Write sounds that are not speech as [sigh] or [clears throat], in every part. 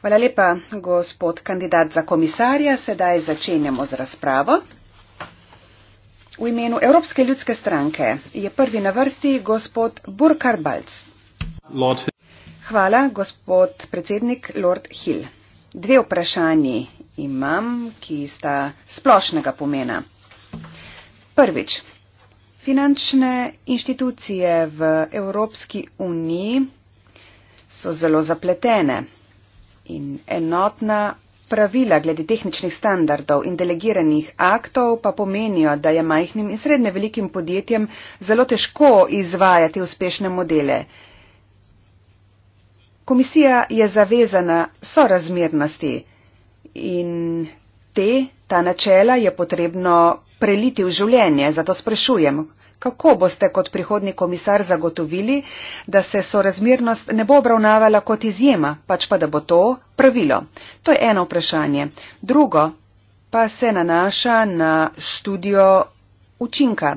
Hvala lepa, gospod kandidat za komisarja. Sedaj začenjamo z razpravo. V imenu Evropske ljudske stranke je prvi na vrsti gospod Burkhard Balc. Hvala, gospod predsednik Lord Hill. Dve vprašanji imam, ki sta splošnega pomena. Prvič, Finančne inštitucije v Evropski uniji so zelo zapletene in enotna pravila glede tehničnih standardov in delegiranih aktov pa pomenijo, da je majhnim in srednje velikim podjetjem zelo težko izvajati uspešne modele. Komisija je zavezana sorazmernosti in te, ta načela je potrebno preliti v življenje, zato sprašujem, kako boste kot prihodni komisar zagotovili, da se sorazmernost ne bo obravnavala kot izjema, pač pa da bo to pravilo. To je eno vprašanje. Drugo pa se nanaša na študijo učinka.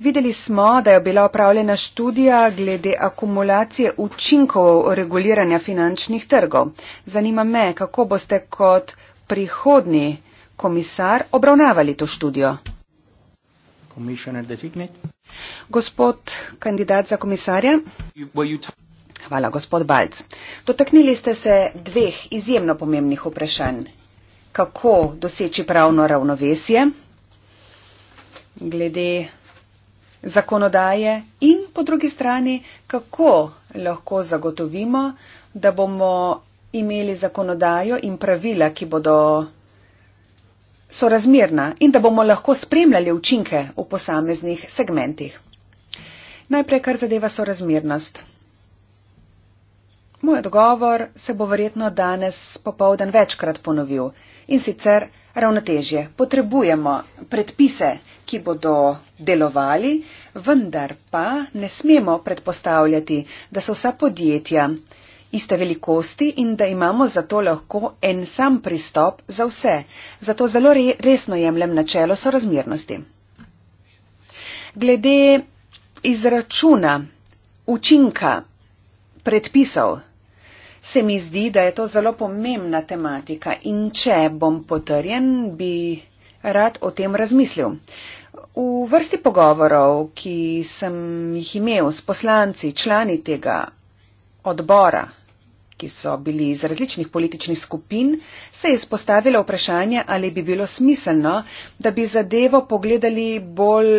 Videli smo, da je bila opravljena študija glede akumulacije učinkov reguliranja finančnih trgov. Zanima me, kako boste kot prihodni komisar obravnavali to študijo. Gospod kandidat za komisarja. Hvala, gospod Balc. Dotaknili ste se dveh izjemno pomembnih vprašanj. Kako doseči pravno ravnovesje glede zakonodaje in po drugi strani, kako lahko zagotovimo, da bomo imeli zakonodajo in pravila, ki bodo sorazmerna in da bomo lahko spremljali učinke v posameznih segmentih. Najprej, kar zadeva sorazmernost. Moj odgovor se bo verjetno danes popovden večkrat ponovil in sicer ravnotežje. Potrebujemo predpise, ki bodo delovali, vendar pa ne smemo predpostavljati, da so vsa podjetja iste velikosti in da imamo zato lahko en sam pristop za vse. Zato zelo re resno jemljem načelo sorazmernosti. Glede izračuna učinka predpisov, Se mi zdi, da je to zelo pomembna tematika in če bom potrjen, bi rad o tem razmislil. V vrsti pogovorov, ki sem jih imel s poslanci, člani tega odbora, ki so bili iz različnih političnih skupin, se je spostavilo vprašanje, ali bi bilo smiselno, da bi zadevo pogledali bolj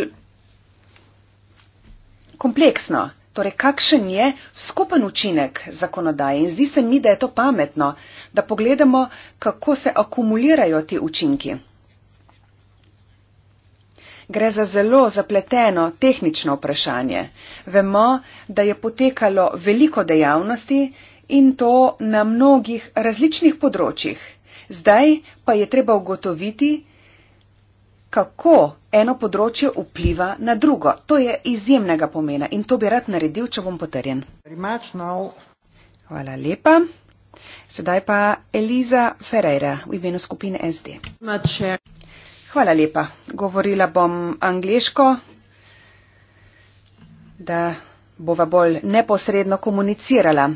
kompleksno. Torej, kakšen je skupen učinek zakonodaje? In zdi se mi, da je to pametno, da pogledamo, kako se akumulirajo ti učinki. Gre za zelo zapleteno tehnično vprašanje. Vemo, da je potekalo veliko dejavnosti in to na mnogih različnih področjih. Zdaj pa je treba ugotoviti, kako eno področje vpliva na drugo. To je izjemnega pomena in to bi rad naredil, če bom potrjen. Hvala lepa. Sedaj pa Eliza Ferreira v imenu skupine SD. Hvala lepa. Govorila bom angliško, da bova bolj neposredno komunicirala.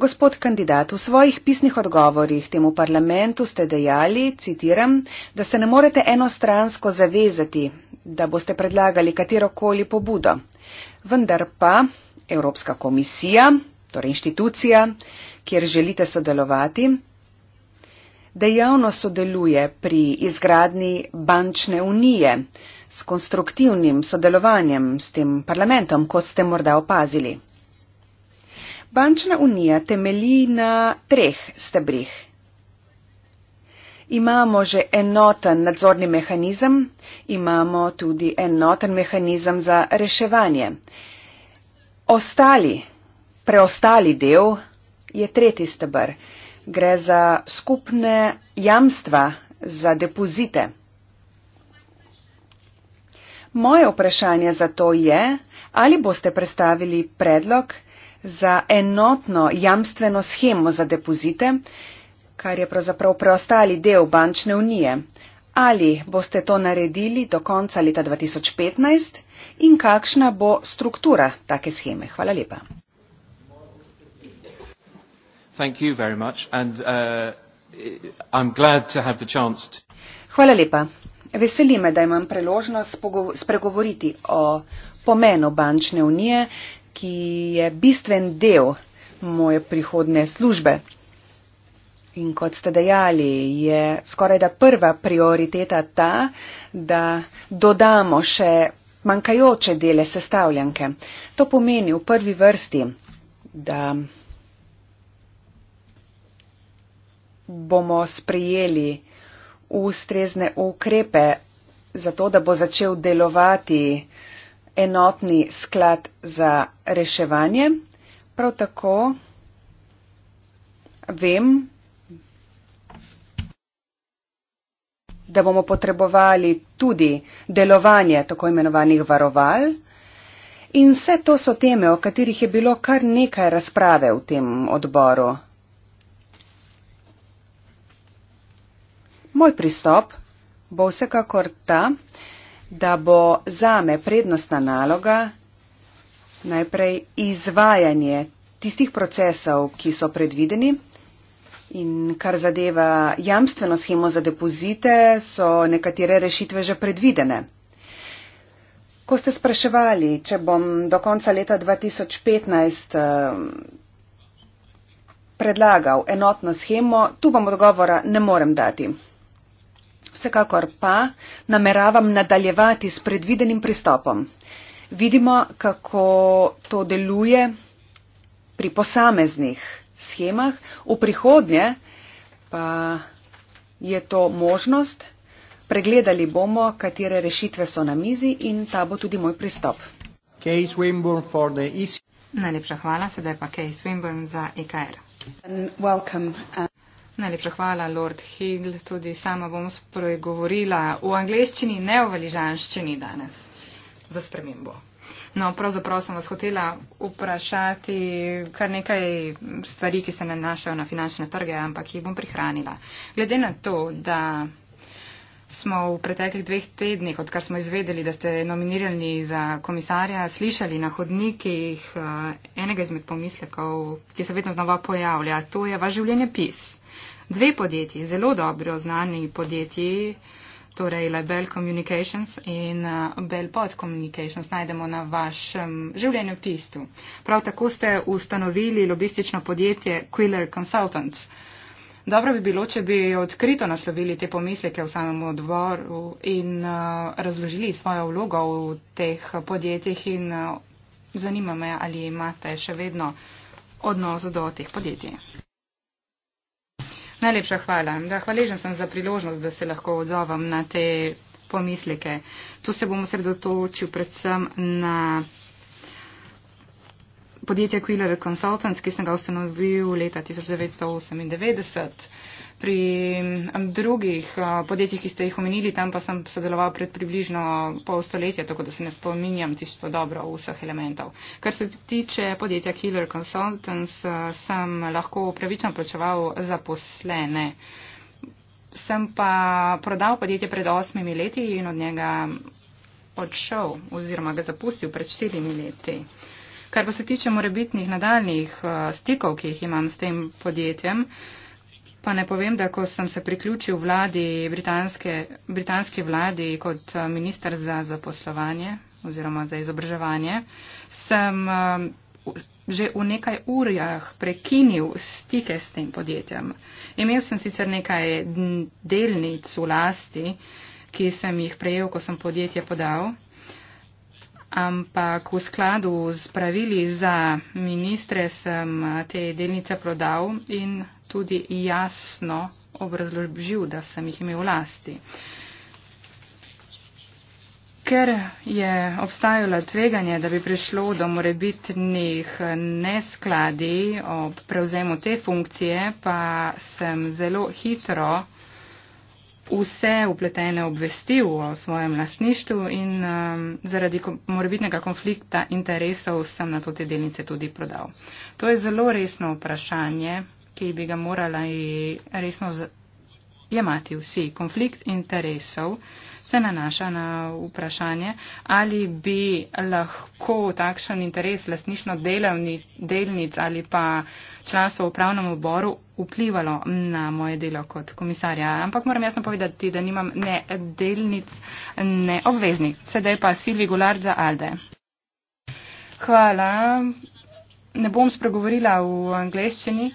Gospod kandidat, v svojih pisnih odgovorjih temu parlamentu ste dejali, citiram, da se ne morete enostransko zavezati, da boste predlagali katerokoli pobudo. Vendar pa Evropska komisija, torej inštitucija, kjer želite sodelovati, dejavno sodeluje pri izgradni bančne unije s konstruktivnim sodelovanjem s tem parlamentom, kot ste morda opazili. Bančna unija temelji na treh stebrih. Imamo že enoten nadzorni mehanizem, imamo tudi enoten mehanizem za reševanje. Ostali, preostali del je tretji stebr. Gre za skupne jamstva za depozite. Moje vprašanje za to je, ali boste predstavili predlog, za enotno jamstveno schemo za depozite, kar je pravzaprav preostali del bančne unije. Ali boste to naredili do konca leta 2015 in kakšna bo struktura take scheme? Hvala lepa. Uh, Hvala lepa. Veseli me, da imam priložnost spregovoriti o pomenu bančne unije ki je bistven del moje prihodne službe. In kot ste dejali, je skoraj da prva prioriteta ta, da dodamo še manjkajoče dele sestavljanke. To pomeni v prvi vrsti, da bomo sprejeli ustrezne ukrepe, zato da bo začel delovati enotni sklad za reševanje. Prav tako vem, da bomo potrebovali tudi delovanje tako imenovanih varoval. In vse to so teme, o katerih je bilo kar nekaj razprave v tem odboru. Moj pristop bo vsekakor ta, da bo zame prednostna naloga najprej izvajanje tistih procesov, ki so predvideni. In kar zadeva jamstveno schemo za depozite, so nekatere rešitve že predvidene. Ko ste spraševali, če bom do konca leta 2015 eh, predlagal enotno schemo, tu vam odgovora ne morem dati. Vsekakor pa nameravam nadaljevati s predvidenim pristopom. Vidimo, kako to deluje pri posameznih schemah, v prihodnje pa je to možnost. Pregledali bomo, katere rešitve so na mizi in ta bo tudi moj pristop. E Najlepša hvala, sedaj pa Kej Swinburne za EKR. And welcome, uh... Najlepša hvala, Lord Higl. Tudi sama bom spregovorila v angleščini, ne v valižanščini danes za spremembo. No, pravzaprav sem vas hotela vprašati kar nekaj stvari, ki se nanašajo na finančne trge, ampak jih bom prihranila. Glede na to, da smo v preteklih dveh tednih, odkar smo izvedeli, da ste nominirani za komisarja, slišali na hodnikih eh, enega izmed pomislekov, ki se vedno znova pojavlja, to je vaš življenje pis dve podjetji, zelo dobro znani podjetji, torej Label Communications in uh, Bell Pod Communications, najdemo na vašem življenjopisu. Prav tako ste ustanovili lobistično podjetje Quiller Consultants. Dobro bi bilo, če bi odkrito naslovili te pomisleke v samem odboru in uh, razložili svojo vlogo v teh podjetjih in uh, zanima me, ali imate še vedno odnos do teh podjetij. Najlepša hvala. Da, hvaležen sem za priložnost, da se lahko odzovem na te pomislike. Tu se bom osredotočil predvsem na podjetje Quiller Consultants, ki sem ga ustanovil leta 1998 pri um, drugih uh, podjetjih, ki ste jih omenili, tam pa sem sodeloval pred približno pol stoletja, tako da se ne spominjam tisto dobro vseh elementov. Kar se tiče podjetja Killer Consultants, uh, sem lahko upravičeno plačeval zaposlene. Sem pa prodal podjetje pred osmimi leti in od njega odšel oziroma ga zapustil pred štirimi leti. Kar pa se tiče morebitnih nadaljnih uh, stikov, ki jih imam s tem podjetjem, uh, Pa ne povem, da ko sem se priključil vladi, britanske, britanski vladi kot eh, minister za zaposlovanje oziroma za izobraževanje, sem eh, že v nekaj urjah prekinil stike s tem podjetjem. Imel sem sicer nekaj delnic v lasti, ki sem jih prejel, ko sem podjetje podal ampak v skladu z pravili za ministre sem te delnice prodal in tudi jasno obrazložil, da sem jih imel vlasti. Ker je obstajalo tveganje, da bi prišlo do morebitnih neskladij ob prevzemu te funkcije, pa sem zelo hitro vse upletene obvestil o svojem lasništvu in um, zaradi morbitnega konflikta interesov sem na to te delnice tudi prodal. To je zelo resno vprašanje, ki bi ga morali resno jemati vsi. Konflikt interesov se nanaša na vprašanje, ali bi lahko takšen interes lastnično delavni, delnic ali pa članstvo v upravnem oboru vplivalo na moje delo kot komisarja. Ampak moram jasno povedati, da nimam ne delnic, ne obveznic. Sedaj pa Silvi Gulard za Alde. Hvala. Ne bom spregovorila v angleščini,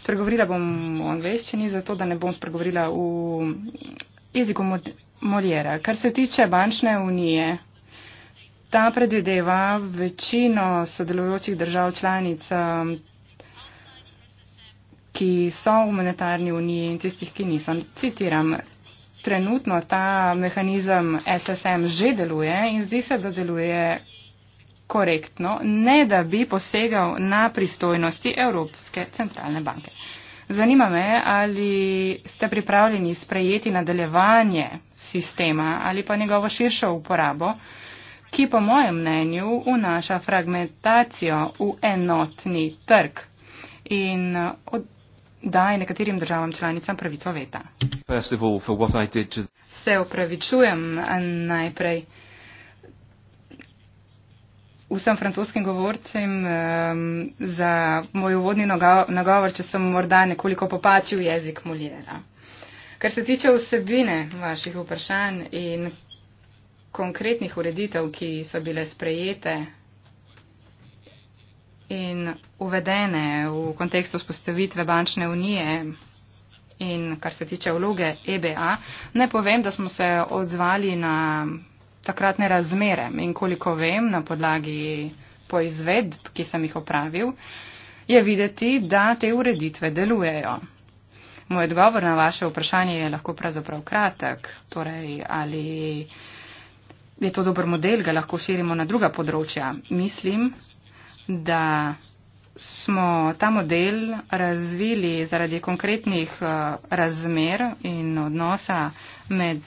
Spregovorila bom v angleščini, zato da ne bom spregovorila v jeziku Moljera. Kar se tiče bančne unije, ta predvideva večino sodelujočih držav članic, um, ki so v monetarni uniji in tistih, ki niso. Citiram, trenutno ta mehanizem SSM že deluje in zdi se, da deluje korektno, ne da bi posegal na pristojnosti Evropske centralne banke. Zanima me, ali ste pripravljeni sprejeti nadaljevanje sistema ali pa njegovo širšo uporabo, ki po mojem mnenju vnaša fragmentacijo v enotni trg in daje nekaterim državam članicam pravico veta. Se opravičujem najprej vsem francoskim govorcem um, za moj uvodni nagovor, če sem morda nekoliko popačil jezik Molijera. Kar se tiče vsebine vaših vprašanj in konkretnih ureditev, ki so bile sprejete in uvedene v kontekstu spostavitve bančne unije in kar se tiče vloge EBA, ne povem, da smo se odzvali na takratne razmere. In koliko vem na podlagi poizvedb, ki sem jih opravil, je videti, da te ureditve delujejo. Moj odgovor na vaše vprašanje je lahko pravzaprav kratek. Torej, ali je to dober model, ga lahko širimo na druga področja. Mislim, da smo ta model razvili zaradi konkretnih eh, razmer in odnosa med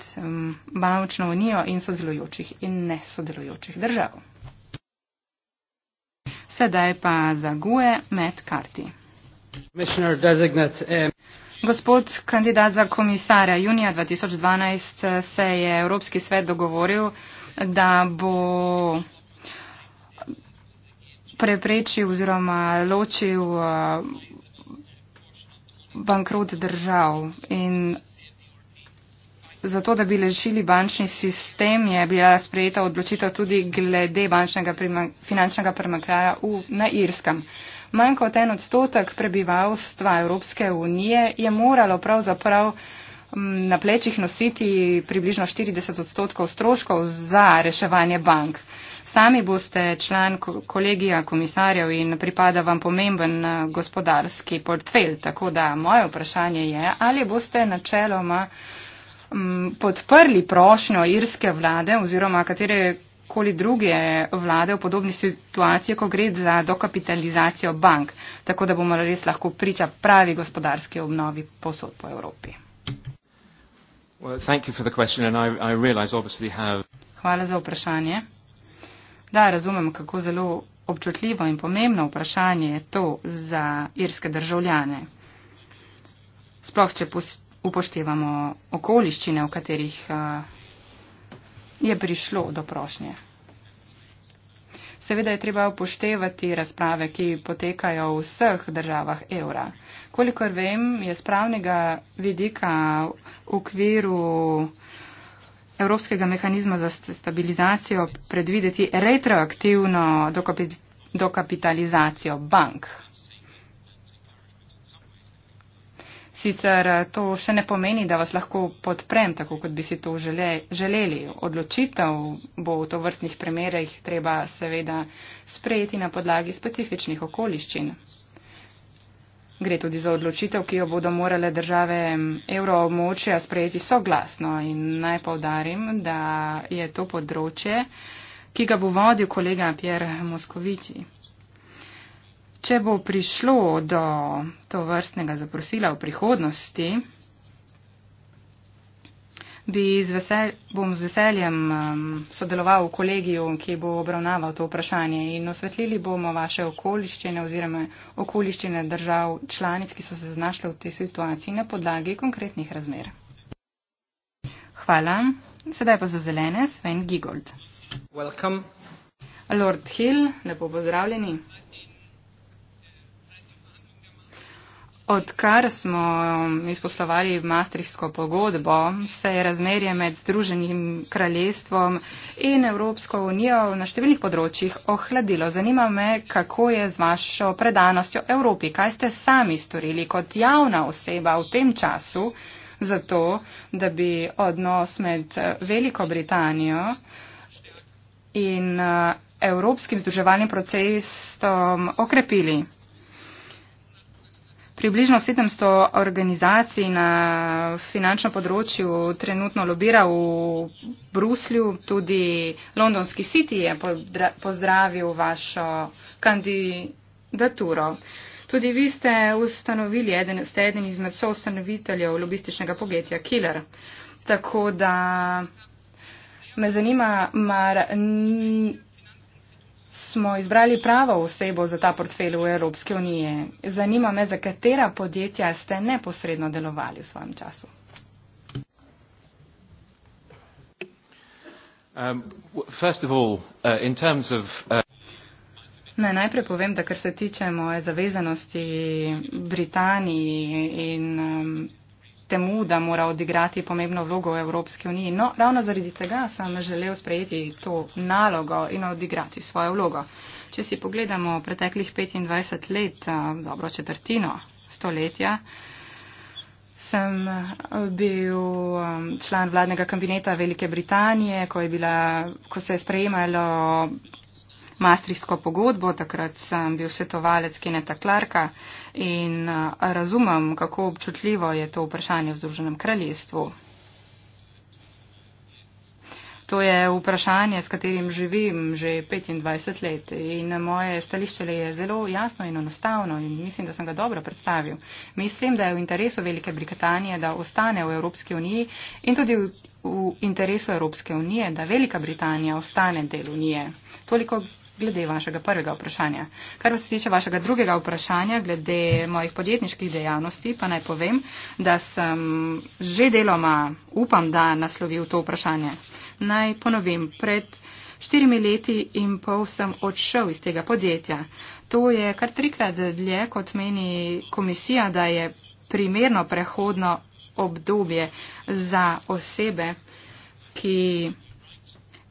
bančno unijo in sodelujočih in nesodelujočih držav. Sedaj pa za GUE med karti. Gospod kandidat za komisarja, junija 2012 se je Evropski svet dogovoril, da bo preprečil oziroma ločil eh, bankrot držav in Zato, da bi ležili bančni sistem, je bila sprejeta odločitev tudi glede bančnega finančnega premakraja na Irskem. Manj kot en odstotek prebivalstva Evropske unije je moralo pravzaprav na plečih nositi približno 40 odstotkov stroškov za reševanje bank. Sami boste član kolegija komisarjev in pripada vam pomemben eh, gospodarski portfelj. Tako da moje vprašanje je, ali boste načeloma podprli prošnjo irske vlade oziroma katere koli druge vlade v podobni situaciji, ko gre za dokapitalizacijo bank, tako da bomo res lahko priča pravi gospodarski obnovi posod po Evropi. Hvala za vprašanje. Da, razumem, kako zelo občutljivo in pomembno vprašanje je to za irske državljane. Sploh, če upoštevamo okoliščine, v katerih eh, je prišlo do prošnje. Seveda je treba upoštevati razprave, ki potekajo v vseh državah evra. Kolikor vem, je spravnega vidika v okviru Evropskega mehanizma za stabilizacijo predvideti retroaktivno dokapitalizacijo bank. Sicer eh, to še ne pomeni, da vas lahko podprem, tako kot bi si to želeli. Odločitev bo v to vrstnih primerih treba seveda sprejeti na podlagi specifičnih okoliščin. Gre tudi za odločitev, ki jo bodo morale države evroobmočja sprejeti soglasno in naj povdarim, da je to področje, ki ga bo vodil kolega Pierre Moscovici. Če bo prišlo do to vrstnega zaprosila v prihodnosti, bi z vesel, bom z veseljem um, sodeloval v kolegiju, ki bo obravnaval to vprašanje in osvetlili bomo vaše okoliščine oziroma okoliščine držav članic, ki so se znašle v tej situaciji na podlagi konkretnih razmer. Hvala. Sedaj pa za zelene Sven Gigold. Welcome. Lord Hill, lepo pozdravljeni. Odkar smo um, izposlovali mastrihsko pogodbo, se je razmerje med Združenim kraljestvom in Evropsko unijo na številnih področjih ohladilo. Zanima me, kako je z vašo predanostjo Evropi, kaj ste sami storili kot javna oseba v tem času, zato da bi odnos med uh, Veliko Britanijo in uh, Evropskim združevalnim procesom okrepili približno 700 organizacij na finančnem področju trenutno lobira v Bruslju. Tudi Londonski City je pozdravil vašo kandidaturo. Tudi vi ste ustanovili, eden, ste eden izmed soustanoviteljev lobističnega podjetja Killer. Tako da me zanima, mar. N, smo izbrali pravo osebo za ta portfelj v Evropski uniji. Zanima me, za katera podjetja ste neposredno delovali v svojem času. Um, uh, Ne, uh, najprej povem, da kar se tiče moje zavezanosti Britaniji in um, temu, da mora odigrati pomembno vlogo v Evropski uniji. No, ravno zaradi tega sem želel sprejeti to nalogo in odigrati svojo vlogo. Če si pogledamo preteklih 25 let, eh, dobro četrtino stoletja, sem eh, bil eh, član vladnega kabineta Velike Britanije, ko, je bila, ko se je sprejemalo Maastrichtsko pogodbo, takrat sem bil svetovalec Keneta Clarka in razumem, kako občutljivo je to vprašanje v Združenem kraljestvu. To je vprašanje, s katerim živim že 25 let in moje stališče je zelo jasno in enostavno in mislim, da sem ga dobro predstavil. Mislim, da je v interesu Velike Britanije, da ostane v Evropski uniji in tudi v interesu Evropske unije, da Velika Britanija ostane del unije. Toliko glede vašega prvega vprašanja. Kar se tiče vašega drugega vprašanja, glede mojih podjetniških dejavnosti, pa naj povem, da sem že deloma upam, da naslovil to vprašanje. Naj ponovim, pred štirimi leti in pol sem odšel iz tega podjetja. To je kar trikrat dlje, kot meni komisija, da je primerno prehodno obdobje za osebe, ki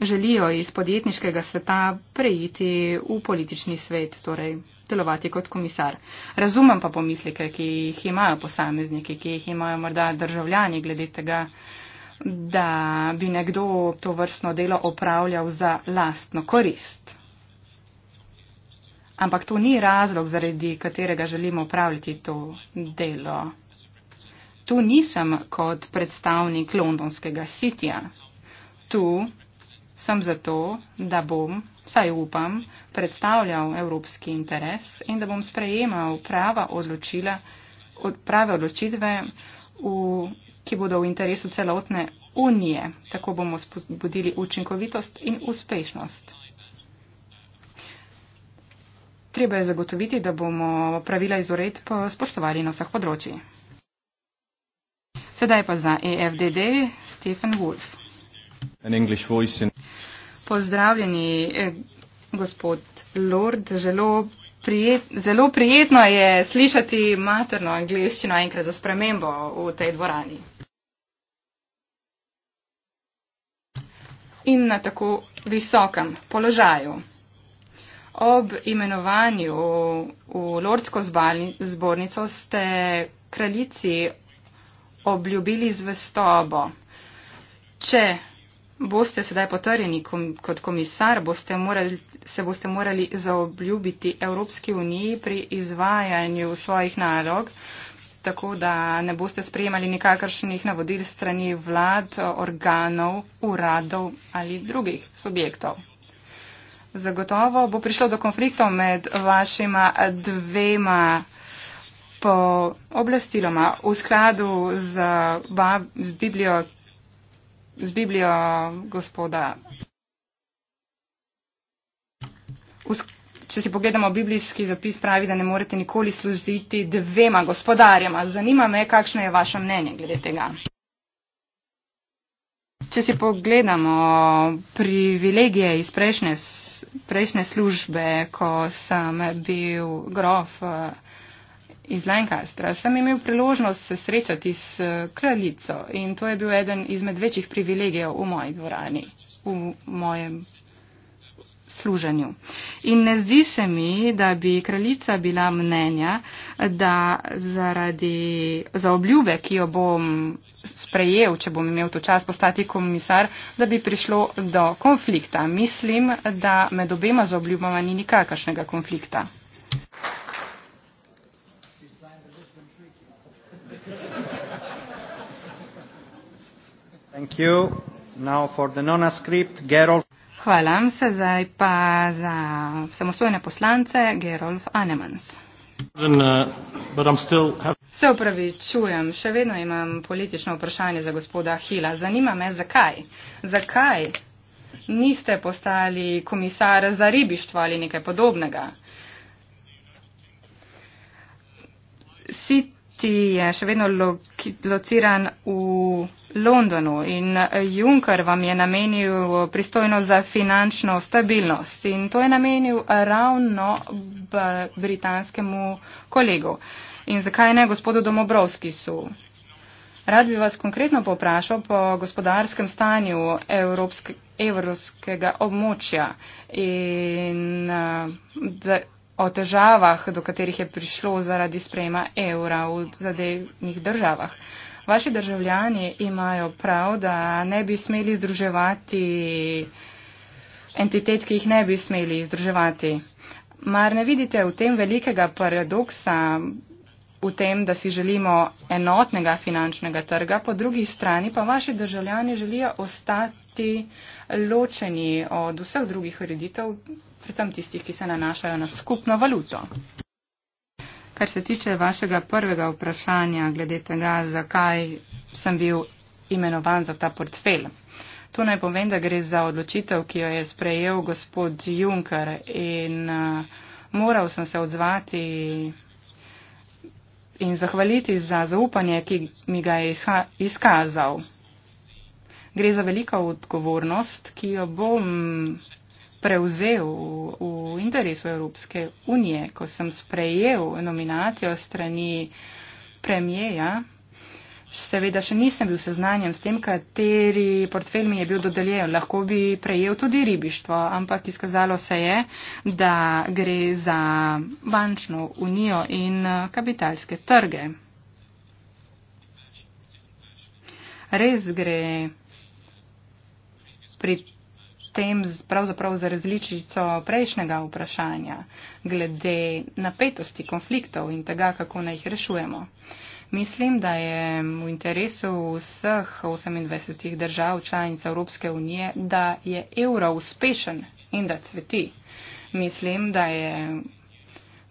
želijo iz podjetniškega sveta preiti v politični svet, torej delovati kot komisar. Razumem pa pomislike, ki jih imajo posamezniki, ki jih imajo morda državljani glede tega, da bi nekdo to vrstno delo opravljal za lastno korist. Ampak to ni razlog, zaradi katerega želimo opravljati to delo. Tu nisem kot predstavnik londonskega sitja. Tu Sem zato, da bom, saj upam, predstavljal evropski interes in da bom sprejemal prava odločila, od, prave odločitve, v, ki bodo v interesu celotne unije. Tako bomo spodbudili učinkovitost in uspešnost. Treba je zagotoviti, da bomo pravila iz uredb spoštovali na vseh področjih. Sedaj pa za EFDD Stephen Wolf an English voice in Pozdravljeni eh, gospod Lord, zelo prijet, zelo prijetno je slišati materno angleščino enkrat za spremembo v tej dvorani. In na tako visokem položaju. Ob imenovanju v Lordsko zbornico ste kraljici obljubili zvestobo. Če boste sedaj potrjeni kom, kot komisar, boste morali, se boste morali zaobljubiti Evropski uniji pri izvajanju svojih nalog, tako da ne boste sprejemali nikakršnih navodil strani vlad, organov, uradov ali drugih subjektov. Zagotovo bo prišlo do konfliktov med vašima dvema po oblastiloma v skladu z, bab, z Biblijo z Biblijo gospoda. Če si pogledamo biblijski zapis, pravi, da ne morete nikoli služiti dvema gospodarjama. Zanima me, kakšno je vaše mnenje glede tega. Če si pogledamo privilegije iz prejšnje, prejšnje službe, ko sem bil grof eh, iz Lancastra, sem imel priložnost se srečati s eh, kraljico in to je bil eden izmed večjih privilegijev v moji dvorani, v mojem služenju. In ne zdi se mi, da bi kraljica bila mnenja, da zaradi za obljube, ki jo bom sprejel, če bom imel to čas postati komisar, da bi prišlo do konflikta. Mislim, da med obema zobljubama ni nikakršnega konflikta. Hvala. Sedaj pa za samostojne poslance Gerolf Anemans. Uh, Se upravičujem, še vedno imam politično vprašanje za gospoda Hila. Zanima me, zakaj? Zakaj niste postali komisar za ribištvo ali nekaj podobnega? Siti je še vedno lo lociran v Londonu in eh, Juncker vam je namenil eh, pristojno za finančno stabilnost in to je namenil ravno britanskemu kolegu. In zakaj ne gospodu Domobrovski su? Rad bi vas konkretno poprašal po gospodarskem stanju evropske, evropskega območja in da, eh, o težavah, do katerih je prišlo zaradi sprejema evra v zadevnih državah vaši državljani imajo prav, da ne bi smeli združevati entitet, ki jih ne bi smeli združevati. Mar ne vidite v tem velikega paradoksa, v tem, da si želimo enotnega finančnega trga, po drugi strani pa vaši državljani želijo ostati ločeni od vseh drugih ureditev, predvsem tistih, ki se nanašajo na skupno valuto? Kar se tiče vašega prvega vprašanja glede tega, zakaj sem bil imenovan za ta portfelj. Tu naj povem, da gre za odločitev, ki jo je sprejel gospod Juncker in uh, moral sem se odzvati in zahvaliti za zaupanje, ki mi ga je izkazal. Gre za veliko odgovornost, ki jo bom prevzel v, v interesu Evropske unije, ko sem sprejel nominacijo strani premijeja. Seveda še nisem bil seznanjen s tem, kateri portfelj mi je bil dodeljen. Lahko bi prejel tudi ribištvo, ampak izkazalo se je, da gre za bančno unijo in eh, kapitalske trge. Res gre pri tem pravzaprav za različico prejšnjega vprašanja glede napetosti konfliktov in tega, kako naj jih rešujemo. Mislim, da je v interesu vseh 28 držav članic Evropske unije, da je evro uspešen in da cveti. Mislim, da je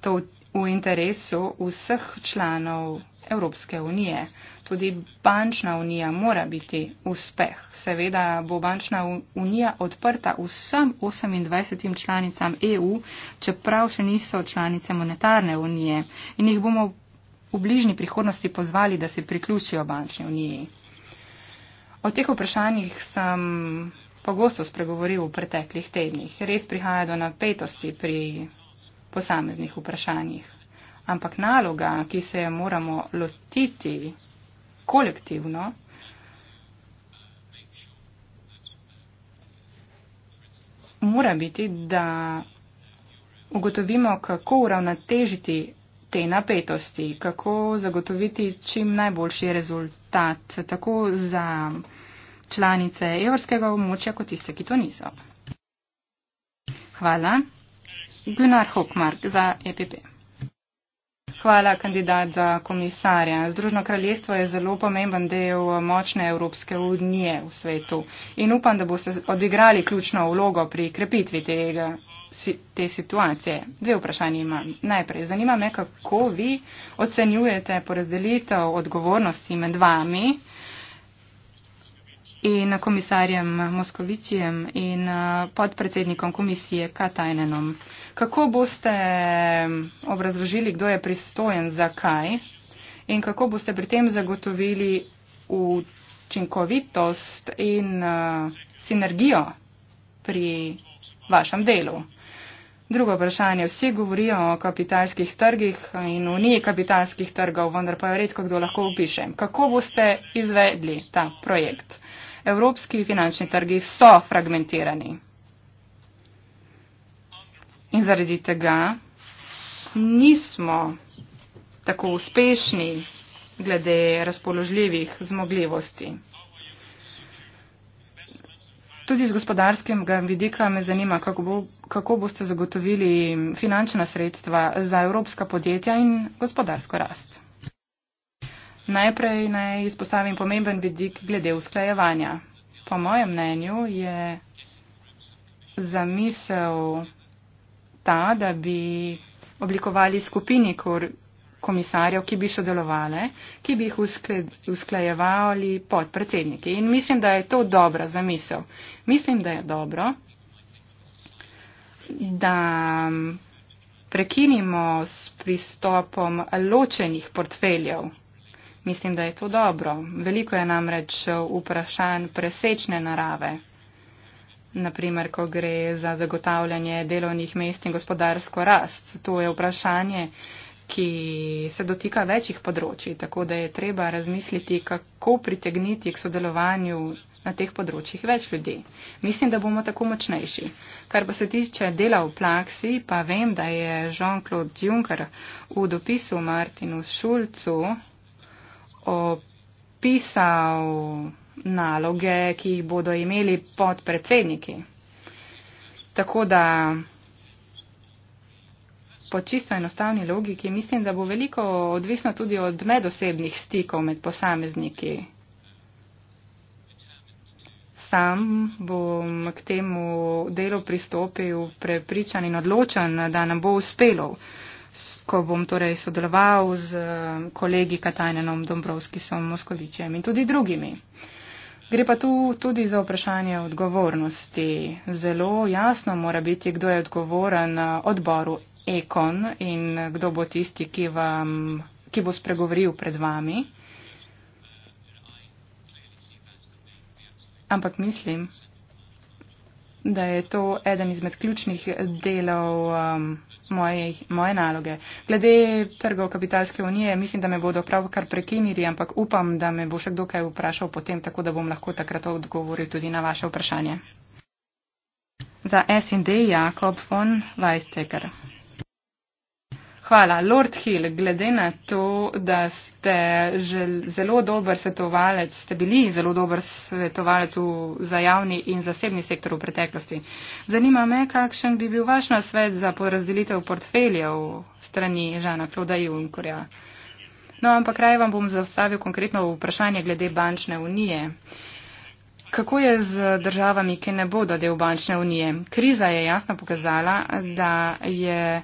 to v interesu vseh članov Evropske unije. Tudi bančna unija mora biti uspeh. Seveda bo bančna unija odprta vsem 28 članicam EU, čeprav še niso članice monetarne unije in jih bomo v bližnji prihodnosti pozvali, da se priključijo bančni uniji. O teh vprašanjih sem pogosto spregovoril v preteklih tednih. Res prihaja do napetosti pri posameznih vprašanjih ampak naloga, ki se je moramo lotiti kolektivno, mora biti, da ugotovimo, kako uravnotežiti te napetosti, kako zagotoviti čim najboljši rezultat, tako za članice evropskega območja, kot tiste, ki to niso. Hvala. Gunnar Hockmark za EPP. Hvala, kandidat za komisarja. Združno kraljestvo je zelo pomemben del močne Evropske unije v svetu in upam, da boste odigrali ključno vlogo pri krepitvi tega, te situacije. Dve vprašanje imam. Najprej, zanima me, kako vi ocenjujete porazdelitev odgovornosti med vami in komisarjem Moskovičijem in podpredsednikom komisije Katajnenom. Kako boste obrazložili, kdo je pristojen za kaj in kako boste pri tem zagotovili učinkovitost in uh, sinergijo pri vašem delu? Drugo vprašanje. Vsi govorijo o kapitalskih trgih in uniji kapitalskih trgov, vendar pa jo redko kdo lahko upiše. Kako boste izvedli ta projekt? Evropski finančni trgi so fragmentirani. In zaradi tega nismo tako uspešni glede razpoložljivih zmogljivosti. Tudi z gospodarskega vidika me zanima, kako, bo, kako boste zagotovili finančna sredstva za evropska podjetja in gospodarsko rast. Najprej naj izpostavim pomemben vidik glede usklajevanja. Po mojem mnenju je zamisel ta, da bi oblikovali skupini kor komisarjev, ki bi sodelovali, ki bi jih usklajevali pod predsedniki. In mislim, da je to dobra zamisel. Mislim, da je dobro, da prekinimo s pristopom ločenih portfeljev. Mislim, da je to dobro. Veliko je namreč vprašanj presečne narave naprimer, ko gre za zagotavljanje delovnih mest in gospodarsko rast. To je vprašanje, ki se dotika večjih področji, tako da je treba razmisliti, kako pritegniti k sodelovanju na teh področjih več ljudi. Mislim, da bomo tako močnejši. Kar pa se tiče dela v praksi, pa vem, da je Jean-Claude Juncker v dopisu Martinu Šulcu opisal naloge, ki jih bodo imeli podpredsedniki. Tako da po čisto enostavni logiki mislim, da bo veliko odvisno tudi od medosebnih stikov med posamezniki. Sam bom k temu delu pristopil prepričan in odločen, da nam bo uspelo, ko bom torej sodeloval z kolegi Katajnenom Dombrovskisom Moskovičem in tudi drugimi. Gre pa tu tudi za vprašanje odgovornosti. Zelo jasno mora biti, kdo je odgovoren na eh, odboru Ekon in kdo bo tisti, ki, vam, ki bo spregovoril pred vami. Ampak mislim, da je to eden izmed ključnih delov um, moje, moje naloge. Glede trgov kapitalske unije, mislim, da me bodo pravkar prekinili, ampak upam, da me bo še kdo kaj vprašal potem, tako da bom lahko takrat odgovoril tudi na vaše vprašanje. Za SND Jakob von Weistecker. Hvala. Lord Hill, glede na to, da ste zelo dober svetovalec, ste bili zelo dober svetovalec v, za javni in zasebni sektor v preteklosti. Zanima me, kakšen bi bil vaš nasvet za porazdelitev portfeljev strani Žana Kloda Junkorja. No, ampak raje vam bom zastavil konkretno vprašanje glede bančne unije. Kako je z državami, ki ne bodo del bančne unije? Kriza je jasno pokazala, da je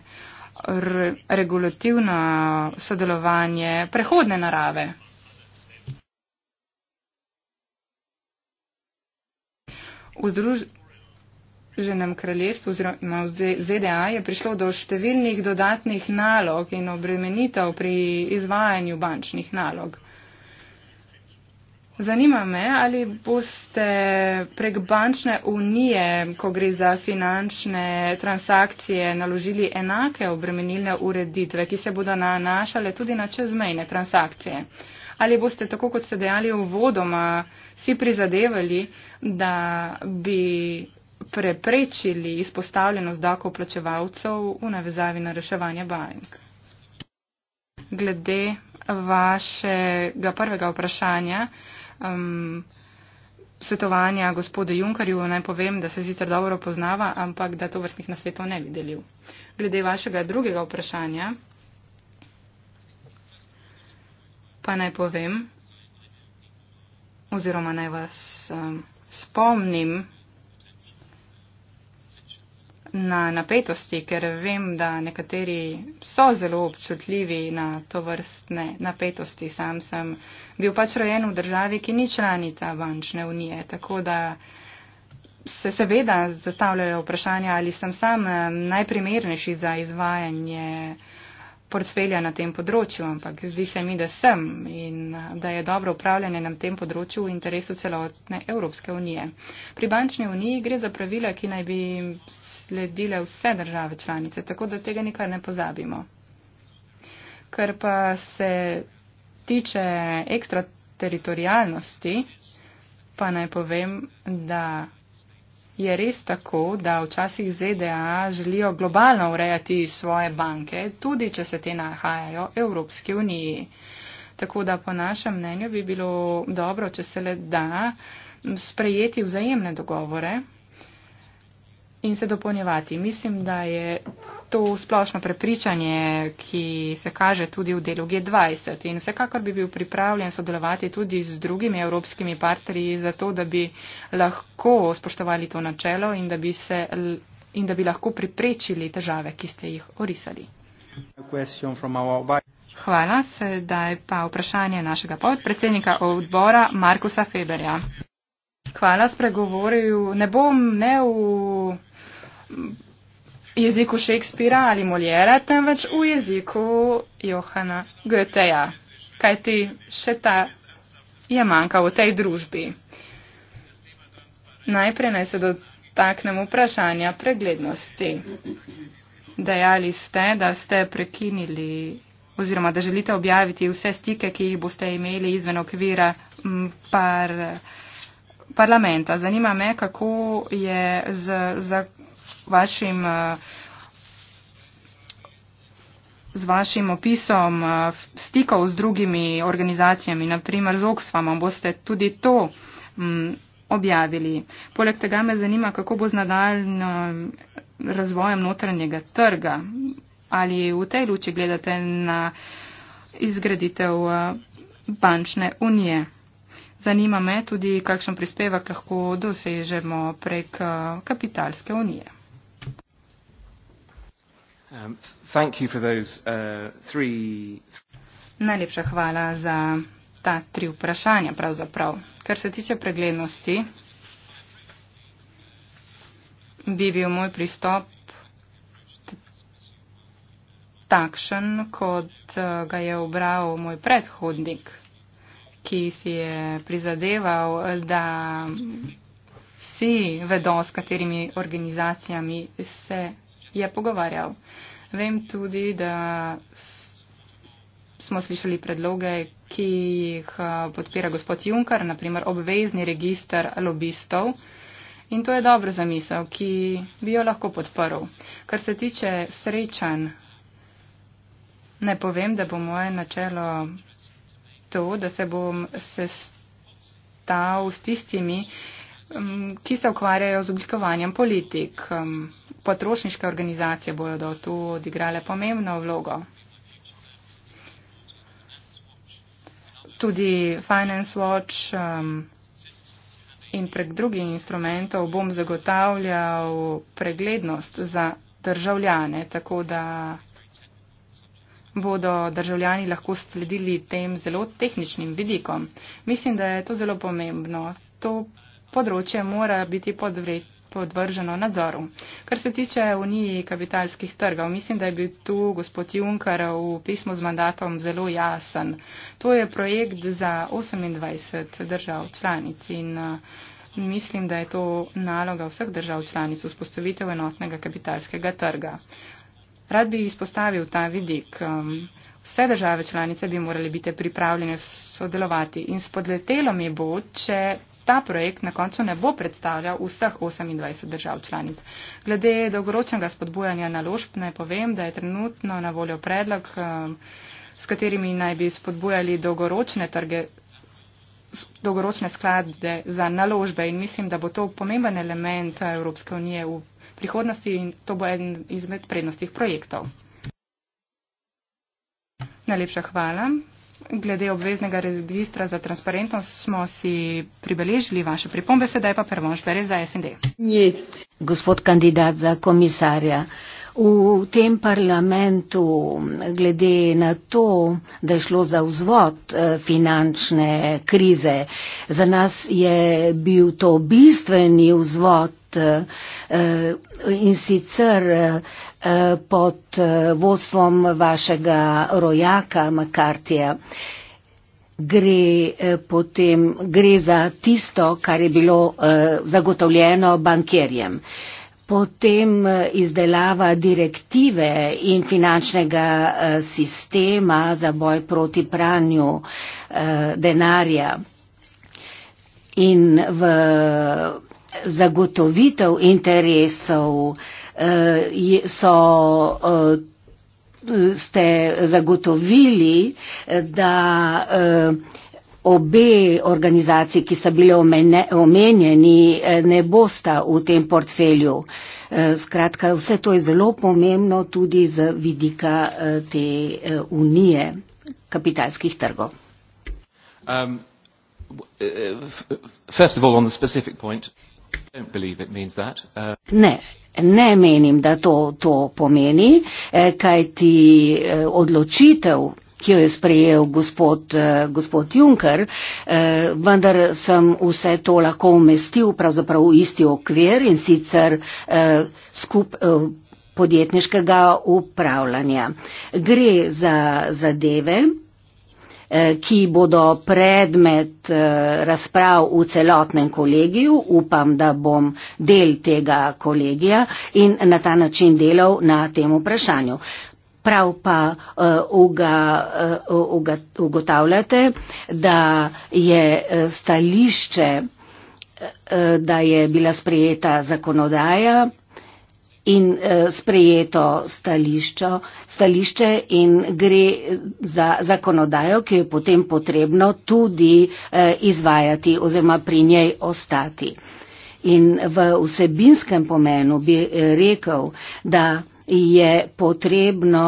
regulativno sodelovanje prehodne narave. V Združenem kraljestvu oziroma v ZDA je prišlo do številnih dodatnih nalog in obremenitev pri izvajanju bančnih nalog. Zanima me, ali boste prek bančne unije, ko gre za finančne transakcije, naložili enake obremenilne ureditve, ki se bodo nanašale tudi na čezmejne transakcije. Ali boste, tako kot ste dejali v vodoma, si prizadevali, da bi preprečili izpostavljenost dako plačevalcev v navezavi na reševanje bank? Glede vašega prvega vprašanja, um, svetovanja gospodu Junkarju, naj povem, da se sicer dobro poznava, ampak da to vrstnih nasvetov ne bi delil. Glede vašega drugega vprašanja, pa naj povem, oziroma naj vas um, spomnim, na napetosti, ker vem, da nekateri so zelo občutljivi na to vrstne napetosti. Sam sem bil pač rojen v državi, ki ni članica bančne unije, tako da se seveda zastavljajo vprašanja, ali sem sam eh, najprimernejši za izvajanje portfelja na tem področju, ampak zdi se mi, da sem in eh, da je dobro upravljanje na tem področju v interesu celotne Evropske unije. Pri bančni uniji gre za pravila, ki naj bi sledile vse države članice, tako da tega nikar ne pozabimo. Ker pa se tiče ekstrateritorijalnosti, pa naj povem, da je res tako, da včasih ZDA želijo globalno urejati svoje banke, tudi če se te nahajajo v Evropski uniji. Tako da po našem mnenju bi bilo dobro, če se le da, sprejeti vzajemne dogovore in se dopolnjevati. Mislim, da je to splošno prepričanje, ki se kaže tudi v delu G20 in vsekakor bi bil pripravljen sodelovati tudi z drugimi evropskimi partnerji za to, da bi lahko spoštovali to načelo in da bi, se, in da bi lahko priprečili težave, ki ste jih orisali. Hvala, sedaj pa vprašanje našega podpredsednika odbora Markusa Feberja. Hvala, spregovoril. Ne bom ne v jeziku Šekspira ali Moljera, temveč v jeziku Johana Goetheja. Kaj ti še ta je manjka v tej družbi? Najprej naj se dotaknem vprašanja preglednosti. Dejali ste, da ste prekinili oziroma da želite objaviti vse stike, ki jih boste imeli izven okvira par, parlamenta. Zanima me, kako je z, z vašim, eh, z vašim opisom eh, stikov z drugimi organizacijami, naprimer z Oxfamom, boste tudi to mm, objavili. Poleg tega me zanima, kako bo z nadaljnjim razvojem notranjega trga. Ali v tej luči gledate na izgraditev eh, bančne unije? Zanima me tudi, kakšen prispevek lahko dosežemo prek kapitalske unije. Um, uh, Najlepša hvala za ta tri vprašanja pravzaprav. Kar se tiče preglednosti, bi bil moj pristop takšen, kot uh, ga je obral moj predhodnik, ki si je prizadeval, da vsi vedo, s katerimi organizacijami se je pogovarjal. Vem tudi, da smo slišali predloge, ki jih eh, podpira gospod Juncker, naprimer obvezni registr lobistov. In to je dobra zamisel, ki bi jo lahko podprl. Kar se tiče srečanj, ne povem, da bo moje načelo to, da se bom sestal s tistimi, um, ki se ukvarjajo z oblikovanjem politik. Um, potrošniške organizacije bodo tu odigrale pomembno vlogo. Tudi Finance Watch um, in prek drugih instrumentov bom zagotavljal preglednost za državljane, tako da bodo državljani lahko sledili tem zelo tehničnim vidikom. Mislim, da je to zelo pomembno. To področje mora biti podvred podvrženo nadzoru. Kar se tiče Uniji kapitalskih trgov, mislim, da je bil tu gospod Juncker v pismu z mandatom zelo jasen. To je projekt za 28 držav članic in eh, mislim, da je to naloga vseh držav članic vzpostavitev enotnega kapitalskega trga. Rad bi izpostavil ta vidik. Ehm, vse države članice bi morali biti pripravljene sodelovati in spodletelo mi bo, če ta projekt na koncu ne bo predstavljal vseh 28 držav članic. Glede dolgoročnega spodbujanja naložb naj povem, da je trenutno na voljo predlog, um, s katerimi naj bi spodbujali dolgoročne trge dolgoročne sklade za naložbe in mislim, da bo to pomemben element uh, Evropske unije v prihodnosti in to bo eden izmed prednostih projektov. Najlepša hvala. Glede obveznega registra za transparentnost smo si pribeležili vaše pripombe, sedaj pa Pervonš Berez za SND. Nje. Gospod kandidat za komisarja, v tem parlamentu glede na to, da je šlo za vzvod eh, finančne krize, za nas je bil to bistveni vzvod eh, eh, in sicer Eh, pod eh, vodstvom vašega rojaka Makartija. Gre, eh, potem, gre za tisto, kar je bilo zagotovljeno bankirjem. Potem izdelava direktive in finančnega sistema za boj proti pranju denarja in v zagotovitev interesov Eh, so, eh, ste zagotovili, eh, da obe organizaciji, ki sta bili omenjeni, ne bosta v tem portfelju. Skratka, vse to je zelo pomembno tudi z vidika te unije kapitalskih trgov. Um, first of all, on the specific point, I don't believe it means that. Uh, ne, Ne menim, da to, to pomeni, eh, kaj ti eh, odločitev, ki jo je sprejel gospod, eh, gospod Juncker, vendar sem vse to lahko umestil pravzaprav v isti okvir in sicer skup podjetniškega upravljanja. Gre za zadeve Eh, ki bodo predmet eh, razprav v celotnem kolegiju. Upam, da bom del tega kolegija in na ta način delal na tem vprašanju. Prav pa eh, uga, uga, ugotavljate, da je stališče, da je bila sprejeta zakonodaja in eh, sprejeto stališče, stališče in gre za zakonodajo, ki jo je potem potrebno tudi eh, izvajati oziroma pri njej ostati. In v vsebinskem pomenu bi eh, rekel, da je potrebno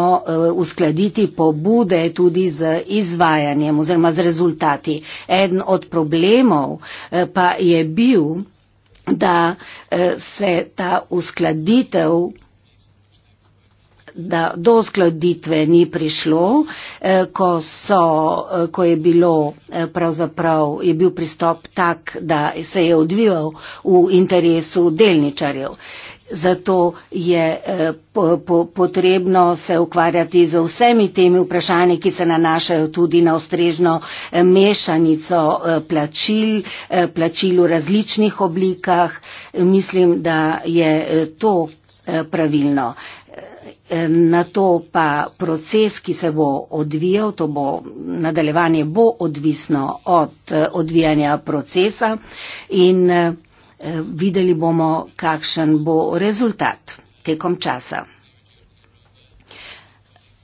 uskladiti pobude tudi z izvajanjem oziroma z rezultati. Eden od problemov pa je bil, da eh, se ta uskladitev, da do uskladitve ni prišlo, eh, ko, so, eh, ko je, bilo, je bil pristop tak, da se je odvijal v interesu delničarjev zato je eh, po, po, potrebno se ukvarjati z vsemi temi vprašanji, ki se nanašajo tudi na ustrežno eh, mešanico eh, plačil, plačil v različnih oblikah. Mislim, da je to pravilno. Na to pa proces, ki se bo odvijal, to bo nadaljevanje, bo odvisno od odvijanja procesa in Eh, videli bomo, kakšen bo rezultat tekom časa.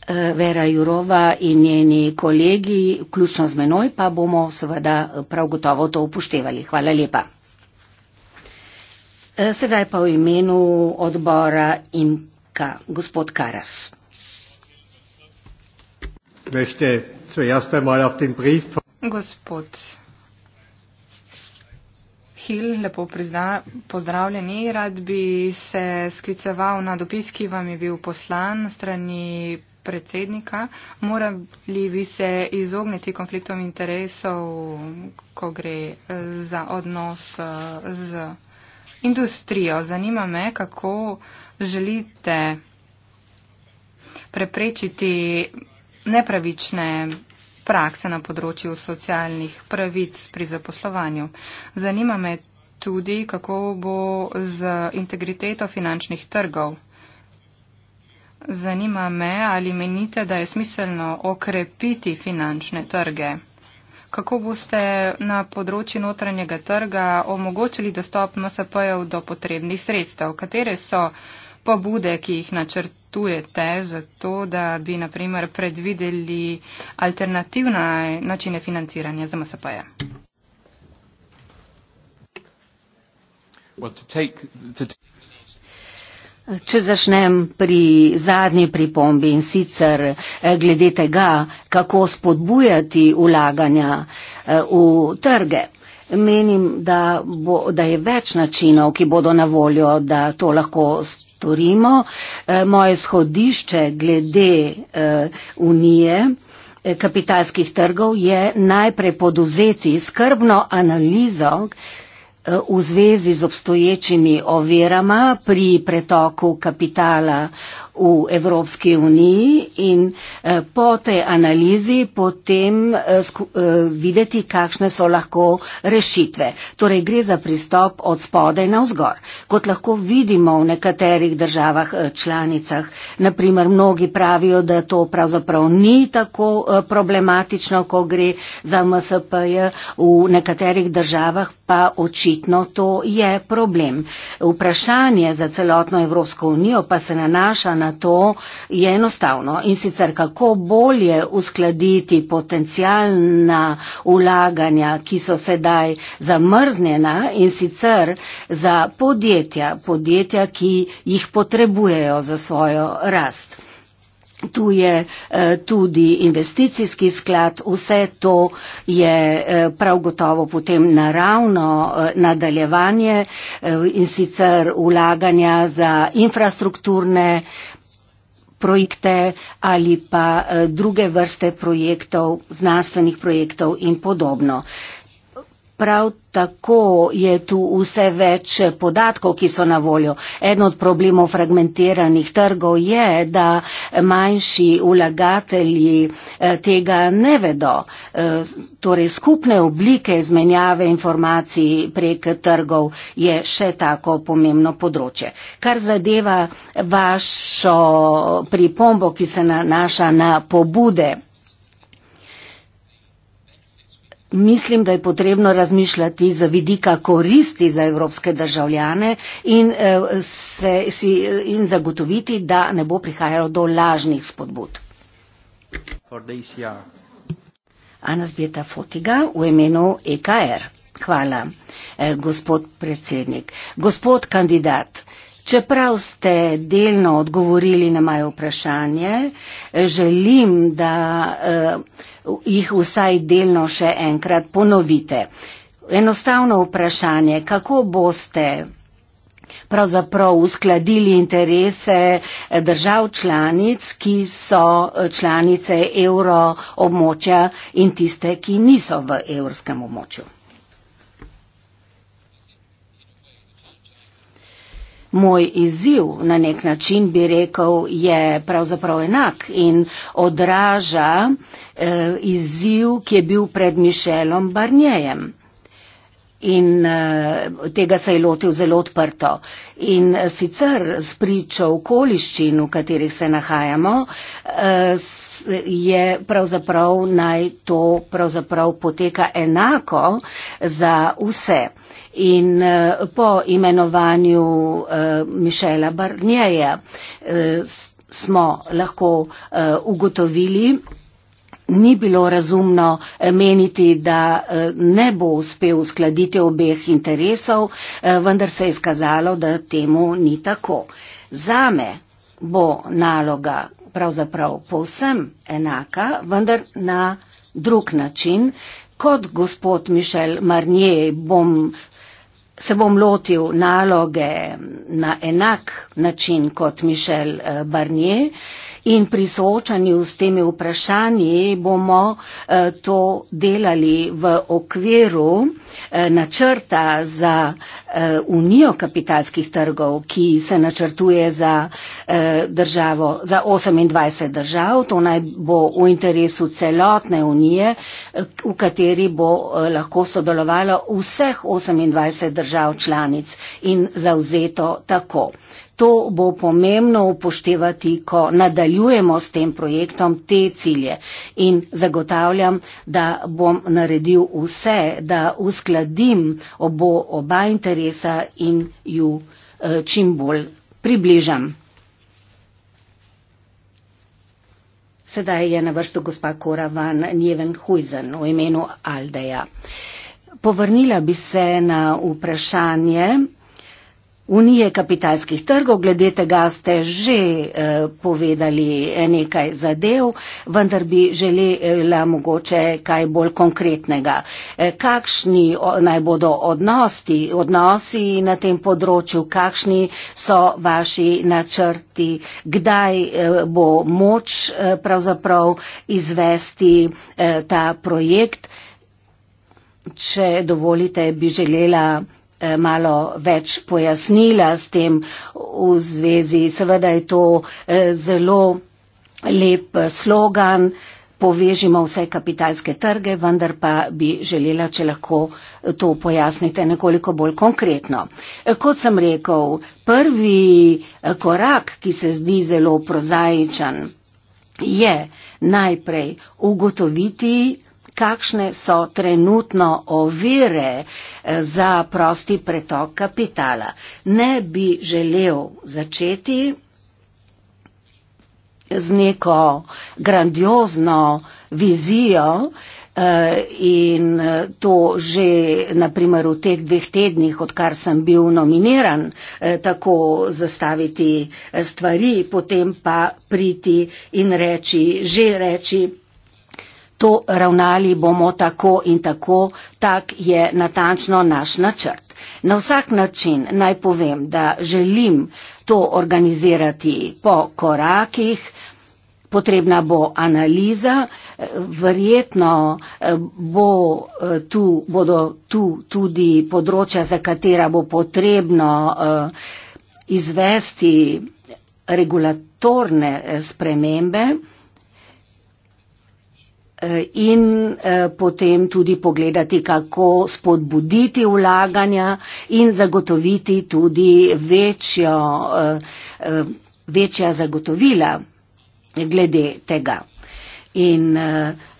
Eh, Vera Jurova in njeni kolegi, vključno z menoj, pa bomo seveda prav gotovo to upoštevali. Hvala lepa. Eh, sedaj pa v imenu odbora IMKA, gospod Karas. Gospod Hill, lepo prizna, pozdravljeni. Rad bi se skliceval na dopis, ki vam je bil poslan strani predsednika. Morali bi se izogniti konfliktom interesov, ko gre eh, za odnos eh, z industrijo. Zanima me, kako želite preprečiti nepravične prakse na področju socialnih pravic pri zaposlovanju. Zanima me tudi, kako bo z integriteto finančnih trgov. Zanima me, ali menite, da je smiselno okrepiti finančne trge. Kako boste na področju notranjega trga omogočili dostop MSP-jev do potrebnih sredstev? Katere so pobude, ki jih načrtujete za to, da bi naprimer predvideli alternativne načine financiranja za MSP-je? Če začnem pri zadnji pripombi in sicer eh, glede tega, kako spodbujati ulaganja eh, v trge. Menim, da, bo, da je več načinov, ki bodo na voljo, da to lahko storimo storimo. Eh, moje shodišče glede eh, unije eh, kapitalskih trgov je najprej poduzeti skrbno analizo v zvezi z obstoječimi ovirama pri pretoku kapitala v Evropski uniji in eh, po tej analizi potem eh, eh, videti, kakšne so lahko rešitve. Torej gre za pristop od spodaj na vzgor. Kot lahko vidimo v nekaterih državah članicah, naprimer mnogi pravijo, da to pravzaprav ni tako problematično, ko gre za MSP, -je. v nekaterih državah pa očitno to je problem. Vprašanje za celotno Evropsko unijo pa se nanaša na na to, je enostavno. In sicer kako bolje uskladiti potencijalna ulaganja, ki so sedaj zamrznjena in sicer za podjetja, podjetja, ki jih potrebujejo za svojo rast. Tu je eh, tudi investicijski sklad, vse to je eh, prav gotovo potem naravno eh, nadaljevanje in sicer ulaganja za infrastrukturne projekte ali pa druge vrste projektov, znanstvenih projektov in podobno. Prav tako je tu vse več podatkov, ki so na voljo. Eden od problemov fragmentiranih trgov je, da manjši ulagatelji eh, tega ne vedo. Eh, torej skupne oblike izmenjave informacij prek trgov je še tako pomembno področje. Kar zadeva vašo pripombo, ki se nanaša na pobude mislim, da je potrebno razmišljati za vidika koristi za evropske državljane in, eh, se, si, in zagotoviti, da ne bo prihajalo do lažnih spodbud. E Ana Zbjeta Fotiga v imenu EKR. Hvala, eh, gospod predsednik. Gospod kandidat, Čeprav ste delno odgovorili na moje vprašanje, želim, da uh, jih vsaj delno še enkrat ponovite. Enostavno vprašanje, kako boste pravzaprav uskladili interese eh, držav članic, ki so eh, članice evroobmočja in tiste, ki niso v evropskem območju. Moj izziv na nek način bi rekel je pravzaprav enak in odraža eh, izziv, ki je bil pred Mišelom Barnjejem. In eh, tega se je lotil zelo odprto. In eh, sicer z pričo okoliščin, v katerih se nahajamo, eh, je pravzaprav naj to pravzaprav poteka enako za vse in eh, po imenovanju eh, Mišela Barnjeja eh, smo lahko ugotovili, Ni bilo razumno meniti, da ne bo uspel uskladiti obeh interesov, vendar se je skazalo, da temu ni tako. Zame bo naloga pravzaprav povsem enaka, vendar na drug način. Kot gospod Mišel Marnier bom se bom lotil naloge na enak način kot Mišel eh, Barnier in pri soočanju s temi vprašanji bomo eh, to delali v okviru Eh, načrta za eh, unijo kapitalskih trgov, ki se načrtuje za, eh, državo, za 28 držav. To naj bo v interesu celotne unije, v kateri bo lahko sodelovalo vseh 28 držav članic in zauzeto tako. To bo pomembno upoštevati, ko nadaljujemo s tem projektom te cilje. In zagotavljam, da bom naredil vse, da v skladu uskladim obo, oba interesa in ju eh, čim bolj približam. Sedaj je na vrsto gospa Kora van Njeven Huizen v imenu Aldeja. Povrnila bi se na vprašanje, Unije kapitalskih trgov, glede tega ste že eh, povedali eh, nekaj zadev, vendar bi želela mogoče kaj bolj konkretnega. Eh, kakšni o, naj bodo odnosti, odnosi na tem področju, kakšni so vaši načrti, kdaj eh, bo moč eh, pravzaprav izvesti eh, ta projekt. Če dovolite, bi želela. Eh, malo več pojasnila s tem v zvezi. Seveda je to eh, zelo lep eh, slogan, povežimo vse kapitalske trge, vendar pa bi želela, če lahko to pojasnite nekoliko bolj konkretno. Kot sem rekel, prvi korak, ki se zdi zelo prozaičen, je najprej ugotoviti, kakšne so trenutno ovire eh, za prosti pretok kapitala. Ne bi želel začeti z neko grandiozno vizijo eh, in eh, to že naprimer v teh dveh tednih, odkar sem bil nominiran, tako zastaviti stvari, potem pa priti in reči, že reči, to ravnali bomo tako in tako, tak je natančno naš načrt. Na vsak način naj povem, da želim to organizirati po korakih, potrebna bo analiza, verjetno eh, bo eh, tu, bodo tu tudi področja, za katera bo potrebno eh, izvesti regulatorne spremembe. Eh, in eh, potem tudi pogledati, kako spodbuditi vlaganja in zagotoviti tudi večjo, eh, večja zagotovila glede tega. In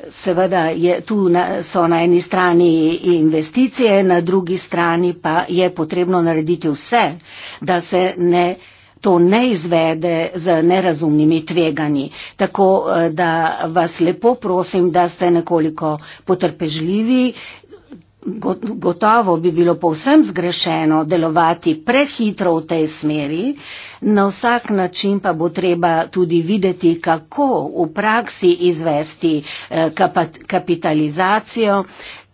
seveda je, tu so na eni strani investicije, na drugi strani pa je potrebno narediti vse, da se ne to ne izvede z nerazumnimi tveganji. Tako eh, da vas lepo prosim, da ste nekoliko potrpežljivi. Gotovo bi bilo povsem zgrešeno delovati prehitro v tej smeri, na vsak način pa bo treba tudi videti, kako v praksi izvesti eh, kapitalizacijo,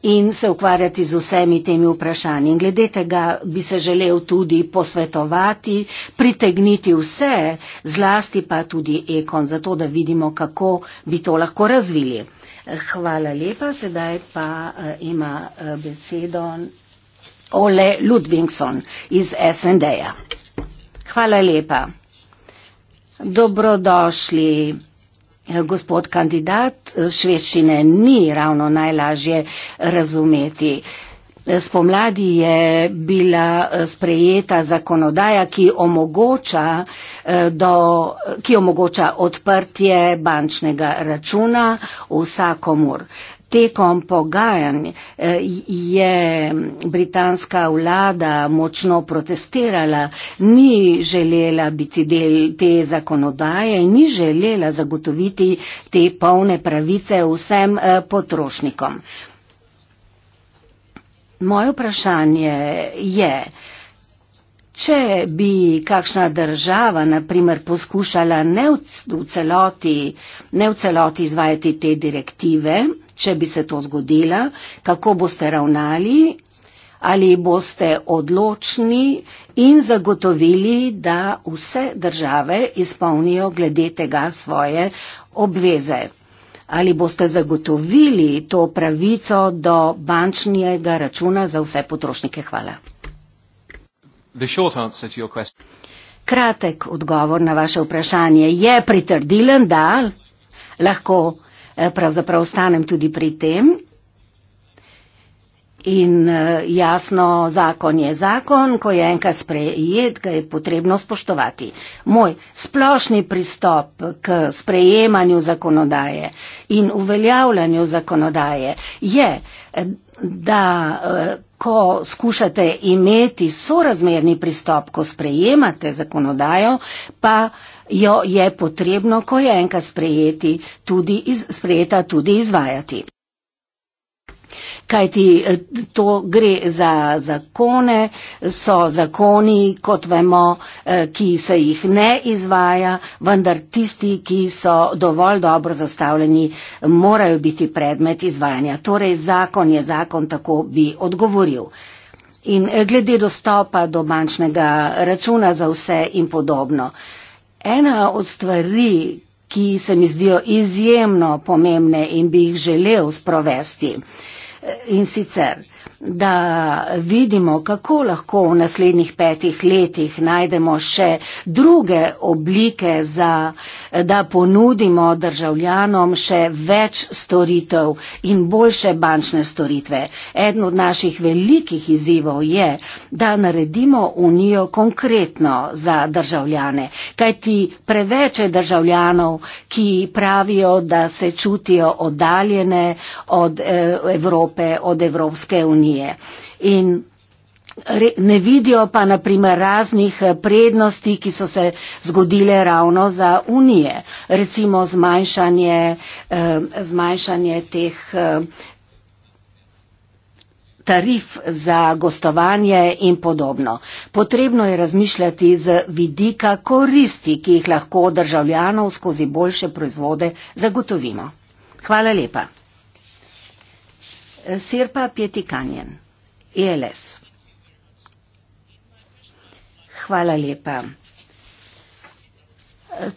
in se ukvarjati z vsemi temi vprašanji. In glede tega bi se želel tudi posvetovati, pritegniti vse, zlasti pa tudi ekon, zato da vidimo, kako bi to lahko razvili. Hvala lepa, sedaj pa eh, ima eh, besedo Ole Ludvingson iz SND-ja. Hvala lepa. Dobrodošli gospod kandidat, eh, švedščine ni ravno najlažje razumeti. Eh, spomladi je bila eh, sprejeta zakonodaja, ki omogoča, do, ki omogoča odprtje bančnega računa vsakomur. Tekom pogajanj eh, je britanska vlada močno protestirala, ni želela biti del te zakonodaje, ni želela zagotoviti te polne pravice vsem eh, potrošnikom. Moje vprašanje je, če bi kakšna država, na primer, poskušala ne v celoti, celoti izvajati te direktive, če bi se to zgodila, kako boste ravnali, ali boste odločni in zagotovili, da vse države izpolnijo glede tega svoje obveze. Ali boste zagotovili to pravico do bančnega računa za vse potrošnike? Hvala. Kratek odgovor na vaše vprašanje je pritrdilen, da lahko Eh, pravzaprav ostanem tudi pri tem. In eh, jasno, zakon je zakon, ko je enkrat sprejet, ga je potrebno spoštovati. Moj splošni pristop k sprejemanju zakonodaje in uveljavljanju zakonodaje je, eh, da ko skušate imeti sorazmerni pristop, ko sprejemate zakonodajo, pa jo je potrebno, ko je enkrat sprejeti, tudi iz, sprejeta, tudi izvajati. Kajti eh, to gre za zakone, so zakoni, kot vemo, eh, ki se jih ne izvaja, vendar tisti, ki so dovolj dobro zastavljeni, morajo biti predmet izvajanja. Torej zakon je zakon, tako bi odgovoril. In eh, glede dostopa do bančnega računa za vse in podobno. Uh, Ena od stvari, ki se mi zdijo izjemno pomembne in bi jih želel sprovesti, eh, in sicer da vidimo, kako lahko v naslednjih petih letih najdemo še druge oblike, za, da ponudimo državljanom še več storitev in boljše bančne storitve. Eden od naših velikih izzivov je, da naredimo unijo konkretno za državljane, kajti preveč je državljanov, ki pravijo, da se čutijo oddaljene od eh, Evrope, od Evropske unije unije. In ne vidijo pa naprimer raznih eh, prednosti, ki so se zgodile ravno za unije. Recimo zmanjšanje, eh, zmanjšanje teh eh, tarif za gostovanje in podobno. Potrebno je razmišljati z vidika koristi, ki jih lahko državljanov skozi boljše proizvode zagotovimo. Hvala lepa. Sirpa Pietikanjen, ELS. Hvala lepa.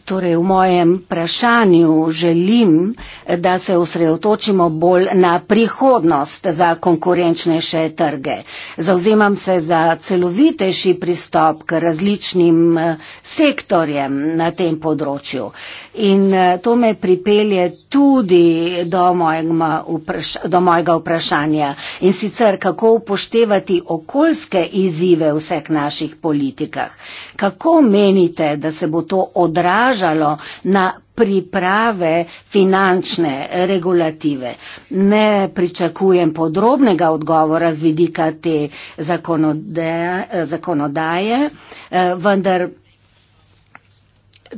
Torej, v mojem vprašanju želim, da se osredotočimo bolj na prihodnost za konkurenčnejše trge. Zauzemam se za celovitejši pristop k različnim eh, sektorjem na tem področju. Uh, In eh, to me pripelje tudi do mojega, vpraš do mojega vprašanja in sicer kako upoštevati okoljske izzive v vseh naših politikah. Kako menite, da se bo to odražalo na priprave finančne regulative. Ne pričakujem podrobnega odgovora z vidika te zakonodaje, eh, zakonodaje eh, vendar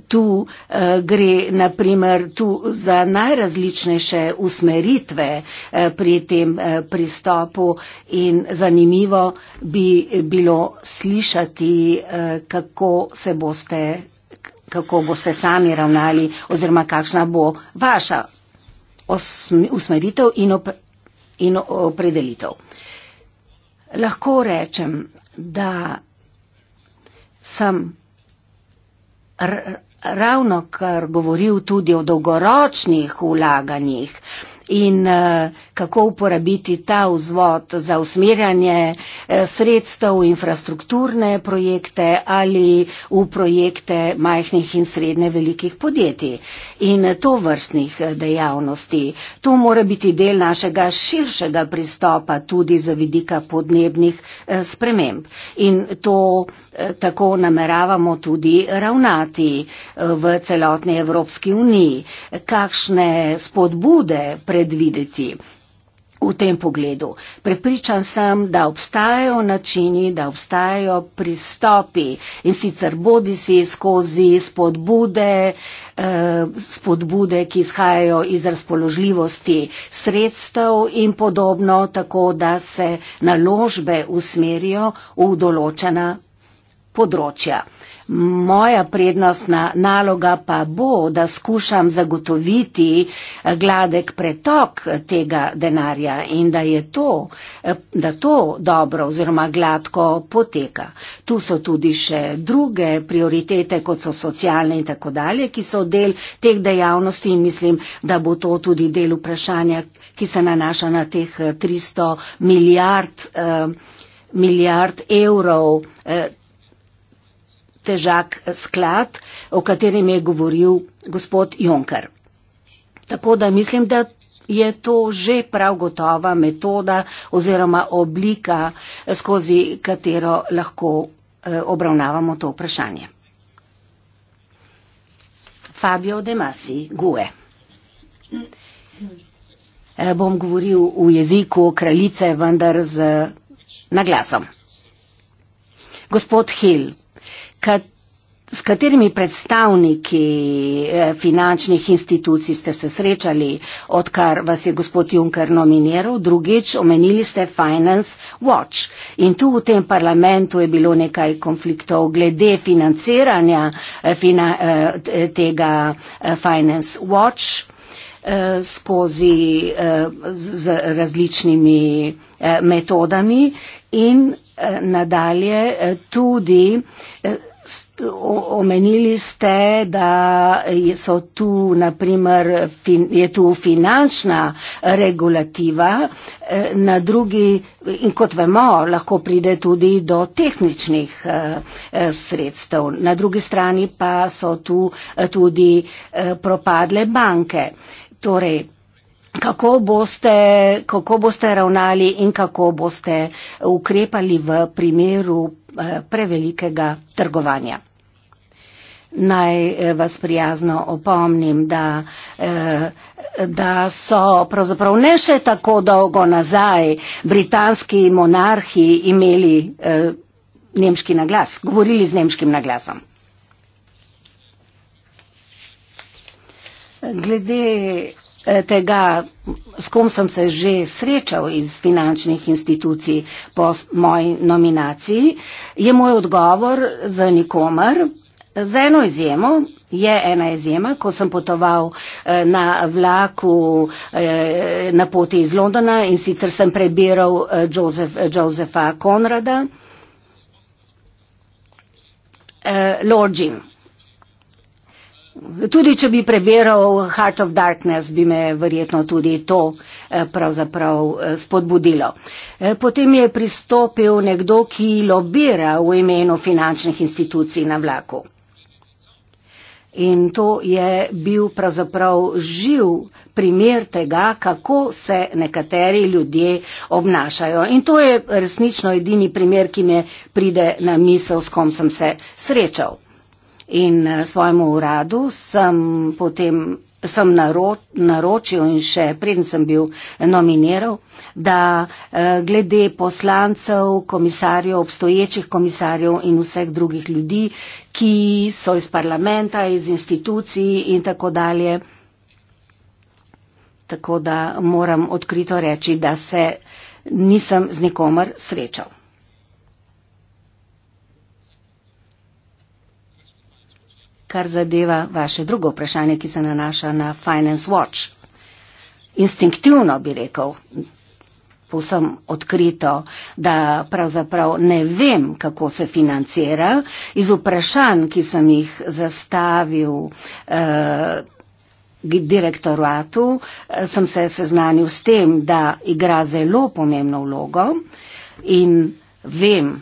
tu eh, gre naprimer tu za najrazličnejše usmeritve eh, pri tem eh, pristopu in zanimivo bi bilo slišati, eh, kako se boste, kako boste sami ravnali oziroma kakšna bo vaša usmeritev in, op in opredelitev. Lahko rečem, da sem ravno kar govoril tudi o dolgoročnih ulaganjih in eh, kako uporabiti ta vzvod za usmerjanje eh, sredstev v infrastrukturne projekte ali v projekte majhnih in srednje velikih podjetij in to vrstnih eh, dejavnosti. To mora biti del našega širšega pristopa tudi za vidika podnebnih sprememb in to tako nameravamo tudi ravnati eh, v celotni Evropski uniji. Kakšne spodbude predvideti? V tem pogledu prepričan sem, da obstajajo načini, da obstajajo pristopi in sicer bodi si skozi spodbude, eh, spodbude, ki izhajajo iz razpoložljivosti sredstev in podobno, tako da se naložbe usmerijo v določena področja. Moja prednostna naloga pa bo, da skušam zagotoviti eh, gladek pretok eh, tega denarja in da je to, eh, da to dobro oziroma gladko poteka. Tu so tudi še druge prioritete, kot so socialne in tako dalje, ki so del teh dejavnosti in mislim, da bo to tudi del vprašanja, ki se nanaša na teh 300 milijard, eh, milijard evrov. Eh, težak eh, sklad, o katerem je govoril gospod Junker. Tako da mislim, da je to že prav gotova metoda oziroma oblika, eh, skozi katero lahko eh, obravnavamo to vprašanje. Fabio De Masi, Gue. Bom govoril v jeziku kraljice, vendar z naglasom. Gospod Hill, kat, s katerimi predstavniki eh, finančnih institucij ste se srečali, odkar vas je gospod Juncker nominiral, drugič omenili ste Finance Watch. In tu v tem parlamentu je bilo nekaj konfliktov glede financiranja eh, fina, eh, tega Finance Watch skozi z različnimi metodami in nadalje tudi omenili ste, da so tu, naprimer, je tu finančna regulativa, eh, na drugi in kot vemo, lahko pride tudi do tehničnih eh, eh, sredstev. Na drugi strani pa so tu tudi propadle banke. Torej, kako boste, kako boste ravnali in kako boste ukrepali v primeru eh, prevelikega trgovanja. Naj eh, vas prijazno opomnim, da, eh, da so pravzaprav ne še tako dolgo nazaj britanski monarhi imeli nemški naglas, govorili z nemškim naglasom. Glede Eh, tega, s kom sem se že srečal iz finančnih institucij po moji nominaciji, je moj odgovor za nikomer. Z eno izjemo, je ena izjema, ko sem potoval eh, na vlaku eh, na poti iz Londona in sicer sem prebiral Josefa Konrada, Lord Jim. Tudi, če bi preberal Heart of Darkness, bi me verjetno tudi to eh, pravzaprav eh, spodbudilo. Eh, potem je pristopil nekdo, ki lobira v imenu finančnih institucij na vlaku. In to je bil pravzaprav živ primer tega, kako se nekateri ljudje obnašajo. In to je resnično edini primer, ki me pride na misel, s kom sem se srečal in eh, svojemu uradu sem potem sem naročil in še preden sem bil nominiral, da eh, glede poslancev, komisarjev, obstoječih komisarjev in vseh drugih ljudi, ki so iz parlamenta, iz institucij in tako dalje, tako da moram odkrito reči, da se nisem z nikomer srečal. kar zadeva vaše drugo vprašanje, ki se nanaša na Finance Watch. Instinktivno bi rekel, povsem odkrito, da pravzaprav ne vem, kako se financira. Iz vprašanj, ki sem jih zastavil eh, direktoratu, eh, sem se seznanil s tem, da igra zelo pomembno vlogo in vem,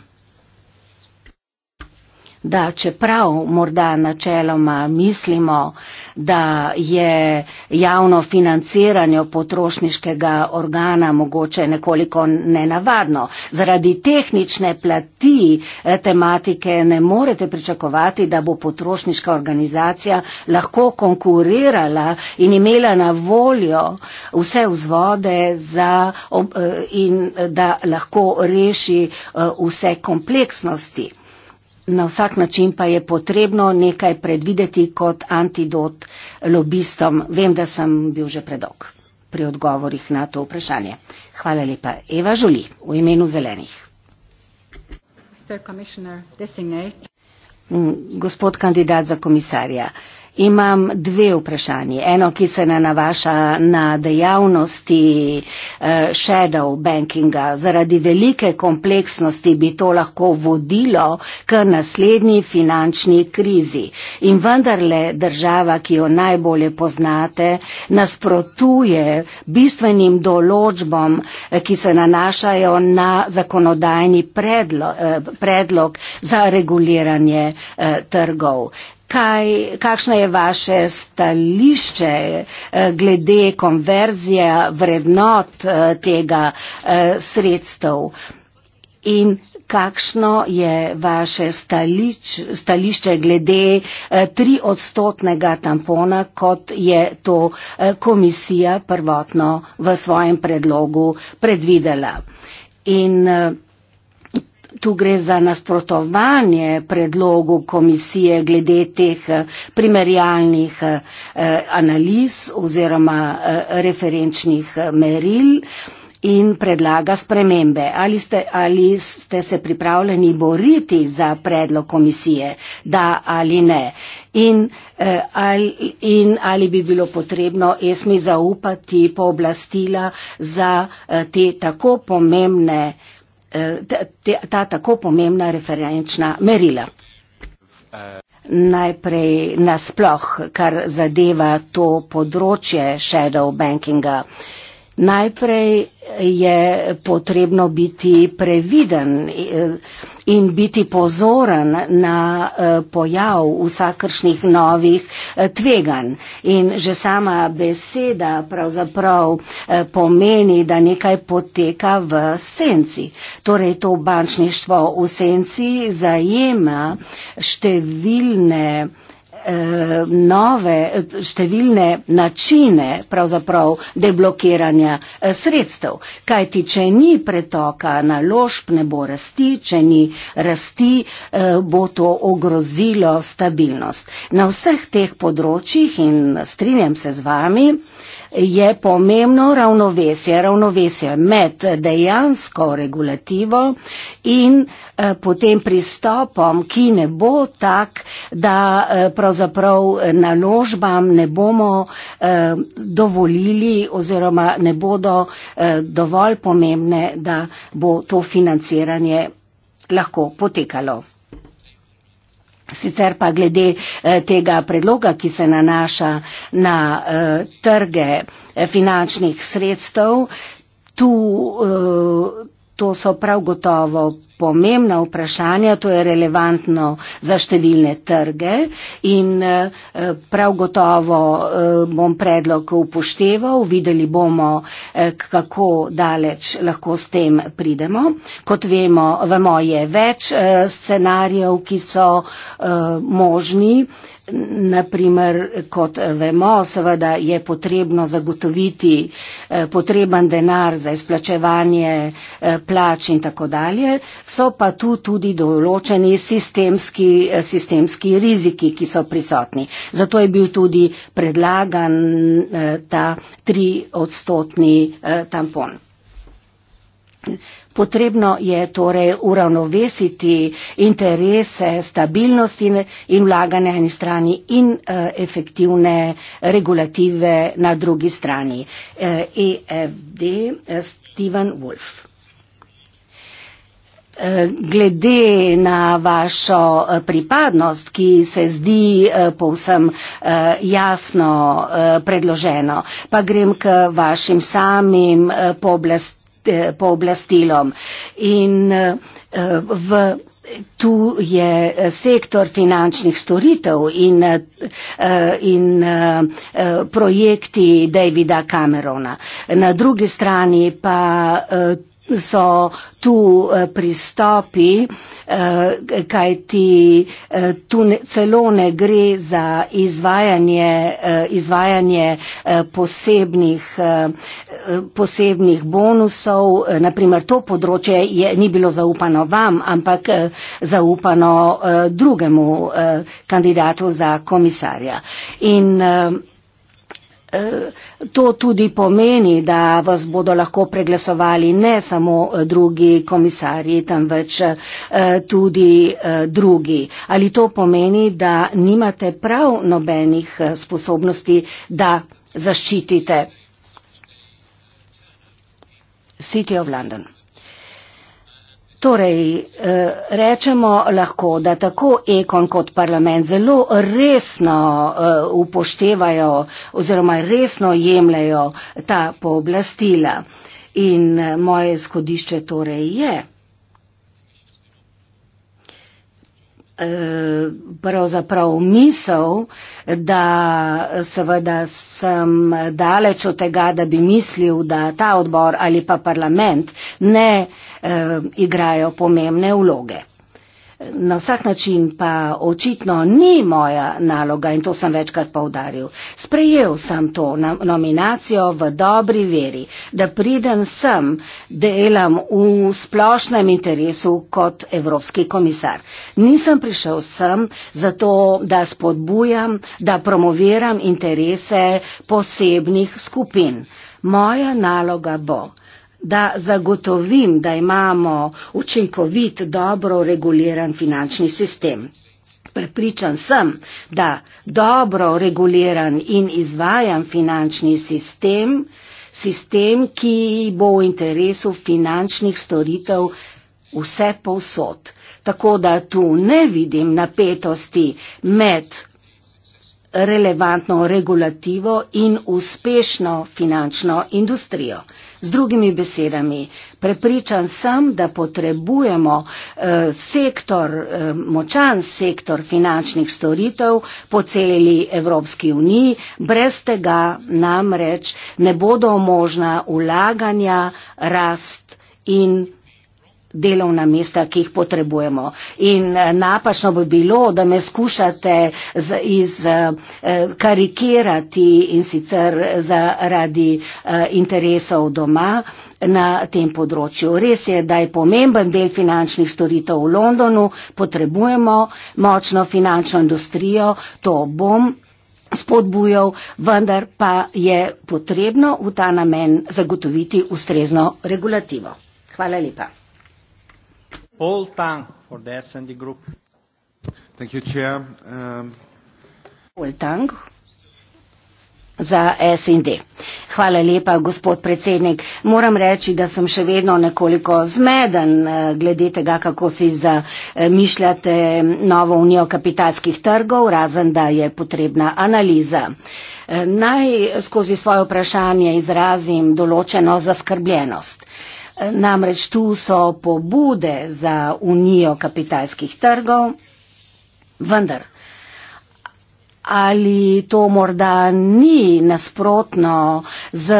da čeprav morda načeloma mislimo, da je javno financiranje potrošniškega organa mogoče nekoliko nenavadno, zaradi tehnične plati eh, tematike ne morete pričakovati, da bo potrošniška organizacija lahko konkurirala in imela na voljo vse vzvode za, eh, in da lahko reši eh, vse kompleksnosti na vsak način pa je potrebno nekaj predvideti kot antidot lobistom. Vem, da sem bil že predolg pri odgovorih na to vprašanje. Hvala lepa. Eva Žuli, v imenu zelenih. Mm, gospod kandidat za komisarja. Imam dve vprašanje. Eno, ki se ne navaša na dejavnosti eh, shadow bankinga. Zaradi velike kompleksnosti bi to lahko vodilo k naslednji finančni krizi. In vendarle država, ki jo najbolje poznate, nasprotuje bistvenim določbom, eh, ki se nanašajo na zakonodajni predlog, eh, predlog za reguliranje trgov. Kaj, kakšno je vaše stališče eh, glede konverzije vrednot eh, tega eh, sredstev in kakšno je vaše stališ, stališče glede tri odstotnega tampona, kot je to komisija prvotno v svojem predlogu predvidela. In, tu gre za nasprotovanje predlogu komisije glede teh eh, primerjalnih eh, analiz oziroma eh, referenčnih meril in predlaga spremembe. Ali ste, ali ste se pripravljeni boriti za predlog komisije, da ali ne? In, ali, in ali bi bilo potrebno ESMI zaupati pooblastila za te tako pomembne eh, ta tako pomembna referenčna merila. Najprej nasploh, kar zadeva to področje shadow bankinga. Uh, Najprej je potrebno biti previden eh, in biti pozoren na eh, pojav vsakršnih novih eh, tvegan. In že sama beseda pravzaprav pomeni, da nekaj poteka v senci. Torej to bančništvo v senci zajema številne Eh, nove eh, številne načine pravzaprav deblokiranja eh, sredstev. Kajti, če ni pretoka naložb, ne bo rasti, če ni rasti, bo to ogrozilo stabilnost. Na vseh teh področjih in strinjam se z vami, je pomembno ravnovesje, ravnovesje med dejansko regulativo in eh, potem pristopom, ki ne bo tak, da eh, pravzaprav eh, naložbam ne bomo dovolili oziroma ne bodo dovolj pomembne, da bo to financiranje lahko potekalo. Sicer pa glede eh, tega predloga, ki se nanaša na eh, trge eh, finančnih sredstev, tu To so prav gotovo pomembna vprašanja, to je relevantno za številne trge in eh, prav gotovo eh, bom predlog upošteval, videli bomo, eh, kako daleč lahko s tem pridemo. Kot vemo, vemo je več scenarijev, ki so možni. Naprimer, kot vemo, seveda je potrebno zagotoviti eh, potreben denar za izplačevanje eh, plač in tako dalje. So pa tu tudi določeni sistemski, eh, sistemski riziki, ki so prisotni. Zato je bil tudi predlagan ta tri odstotni tampon. Potrebno je torej uravnovesiti interese stabilnosti in vlaganja na eni strani in uh, efektivne regulative na drugi strani. Uh, eh, EFD uh, eh, Steven Wolf. Glede na vašo pripadnost, ki se zdi povsem jasno predloženo, pa grem k vašim samim pooblastim. Eh, pooblastilom. In eh, v, tu je eh, sektor finančnih storitev in, in projekti Davida Camerona. Na drugi strani pa so tu eh, pristopi, eh, kaj ti eh, tu celo ne gre za izvajanje, izvajanje posebnih, posebnih bonusov. Naprimer, to področje je, ni bilo zaupano vam, ampak zaupano drugemu kandidatu za komisarja. In, Eh, to tudi pomeni, da vas bodo lahko preglasovali ne samo eh, drugi komisarji, temveč eh, tudi drugi. Ali to pomeni, da nimate prav nobenih sposobnosti, da zaščitite City of London? Torej, eh, rečemo lahko, da tako Ekon kot parlament zelo resno eh, upoštevajo oziroma resno jemljajo ta pooblastila. In eh, moje skodišče torej je, Eh, pravzaprav misel, da seveda sem daleč od tega, da bi mislil, da ta odbor ali pa parlament ne eh, igrajo pomembne vloge. Na vsak način pa očitno ni moja naloga in to sem večkrat povdaril. Sprejel sem to nominacijo v dobri veri, da pridem sem, delam v splošnem interesu kot evropski komisar. Nisem prišel sem zato, da spodbujam, da promoviram interese posebnih skupin. Moja naloga bo da zagotovim, da imamo učinkovit, dobro reguliran finančni sistem. Prepričan sem, da dobro reguliran in izvajan finančni sistem, sistem, ki bo v interesu finančnih storitev vse povsod. Tako da tu ne vidim napetosti med relevantno regulativo in uspešno finančno industrijo. Z drugimi besedami, prepričan sem, da potrebujemo eh, sektor, eh, močan sektor finančnih storitev po celi Evropski uniji, brez tega namreč ne bodo možna ulaganja, rast in delovna mesta, ki jih potrebujemo. In eh, napačno bi bilo, da me skušate z, iz, eh, eh, karikirati in sicer zaradi interesov doma na tem področju. Res je, da je pomemben del finančnih storitev v Londonu, potrebujemo močno finančno industrijo, to bom spodbujal, vendar pa je potrebno v ta namen zagotoviti ustrezno regulativo. Hvala lepa. Paul Tang for the S&D Group. Thank you, Chair. Um... Paul Tang za SND. Hvala lepa, gospod predsednik. Moram reči, da sem še vedno nekoliko zmeden eh, glede tega, kako si zamišljate novo unijo kapitalskih trgov, razen da je potrebna analiza. Eh, naj skozi svoje vprašanje izrazim določeno zaskrbljenost. Namreč tu so pobude za unijo kapitalskih trgov, vendar ali to morda ni nasprotno z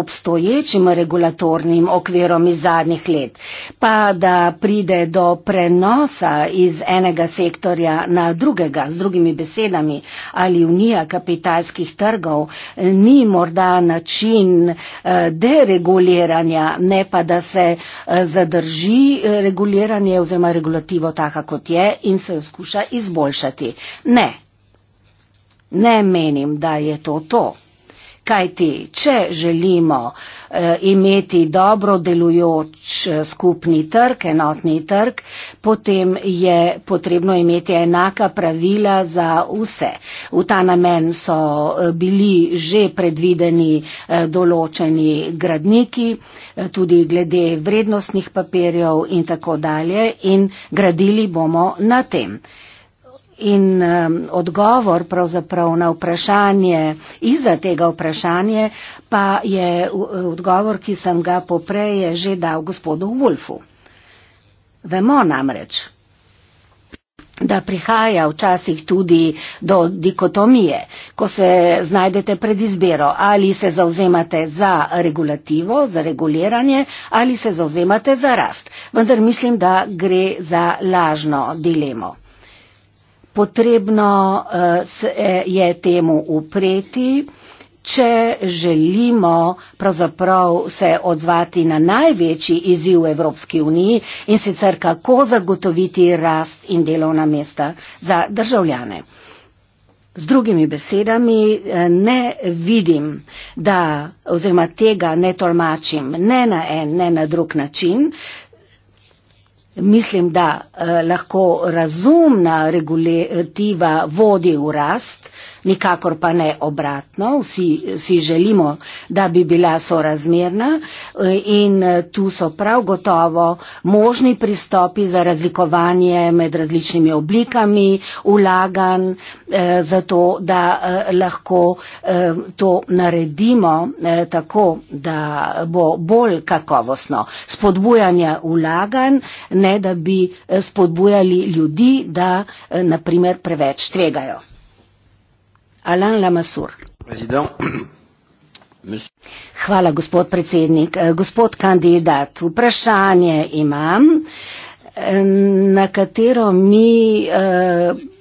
obstoječim regulatornim okvirom iz zadnjih let, pa da pride do prenosa iz enega sektorja na drugega, z drugimi besedami, ali unija kapitalskih trgov ni morda način eh, dereguliranja, ne pa da se eh, zadrži eh, reguliranje oziroma regulativo taka, kot je in se jo skuša izboljšati. Ne. Ne menim, da je to to. Kaj ti, če želimo eh, imeti dobro delujoč eh, skupni trg, enotni trg, potem je potrebno imeti enaka pravila za vse. V ta namen so eh, bili že predvideni eh, določeni gradniki, eh, tudi glede vrednostnih papirjev in tako dalje in gradili bomo na tem. Eh, In um, odgovor pravzaprav na vprašanje, iza tega vprašanje, pa je odgovor, ki sem ga poprej že dal gospodu Wolfu. Vemo namreč, da prihaja včasih tudi do dikotomije, ko se znajdete pred izbiro, ali se zauzemate za regulativo, za reguliranje, ali se zauzemate za rast. Vendar mislim, da gre za lažno dilemo potrebno eh, eh, je temu upreti, če želimo pravzaprav se odzvati na največji izziv Evropski uniji in sicer kako zagotoviti rast in delovna mesta za državljane. Z drugimi besedami eh, ne vidim, da oziroma tega ne tolmačim ne na en, ne na drug način, Mislim, da eh, lahko razumna regulativa vodi v rast eh, nikakor pa ne obratno. Vsi si želimo, da bi bila sorazmerna eh, in eh, tu so prav gotovo možni pristopi za razlikovanje med različnimi oblikami vlagan, eh, zato da lahko to naredimo tako, da bo bolj kakovostno spodbujanje vlagan, ne da bi spodbujali ljudi, da naprimer preveč tvegajo. Alain Lamassur. President. [clears throat] Hvala, gospod predsednik. Eh, gospod kandidat, vprašanje imam, eh, na katero mi. Uh,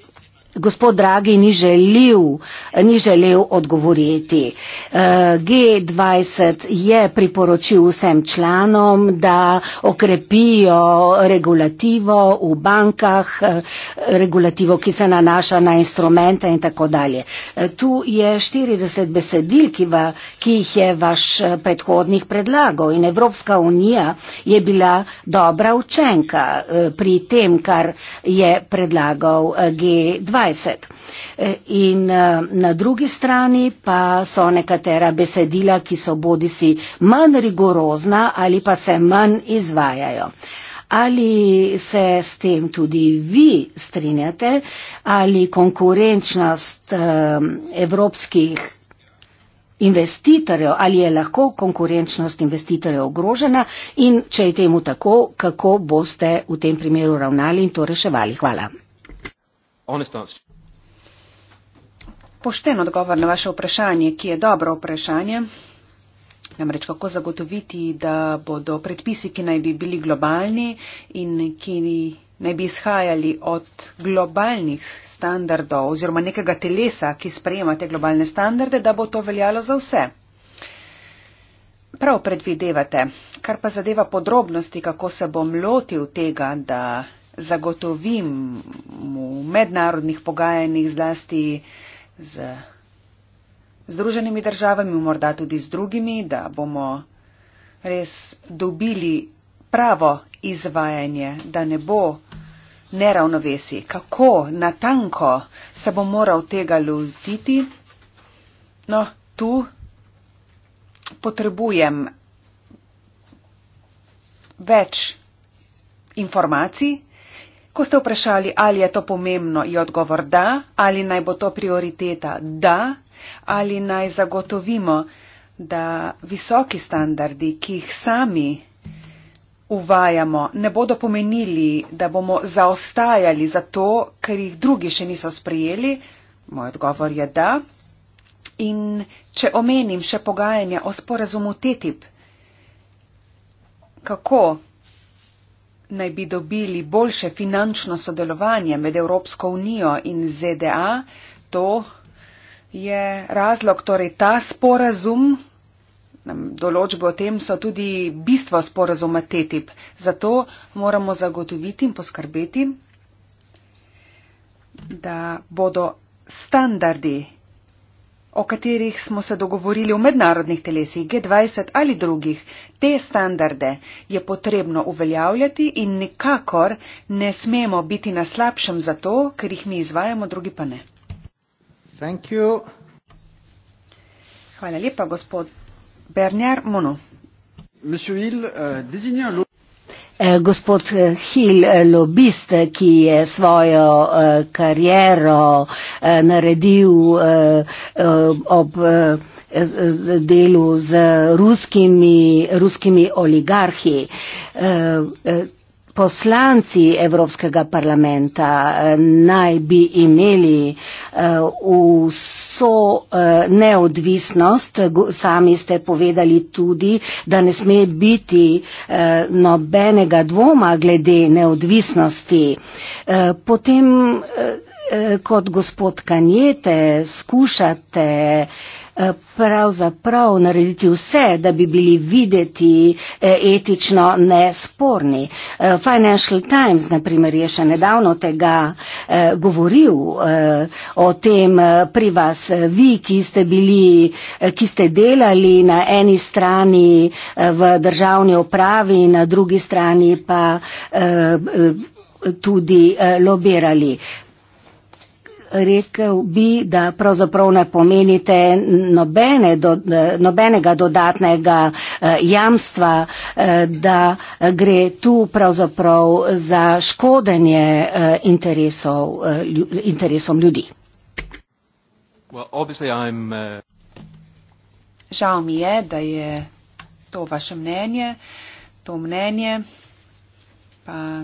Gospod Dragi ni želil, ni želel odgovoriti. Eh, G20 je priporočil vsem članom, da okrepijo regulativo v bankah, eh, regulativo, ki se nanaša na instrumente in tako dalje. Eh, tu je 40 besedil, ki, va, ki jih je vaš predhodnik predlagal in Evropska unija je bila dobra učenka pri tem, kar je predlagal G20 dvajset. E, in e, na drugi strani pa so nekatera besedila, ki so bodi si manj rigorozna ali pa se manj izvajajo. Ali se s tem tudi vi strinjate, ali konkurenčnost e, evropskih investitorjev, ali je lahko konkurenčnost investitorjev ogrožena in če je temu tako, kako boste v tem primeru ravnali in to reševali? Hvala honest answer. Pošten odgovor na vaše vprašanje, ki je dobro vprašanje, namreč kako zagotoviti, da bodo predpisi, ki naj bi bili globalni in ki naj bi izhajali od globalnih standardov oziroma nekega telesa, ki sprejema te globalne standarde, da bo to veljalo za vse. Prav predvidevate, kar pa zadeva podrobnosti, kako se bom lotil tega, da zagotovim v mednarodnih pogajanjih zlasti z Združenimi državami, morda tudi z drugimi, da bomo res dobili pravo izvajanje, da ne bo neravnovesi, kako natanko se bo moral tega lotiti. No, tu potrebujem več informacij. Ko ste vprašali, ali je to pomembno, je odgovor da, ali naj bo to prioriteta da, ali naj zagotovimo, da visoki standardi, ki jih sami uvajamo, ne bodo pomenili, da bomo zaostajali za to, ker jih drugi še niso sprejeli. Moj odgovor je da. In če omenim še pogajanja o sporazumu TTIP, kako naj bi dobili boljše finančno sodelovanje med Evropsko unijo in ZDA. To je razlog, torej ta sporazum, določbe o tem so tudi bistvo sporazuma TTIP. Zato moramo zagotoviti in poskrbeti, da bodo standardi o katerih smo se dogovorili v mednarodnih telesih G20 ali drugih, te standarde je potrebno uveljavljati in nikakor ne smemo biti na slabšem zato, ker jih mi izvajamo, drugi pa ne. Hvala lepa, gospod Bernjar Mono. Monsieur Hill, euh, Eh, gospod eh, Hill, eh, lobist, ki je svojo kariero naredil ob delu z ruskimi, ruskimi oligarhi. Poslanci Evropskega parlamenta eh, naj bi imeli eh, vso eh, neodvisnost. Sami ste povedali tudi, da ne sme biti nobenega dvoma glede neodvisnosti. Potem kot gospod Kanjete skušate Eh, pravzaprav narediti vse, da bi bili videti eh, etično nesporni. Eh, Financial Times, na primer, je še nedavno tega govoril o tem pri vas. Vi, ki ste, bili, ki ste delali na eni strani v državni opravi, na drugi strani pa tudi lobirali rekel bi, da pravzaprav ne pomenite nobene do, nobenega dodatnega eh, jamstva, eh, da gre tu pravzaprav za škodenje eh, interesov, interesom ljudi. Well, Žal mi je, da je to vaše mnenje, to mnenje pa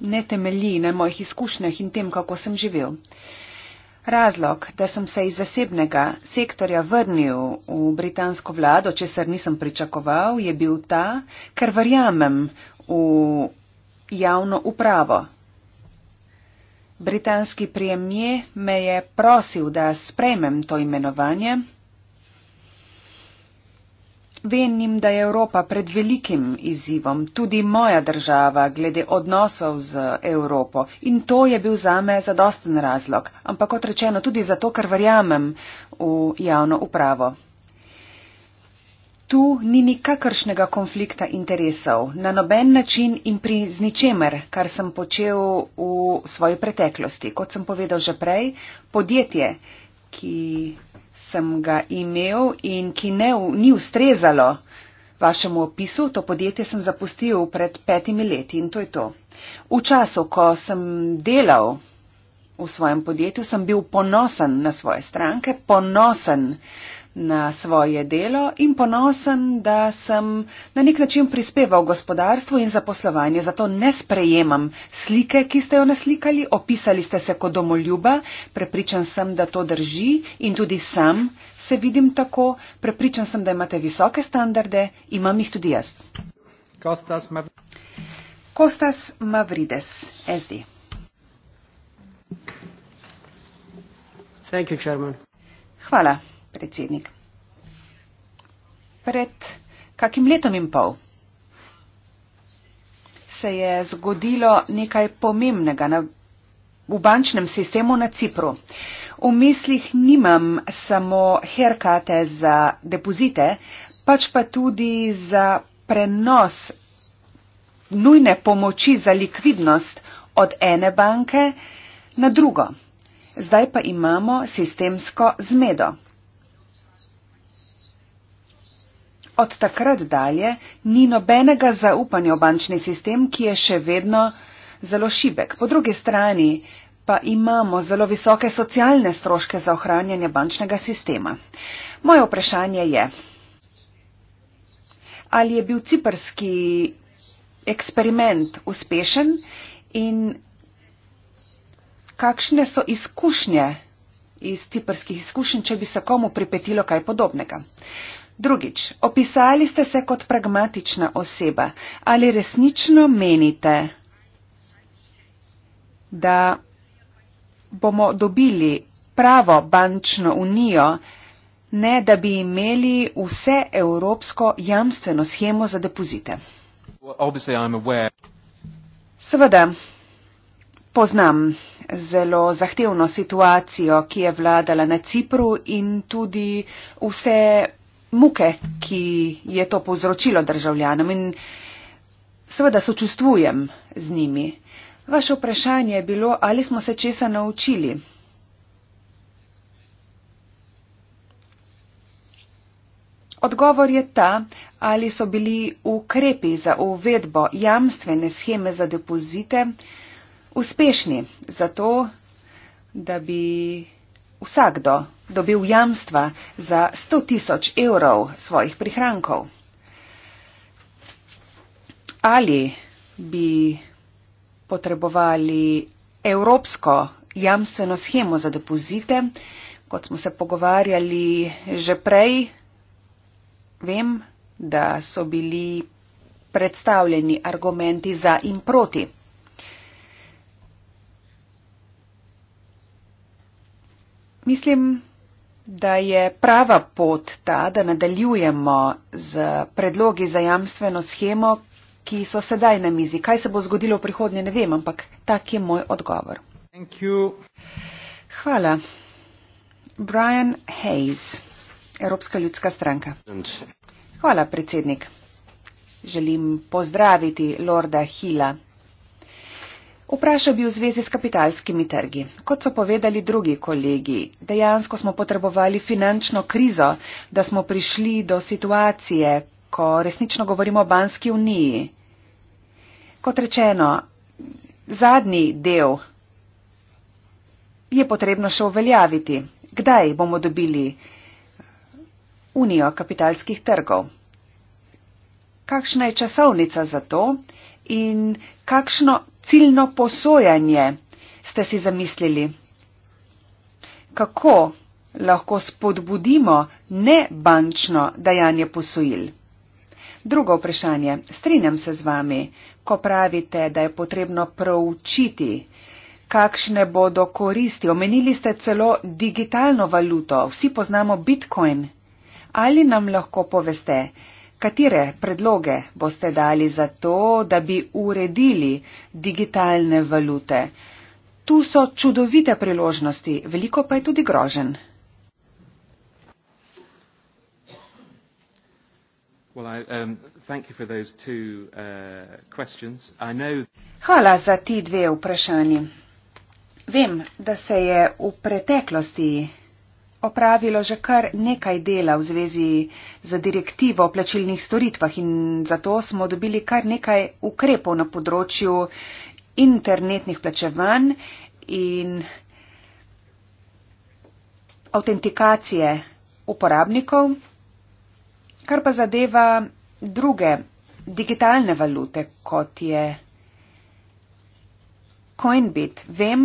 ne temelji na mojih izkušnjah in tem, kako sem živel. Uh, Razlog, da sem se iz zasebnega sektorja vrnil v britansko vlado, česar nisem pričakoval, je bil ta, ker verjamem v javno upravo. Britanski premije me je prosil, da sprejmem to imenovanje. Venim, da je Evropa pred velikim izzivom, tudi moja država, glede odnosov z Evropo. In to je bil za me zadosten razlog, ampak kot rečeno tudi zato, ker verjamem v javno upravo. Tu ni nikakršnega konflikta interesov, na noben način in pri zničemer, kar sem počel v svoji preteklosti. Kot sem povedal že prej, podjetje, ki sem ga imel in ki ne, ni ustrezalo vašemu opisu, to podjetje sem zapustil pred petimi leti in to je to. V času, ko sem delal v svojem podjetju, sem bil ponosen na svoje stranke, ponosen na svoje delo in ponosen, da sem na nek način prispeval gospodarstvu in zaposlovanje. Zato ne sprejemam slike, ki ste jo naslikali, opisali ste se kot domoljuba, prepričan sem, da to drži in tudi sam se vidim tako, prepričan sem, da imate visoke standarde, imam jih tudi jaz. Kostas, Mav Kostas Mavrides, SD. Hvala predsednik. Pred kakim letom in pol se je zgodilo nekaj pomembnega na, v bančnem sistemu na Cipru. V mislih nimam samo herkate za depozite, pač pa tudi za prenos nujne pomoči za likvidnost od ene banke na drugo. Zdaj pa imamo sistemsko zmedo. Od takrat dalje ni nobenega zaupanja v bančni sistem, ki je še vedno zelo šibek. Po drugi strani pa imamo zelo visoke socialne stroške za ohranjanje bančnega sistema. Moje vprašanje je, ali je bil ciprski eksperiment uspešen in kakšne so izkušnje iz ciprskih izkušenj, če bi se komu pripetilo kaj podobnega. Drugič, opisali ste se kot pragmatična oseba. Ali resnično menite, da bomo dobili pravo bančno unijo, ne da bi imeli vse evropsko jamstveno schemo za depozite? Seveda, poznam zelo zahtevno situacijo, ki je vladala na Cipru in tudi vse muke, ki je to povzročilo državljanom in seveda sočustvujem z njimi. Vaše vprašanje je bilo, ali smo se česa naučili. Odgovor je ta, ali so bili ukrepi za uvedbo jamstvene scheme za depozite uspešni za to, da bi vsakdo dobil jamstva za 100 tisoč evrov svojih prihrankov. Ali bi potrebovali evropsko jamstveno schemo za depozite, kot smo se pogovarjali že prej, vem, da so bili predstavljeni argumenti za in proti. Mislim, da je prava pot ta, da nadaljujemo z predlogi za jamstveno schemo, ki so sedaj na mizi. Kaj se bo zgodilo v prihodnje, ne vem, ampak tak je moj odgovor. Hvala. Brian Hayes, Evropska ljudska stranka. Hvala, predsednik. Želim pozdraviti Lorda Hila. Vprašal bi v zvezi s kapitalskimi trgi. Kot so povedali drugi kolegi, dejansko smo potrebovali finančno krizo, da smo prišli do situacije, ko resnično govorimo o Banski uniji. Kot rečeno, zadnji del je potrebno še uveljaviti. Kdaj bomo dobili unijo kapitalskih trgov? Kakšna je časovnica za to? In kakšno ciljno posojanje, ste si zamislili. Kako lahko spodbudimo nebančno dajanje posojil? Drugo vprašanje. Strinjam se z vami, ko pravite, da je potrebno proučiti, kakšne bodo koristi. Omenili ste celo digitalno valuto, vsi poznamo Bitcoin. Ali nam lahko poveste, Katere predloge boste dali za to, da bi uredili digitalne valute? Tu so čudovite priložnosti, veliko pa je tudi grožen. Um, uh, Hvala za ti dve vprašanji. Vem, da se je v preteklosti opravilo že kar nekaj dela v zvezi z direktivo o plačilnih storitvah in zato smo dobili kar nekaj ukrepov na področju internetnih plačevanj in autentikacije uporabnikov, kar pa zadeva druge digitalne valute, kot je Coinbit. Vem,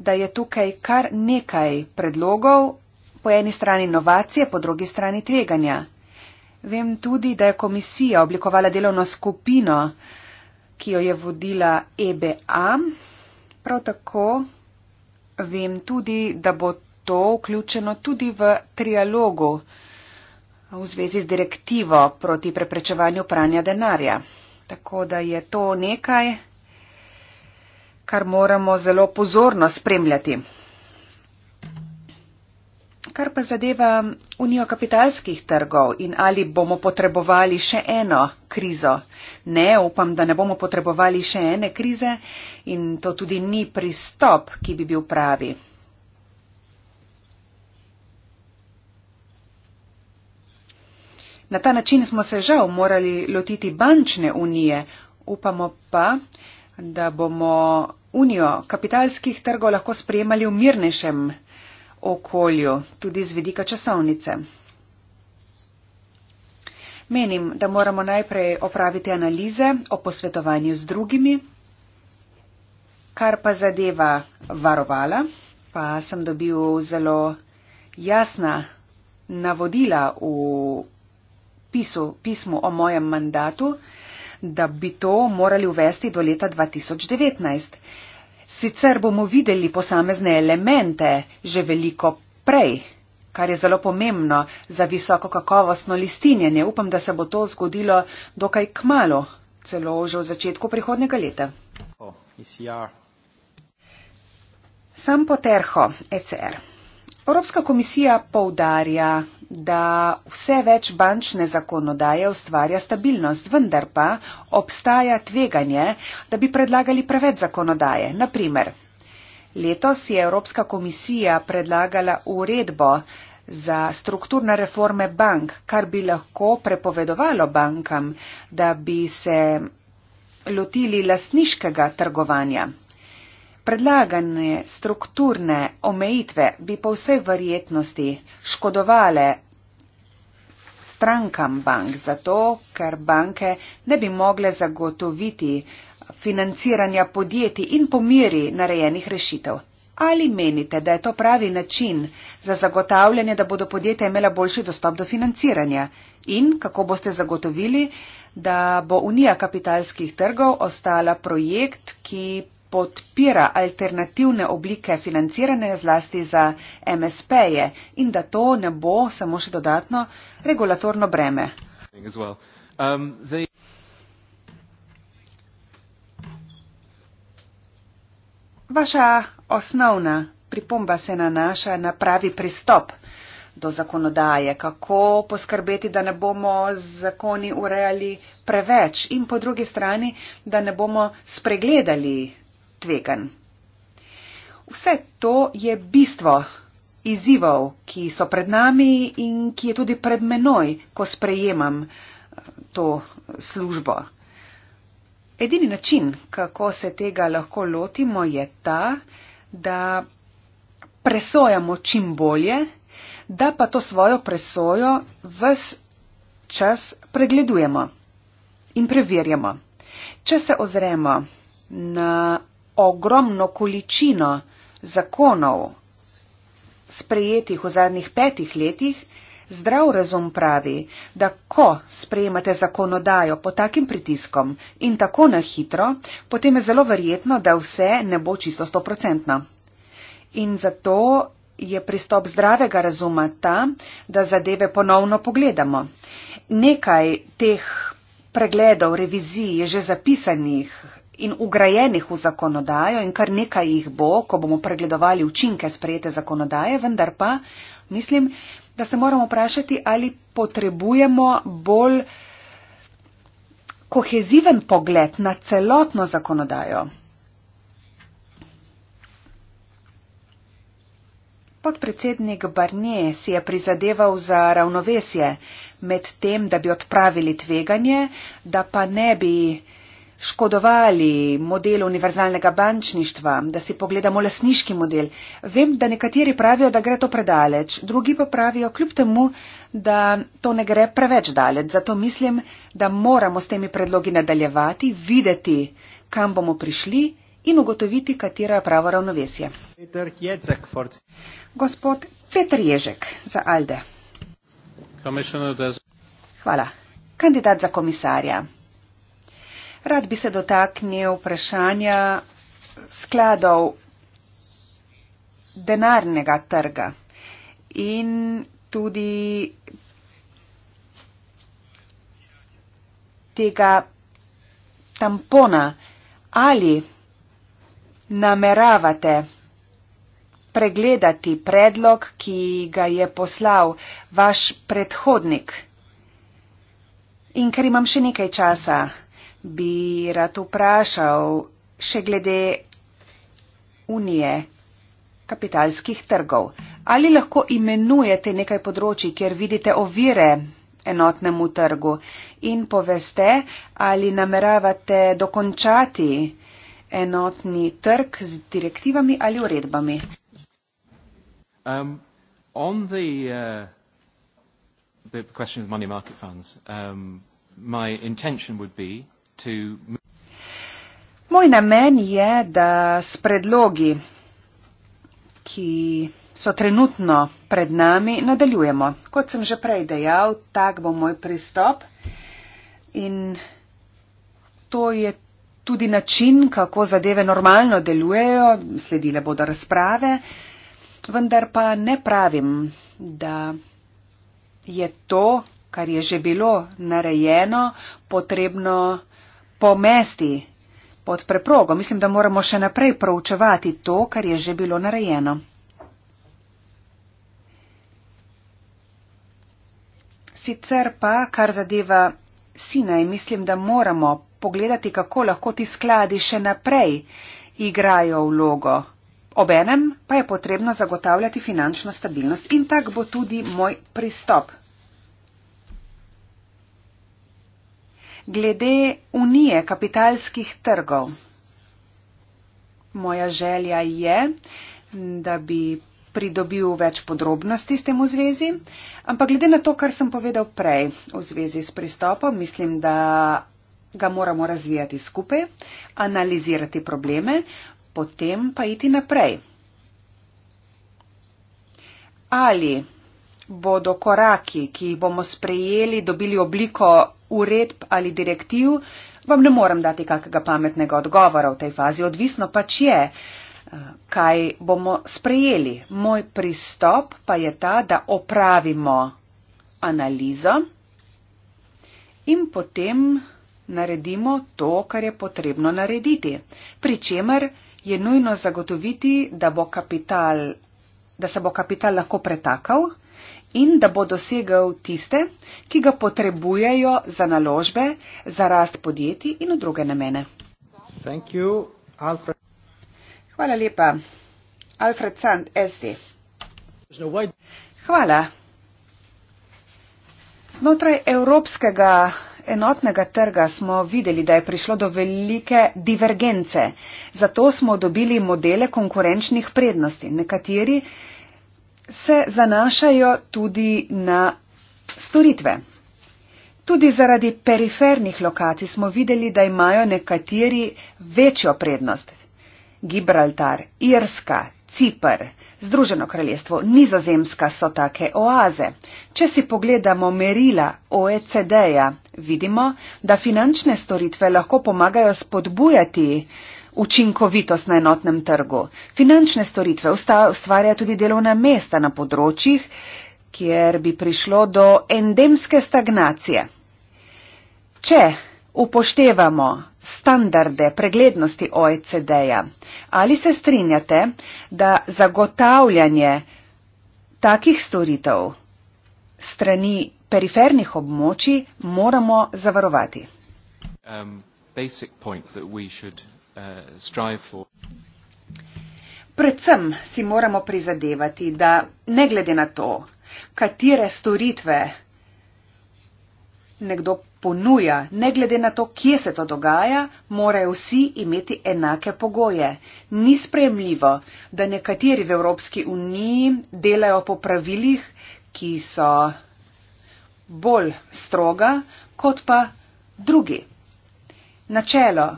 da je tukaj kar nekaj predlogov, po eni strani inovacije, po drugi strani tveganja. Vem tudi, da je komisija oblikovala delovno skupino, ki jo je vodila EBA. Prav tako vem tudi, da bo to vključeno tudi v trialogu v zvezi z direktivo proti preprečevanju pranja denarja. Tako da je to nekaj, kar moramo zelo pozorno spremljati. Kar pa zadeva unijo kapitalskih trgov in ali bomo potrebovali še eno krizo. Ne, upam, da ne bomo potrebovali še ene krize in to tudi ni pristop, ki bi bil pravi. Na ta način smo se žal morali lotiti bančne unije. Upamo pa, da bomo unijo kapitalskih trgov lahko sprejemali v mirnejšem okolju, tudi z vidika časovnice. Menim, da moramo najprej opraviti analize o posvetovanju z drugimi, kar pa zadeva varovala, pa sem dobil zelo jasna navodila v pisu, pismu o mojem mandatu, da bi to morali uvesti do leta 2019. Sicer bomo videli posamezne elemente že veliko prej, kar je zelo pomembno za visoko kakovostno listinjenje. Upam, da se bo to zgodilo dokaj kmalo, celo že v začetku prihodnega leta. Oh, e Sam poterho ECR. Evropska komisija poudarja, da vse več bančne zakonodaje ustvarja stabilnost, vendar pa obstaja tveganje, da bi predlagali preveč zakonodaje. Naprimer, letos je Evropska komisija predlagala uredbo za strukturne reforme bank, kar bi lahko prepovedovalo bankam, da bi se lotili lasniškega trgovanja. Predlagane strukturne omejitve bi po vsej verjetnosti škodovale strankam bank, zato ker banke ne bi mogle zagotoviti financiranja podjetij in pomiri narejenih rešitev. Ali menite, da je to pravi način za zagotavljanje, da bodo podjetja imela boljši dostop do financiranja? In kako boste zagotovili, da bo Unija kapitalskih trgov ostala projekt, ki podpira alternativne oblike financiranja zlasti za MSP-je in da to ne bo samo še dodatno regulatorno breme. Um, Vaša osnovna pripomba se nanaša na pravi pristop do zakonodaje, kako poskrbeti, da ne bomo z zakoni urejali preveč in po drugi strani, da ne bomo spregledali tvegan. Vse to je bistvo izzivov, ki so pred nami in ki je tudi pred menoj, ko sprejemam eh, to službo. Edini način, kako se tega lahko lotimo, je ta, da presojamo čim bolje, da pa to svojo presojo ves čas pregledujemo in preverjamo. Če se ozremo na ogromno količino zakonov sprejetih v zadnjih petih letih, zdrav razum pravi, da ko sprejemate zakonodajo pod takim pritiskom in tako na hitro, potem je zelo verjetno, da vse ne bo čisto stoprocentno. In zato je pristop zdravega razuma ta, da zadeve ponovno pogledamo. Nekaj teh pregledov revizij je že zapisanih in ugrajenih v zakonodajo in kar nekaj jih bo, ko bomo pregledovali učinke sprejete zakonodaje, vendar pa mislim, da se moramo vprašati, ali potrebujemo bolj koheziven pogled na celotno zakonodajo. Podpredsednik Barnje si je prizadeval za ravnovesje med tem, da bi odpravili tveganje, da pa ne bi uh, škodovali modelu univerzalnega bančništva, da si pogledamo lasniški model. Vem, da nekateri pravijo, da gre to predaleč, drugi pa pravijo, kljub temu, da to ne gre preveč daleč. Zato mislim, da moramo s temi predlogi nadaljevati, videti, kam bomo prišli in ugotoviti, katera je prava ravnovesje. Peter Jezek, Gospod Peter Ježek za Alde. Hvala. Kandidat za komisarja. Rad bi se dotaknil vprašanja skladov denarnega trga in tudi tega tampona. Ali nameravate pregledati predlog, ki ga je poslal vaš predhodnik? In ker imam še nekaj časa, bi rad vprašal še glede unije kapitalskih trgov. Ali lahko imenujete nekaj področji, kjer vidite ovire enotnemu trgu in poveste, ali nameravate dokončati enotni trg z direktivami ali uredbami? Um, uh, The question of money market funds. Um, my intention would be to Moj namen je, da s predlogi, ki so trenutno pred nami, nadaljujemo. Kot sem že prej dejal, tak bo moj pristop in to je tudi način, kako zadeve normalno delujejo, sledile bodo razprave, vendar pa ne pravim, da je to, kar je že bilo narejeno, potrebno pomesti pod preprogo. Mislim, da moramo še naprej proučevati to, kar je že bilo narejeno. Sicer pa, kar zadeva Sinaj, mislim, da moramo pogledati, kako lahko ti skladi še naprej igrajo vlogo. Obenem pa je potrebno zagotavljati finančno stabilnost in tak bo tudi moj pristop. glede unije kapitalskih trgov. Moja želja je, da bi pridobil več podrobnosti s tem v zvezi, ampak glede na to, kar sem povedal prej v zvezi s pristopom, mislim, da ga moramo razvijati skupaj, analizirati probleme, potem pa iti naprej. Ali bodo koraki, ki jih bomo sprejeli, dobili obliko uredb ali direktiv, vam ne morem dati kakega pametnega odgovora v tej fazi. Odvisno pač je, eh, kaj bomo sprejeli. Moj pristop pa je ta, da opravimo analizo in potem naredimo to, kar je potrebno narediti. Pričemer je nujno zagotoviti, da bo kapital da se bo kapital lahko pretakal in da bo dosegel tiste, ki ga potrebujejo za naložbe, za rast podjetij in v druge namene. You, Hvala lepa. Alfred Sand, SD. Hvala. Znotraj evropskega enotnega trga smo videli, da je prišlo do velike divergence. Zato smo dobili modele konkurenčnih prednosti. Nekateri se zanašajo tudi na storitve. Tudi zaradi perifernih lokacij smo videli, da imajo nekateri večjo prednost. Gibraltar, Irska, Cipr, Združeno kraljestvo, Nizozemska so take oaze. Če si pogledamo merila OECD-ja, vidimo, da finančne storitve lahko pomagajo spodbujati učinkovitost na enotnem trgu. Finančne storitve ustvarjajo tudi delovna mesta na področjih, kjer bi prišlo do endemske stagnacije. Če upoštevamo standarde preglednosti OECD-ja, ali se strinjate, da zagotavljanje takih storitev strani perifernih območij moramo zavarovati? Um, uh, strive for. Predvsem si moramo prizadevati, da ne glede na to, katere storitve nekdo ponuja, ne glede na to, kje se to dogaja, morajo vsi imeti enake pogoje. Ni sprejemljivo, da nekateri v Evropski uniji delajo po pravilih, ki so bolj stroga kot pa drugi. Načelo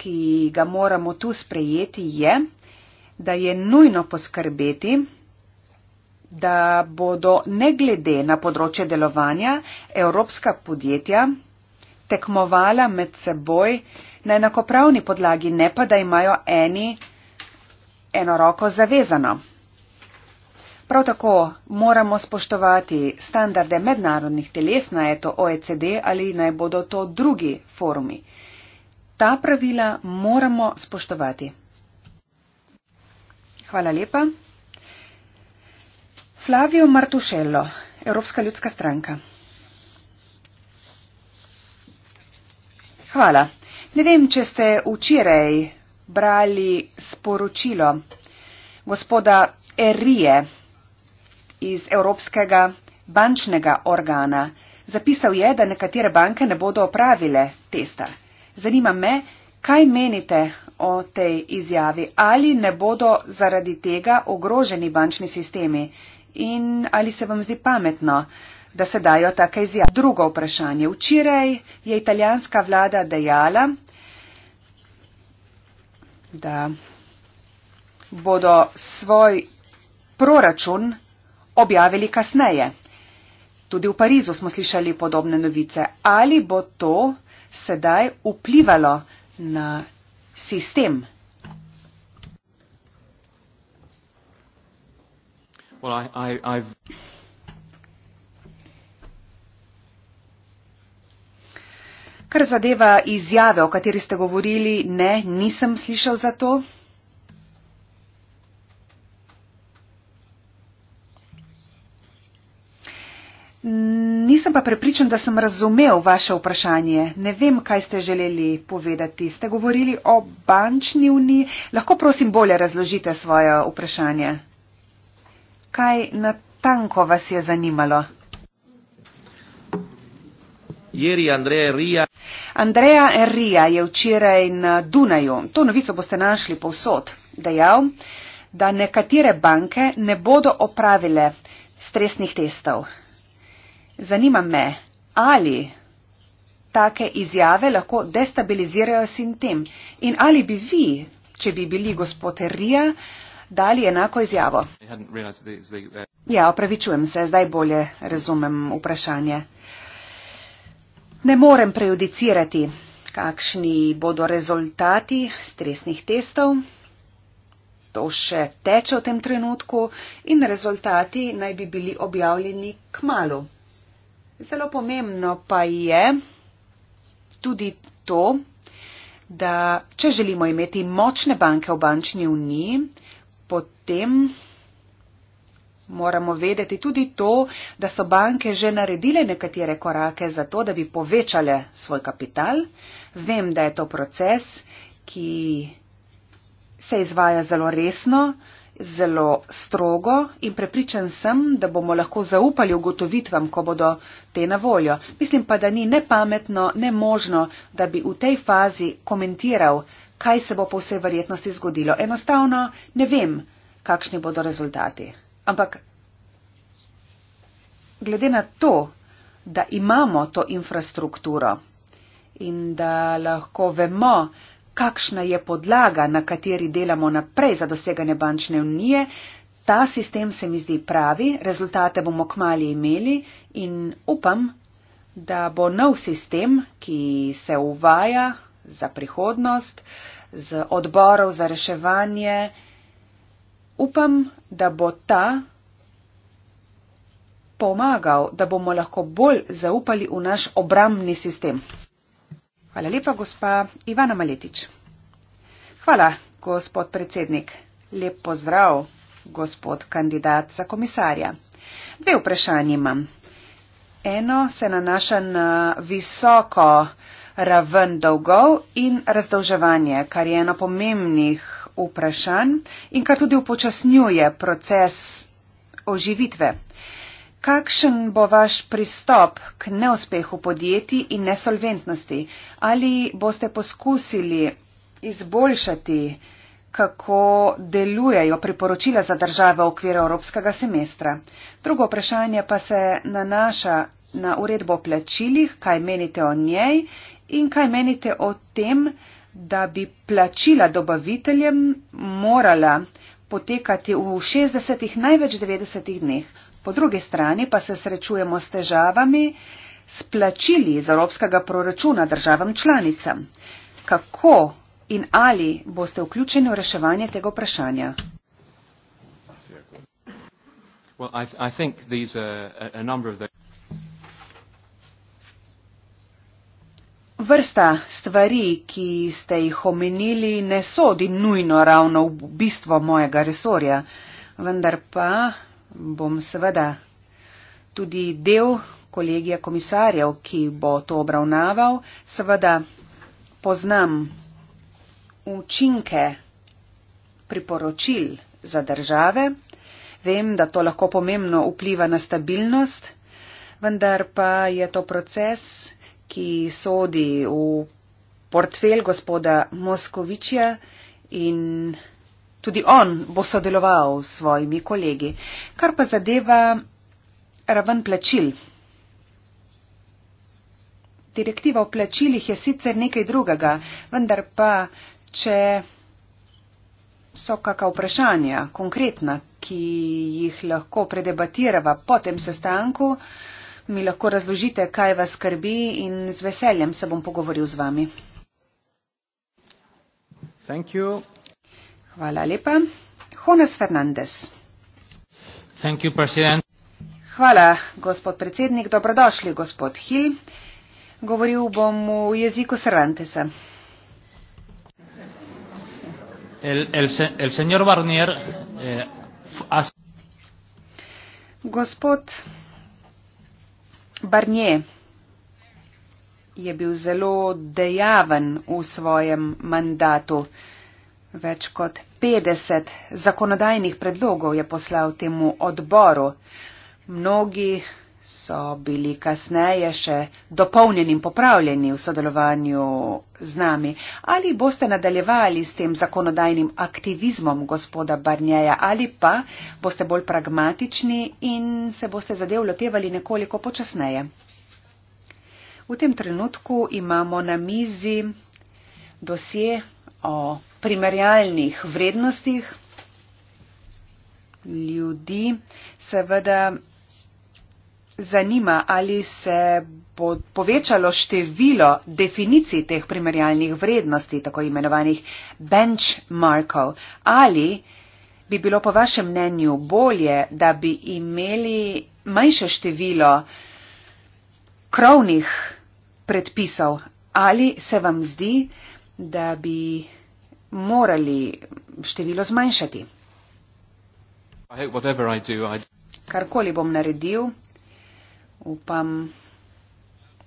ki ga moramo tu sprejeti, je, da je nujno poskrbeti, da bodo ne glede na področje delovanja evropska podjetja tekmovala med seboj na enakopravni podlagi, ne pa da imajo eni eno roko zavezano. Prav tako moramo spoštovati standarde mednarodnih teles na eto OECD ali naj bodo to drugi forumi ta pravila moramo spoštovati. Hvala lepa. Flavio Martušello, Evropska ljudska stranka. Hvala. Ne vem, če ste včeraj brali sporočilo gospoda Erije iz Evropskega bančnega organa. Zapisal je, da nekatere banke ne bodo opravile testa. Zanima me, kaj menite o tej izjavi? Ali ne bodo zaradi tega ogroženi bančni sistemi? In ali se vam zdi pametno, da se dajo take izjave? Drugo vprašanje. Včeraj je italijanska vlada dejala, da bodo svoj proračun objavili kasneje. Tudi v Parizu smo slišali podobne novice. Ali bo to sedaj vplivalo na sistem. Well, I, I, Kar zadeva izjave, o kateri ste govorili, ne, nisem slišal za to. N Nisem pa prepričan, da sem razumel vaše vprašanje. Ne vem, kaj ste želeli povedati. Ste govorili o bančni uniji. Lahko prosim bolje razložite svoje vprašanje. Kaj natanko vas je zanimalo? Jeri Andreja Rija. Andreja Rija je včeraj na Dunaju, to novico boste našli povsod, dejal, da nekatere banke ne bodo opravile stresnih testov. Zanima me, ali take izjave lahko destabilizirajo sintem in ali bi vi, če bi bili gospod Rija, dali enako izjavo. Uh, ja, opravičujem se, zdaj bolje razumem vprašanje. Ne morem prejudicirati, kakšni bodo rezultati stresnih testov. To še teče v tem trenutku in rezultati naj bi bili objavljeni k malu. Zelo pomembno pa je tudi to, da če želimo imeti močne banke v bančni uniji, potem moramo vedeti tudi to, da so banke že naredile nekatere korake za to, da bi povečale svoj kapital. Vem, da je to proces, ki se izvaja zelo resno zelo strogo in prepričan sem, da bomo lahko zaupali ugotovitvam, ko bodo te na voljo. Mislim pa, da ni ne pametno, ne možno, da bi v tej fazi komentiral, kaj se bo po vsej verjetnosti zgodilo. Enostavno ne vem, kakšni bodo rezultati. Ampak glede na to, da imamo to infrastrukturo in da lahko vemo, kakšna je podlaga, na kateri delamo naprej za doseganje bančne unije, ta sistem se mi zdi pravi, rezultate bomo k mali imeli in upam, da bo nov sistem, ki se uvaja za prihodnost, z odborov za reševanje, upam, da bo ta pomagal, da bomo lahko bolj zaupali v naš obramni sistem. Hvala lepa, gospa Ivana Maletič. Hvala, gospod predsednik. Lep pozdrav, gospod kandidat za komisarja. Dve vprašanje imam. Eno se nanaša na visoko raven dolgov in razdolževanje, kar je eno pomembnih vprašanj in kar tudi upočasnjuje proces oživitve. Uh, Kakšen bo vaš pristop k neuspehu podjetij in nesolventnosti? Ali boste poskusili izboljšati, kako delujejo priporočila za države v okviru evropskega semestra? Drugo vprašanje pa se nanaša na uredbo o plačilih, kaj menite o njej in kaj menite o tem, da bi plačila dobaviteljem morala potekati v 60, največ 90 dneh. Po drugi strani pa se srečujemo s težavami s plačili iz evropskega proračuna državam članicam. Kako in ali boste vključeni v reševanje tega vprašanja? Well, I, I think these are a number of the. Vrsta stvari, ki ste jih omenili, ne sodi nujno ravno v bistvo mojega resorja, vendar pa bom seveda tudi del kolegija komisarjev, ki bo to obravnaval. Seveda poznam učinke priporočil za države. Vem, da to lahko pomembno vpliva na stabilnost, vendar pa je to proces, ki sodi v portfel gospoda Moskovičja in Tudi on bo sodeloval s svojimi kolegi. Kar pa zadeva raven plačil. Direktiva o plačilih je sicer nekaj drugega, vendar pa, če so kakšna vprašanja konkretna, ki jih lahko predebatirava po tem sestanku, mi lahko razložite, kaj vas skrbi in z veseljem se bom pogovoril z vami. Thank you. Hvala lepa. Jonas Fernandez. You, Hvala, gospod predsednik. Dobrodošli, gospod Hill. Govoril bom v jeziku Cervantesa. El, el, el señor Barnier, eh, as... Gospod Barnier je bil zelo dejaven v svojem mandatu. Več kot 50 zakonodajnih predlogov je poslal temu odboru. Mnogi so bili kasneje še dopolnjeni in popravljeni v sodelovanju z nami. Ali boste nadaljevali s tem zakonodajnim aktivizmom gospoda Barnjeja ali pa boste bolj pragmatični in se boste zadev lotevali nekoliko počasneje? V tem trenutku imamo na mizi dosje o primerjalnih vrednostih ljudi seveda zanima, ali se bo povečalo število definicij teh primerjalnih vrednosti, tako imenovanih benchmarkov, ali bi bilo po vašem mnenju bolje, da bi imeli manjše število krovnih predpisov, ali se vam zdi, da bi morali število zmanjšati. Do, Karkoli bom naredil, upam,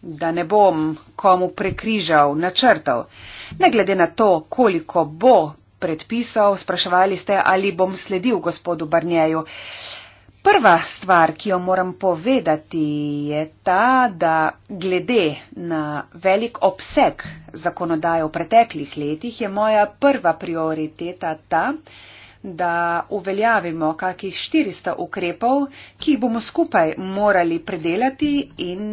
da ne bom komu prekrižal načrtov. Ne glede na to, koliko bo predpisov, spraševali ste, ali bom sledil gospodu Barnjeju. Prva stvar, ki jo moram povedati, je ta, da glede na velik obseg zakonodaje v preteklih letih je moja prva prioriteta ta, da uveljavimo kakih 400 ukrepov, ki jih bomo skupaj morali predelati in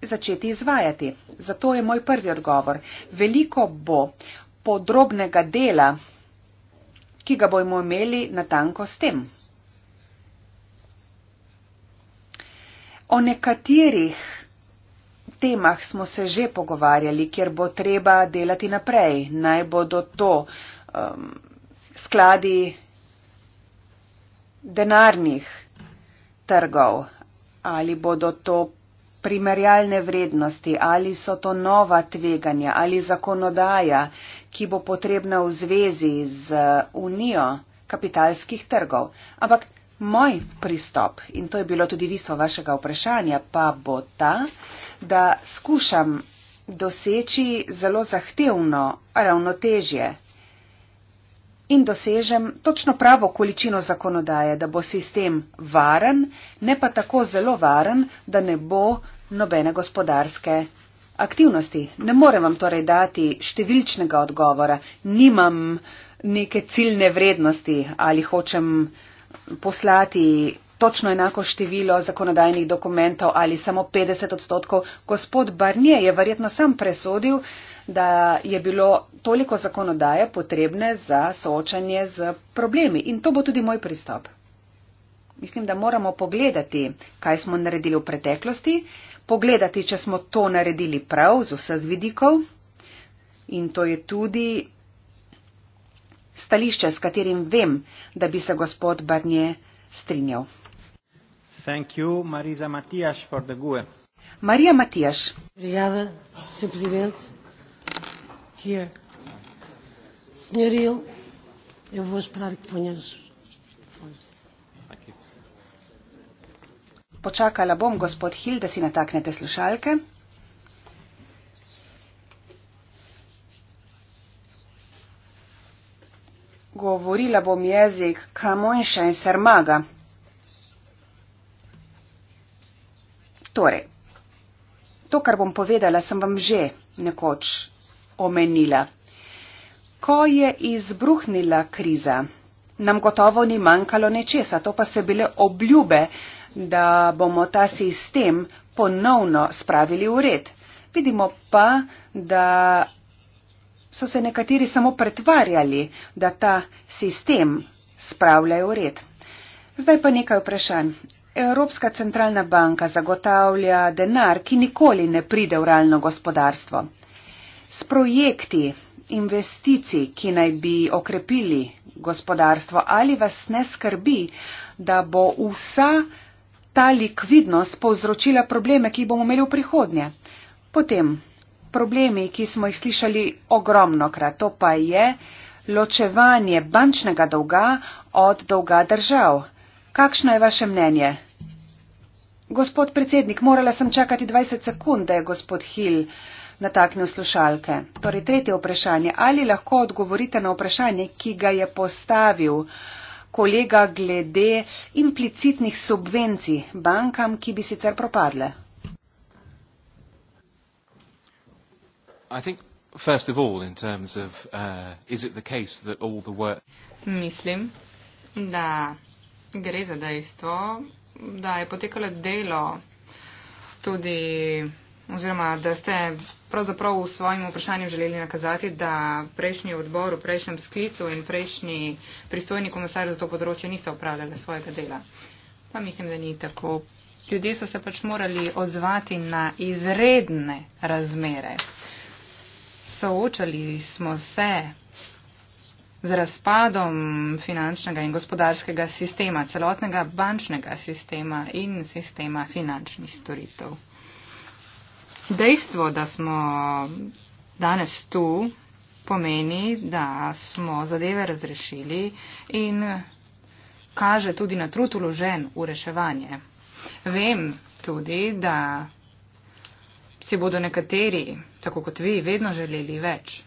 začeti izvajati. Zato je moj prvi odgovor. Veliko bo podrobnega dela, ki ga bomo imeli natanko s tem. O nekaterih temah smo se že pogovarjali, kjer bo treba delati naprej. Naj bodo to um, skladi denarnih trgov ali bodo to primerjalne vrednosti, ali so to nova tveganja, ali zakonodaja, ki bo potrebna v zvezi z unijo kapitalskih trgov. Ampak moj pristop, in to je bilo tudi bistvo vašega vprašanja, pa bo ta, da skušam doseči zelo zahtevno ravnotežje in dosežem točno pravo količino zakonodaje, da bo sistem varen, ne pa tako zelo varen, da ne bo nobene gospodarske aktivnosti. Ne morem vam torej dati številčnega odgovora, nimam neke ciljne vrednosti ali hočem poslati točno enako število zakonodajnih dokumentov ali samo 50 odstotkov. Gospod Barnier je verjetno sam presodil, da je bilo toliko zakonodaje potrebne za soočanje z problemi. In to bo tudi moj pristop. Mislim, da moramo pogledati, kaj smo naredili v preteklosti, pogledati, če smo to naredili prav z vseh vidikov. In to je tudi stališče, s katerim vem, da bi se gospod Barnje strinjal. Thank you, Marisa Matijaš, for the GUE. Marija Matijaš. Obrigada, senhor presidente. Here. Senhor Il, eu vou esperar que ponhas. Počakala bom, gospod Hil, da si nataknete slušalke. Govorila bom jezik Kamonša in Sermaga. Torej, to, kar bom povedala, sem vam že nekoč omenila. Ko je izbruhnila kriza, nam gotovo ni manjkalo nečesa, to pa so bile obljube, da bomo ta sistem ponovno spravili v red. Vidimo pa, da so se nekateri samo pretvarjali, da ta sistem spravljajo v red. Zdaj pa nekaj vprašanj. Evropska centralna banka zagotavlja denar, ki nikoli ne pride v realno gospodarstvo. S projekti investicij, ki naj bi okrepili gospodarstvo, ali vas ne skrbi, da bo vsa ta likvidnost povzročila probleme, ki jih bomo imeli v prihodnje? Potem problemi, ki smo jih slišali ogromno krat, to pa je ločevanje bančnega dolga od dolga držav. Kakšno je vaše mnenje? Gospod predsednik, morala sem čakati 20 sekund, da je gospod Hill nataknil slušalke. Torej, tretje vprašanje. Ali lahko odgovorite na vprašanje, ki ga je postavil kolega glede implicitnih subvencij bankam, ki bi sicer propadle? I think, first of all, in terms of, uh, is it the case that all the work... Mislim, da gre za dejstvo, da je potekalo delo tudi, oziroma, da ste pravzaprav v svojim vprašanju želeli nakazati, da prejšnji odbor v prejšnjem sklicu in prejšnji pristojni komisar za to področje niste upravljali svojega dela. Pa mislim, da ni tako. Ljudje so se pač morali odzvati na izredne razmere soočali smo se z razpadom finančnega in gospodarskega sistema, celotnega bančnega sistema in sistema finančnih storitev. Dejstvo, da smo danes tu, pomeni, da smo zadeve razrešili in kaže tudi na trud uložen v reševanje. Vem tudi, da si bodo nekateri tako kot vi, vedno želeli več.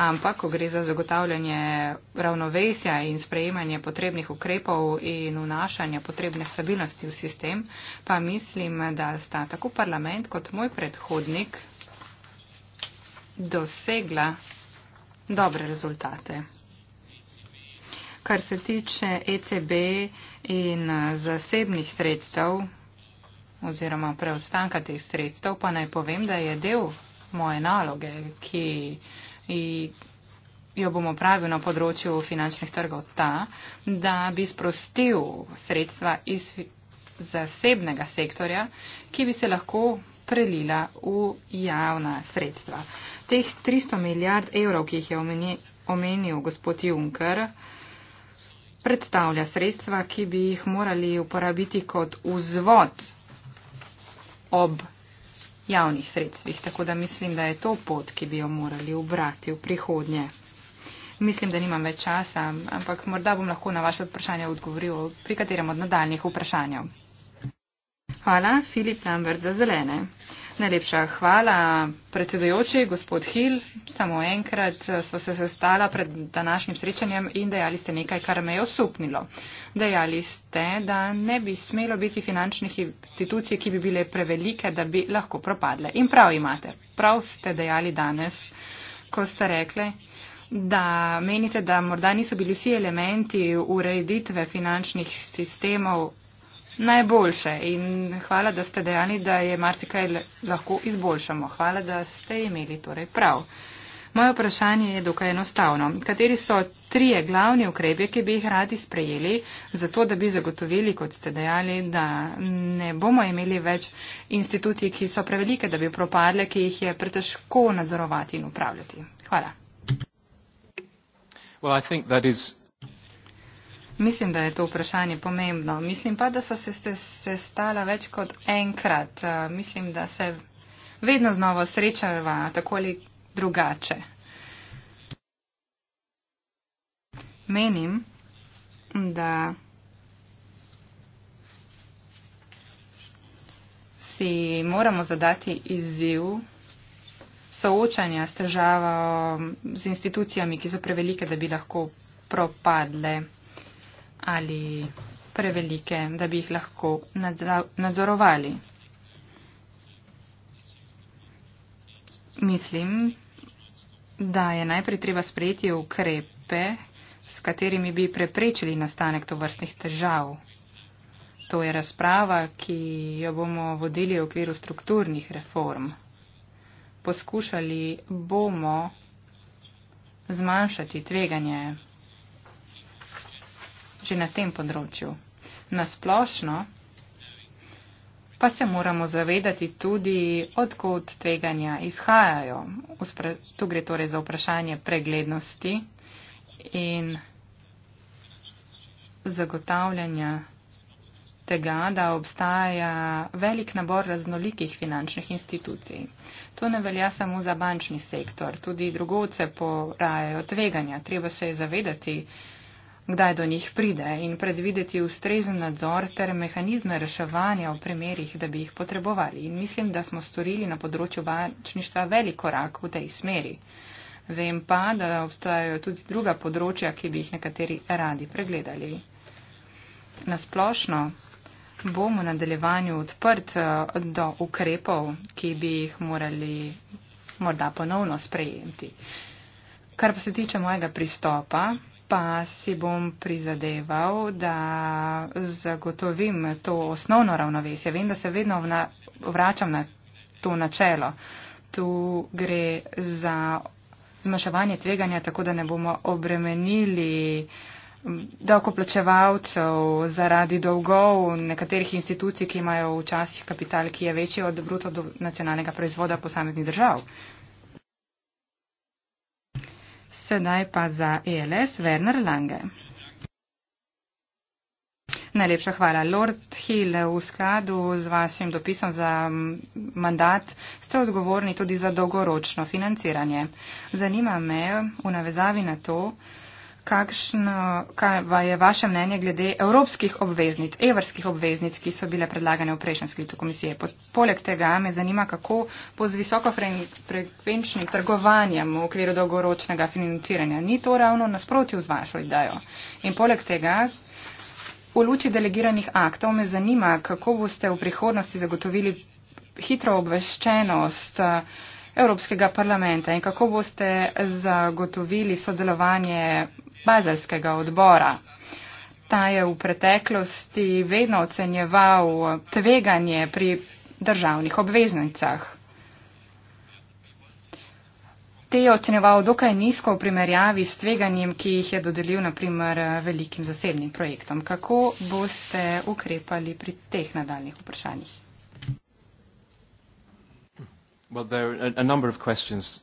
Ampak, ko gre za zagotavljanje ravnovesja in sprejemanje potrebnih ukrepov in vnašanje potrebne stabilnosti v sistem, pa mislim, da sta tako parlament kot moj predhodnik dosegla dobre rezultate. Kar se tiče ECB in zasebnih sredstev, oziroma preostanka teh sredstev, pa naj povem, da je del moje naloge, ki jo bom opravil na področju finančnih trgov ta, da bi sprostil sredstva iz zasebnega sektorja, ki bi se lahko prelila v javna sredstva. Teh 300 milijard evrov, ki jih je omenil gospod Juncker, predstavlja sredstva, ki bi jih morali uporabiti kot vzvod ob javnih sredstvih. Tako da mislim, da je to pot, ki bi jo morali obrati v prihodnje. Mislim, da nimam več časa, ampak morda bom lahko na vaše vprašanje odgovoril pri katerem od nadaljnih vprašanj. Hvala, Filip Lambert za zelene. Najlepša hvala, predsedujoči, gospod Hill. Samo enkrat eh, smo se sestala pred današnjim srečanjem in dejali ste nekaj, kar me je osupnilo. Dejali ste, da ne bi smelo biti finančnih institucij, ki bi bile prevelike, da bi lahko propadle. In prav imate. Prav ste dejali danes, ko ste rekli, da menite, da morda niso bili vsi elementi ureditve finančnih sistemov najboljše in hvala, da ste dejali, da je marsikaj lahko izboljšamo. Hvala, da ste imeli torej prav. Moje vprašanje je dokaj enostavno. Kateri so trije glavni ukrepe, ki bi jih radi sprejeli, zato da bi zagotovili, kot ste dejali, da ne bomo imeli več institucij, ki so prevelike, da bi propadle, ki jih je pretežko nadzorovati in upravljati? Hvala. Well, I think that is Mislim, da je to vprašanje pomembno. Mislim pa, da so se, se, se stala več kot enkrat. Eh, mislim, da se vedno znova srečava, tako ali drugače. Menim, da si moramo zadati izziv soočanja s težavo z institucijami, ki so prevelike, da bi lahko propadle ali prevelike, da bi jih lahko nadzorovali. Mislim, da je najprej treba sprejeti ukrepe, s katerimi bi preprečili nastanek tovrstnih težav. To je razprava, ki jo bomo vodili v okviru strukturnih reform. Poskušali bomo zmanjšati tveganje že na tem področju. Nasplošno pa se moramo zavedati tudi, odkud tveganja izhajajo. Tu gre torej za vprašanje preglednosti in zagotavljanja tega, da obstaja velik nabor raznolikih finančnih institucij. To ne velja samo za bančni sektor, tudi drugovce porajajo tveganja. Treba se je zavedati, kdaj do njih pride in predvideti ustrezen nadzor ter mehanizme reševanja v primerih, da bi jih potrebovali. In mislim, da smo storili na področju varčništva velik korak v tej smeri. Vem pa, da obstajajo tudi druga področja, ki bi jih nekateri radi pregledali. Nasplošno bom v nadaljevanju odprt eh, do ukrepov, ki bi jih morali morda ponovno sprejeti. Kar pa se tiče mojega pristopa, pa si bom prizadeval, da zagotovim to osnovno ravnovesje. Vem, da se vedno vračam na to načelo. Tu gre za zmaševanje tveganja, tako da ne bomo obremenili davkoplačevalcev zaradi dolgov nekaterih institucij, ki imajo včasih kapital, ki je večji od bruto nacionalnega proizvoda posameznih držav. Sedaj pa za ELS Werner Lange. Najlepša hvala. Lord Hill, v skladu z vašim dopisom za mandat ste odgovorni tudi za dolgoročno financiranje. Zanima me v navezavi na to, kakšno, kaj je vaše mnenje glede evropskih obveznic, evrskih obveznic, ki so bile predlagane v prejšnjem sklitu komisije. Pod, poleg tega me zanima, kako po z visokofrekvenčnim trgovanjem v okviru dolgoročnega financiranja ni to ravno nasprotju z vašo idejo. In poleg tega. V luči delegiranih aktov me zanima, kako boste v prihodnosti zagotovili hitro obveščenost eh, Evropskega parlamenta in kako boste zagotovili sodelovanje bazelskega odbora. Ta je v preteklosti vedno ocenjeval tveganje pri državnih obveznicah. Te je ocenjeval dokaj nizko v primerjavi s tveganjem, ki jih je dodelil naprimer velikim zasebnim projektom. Kako boste ukrepali pri teh nadaljnih vprašanjih? Well, there are a number of questions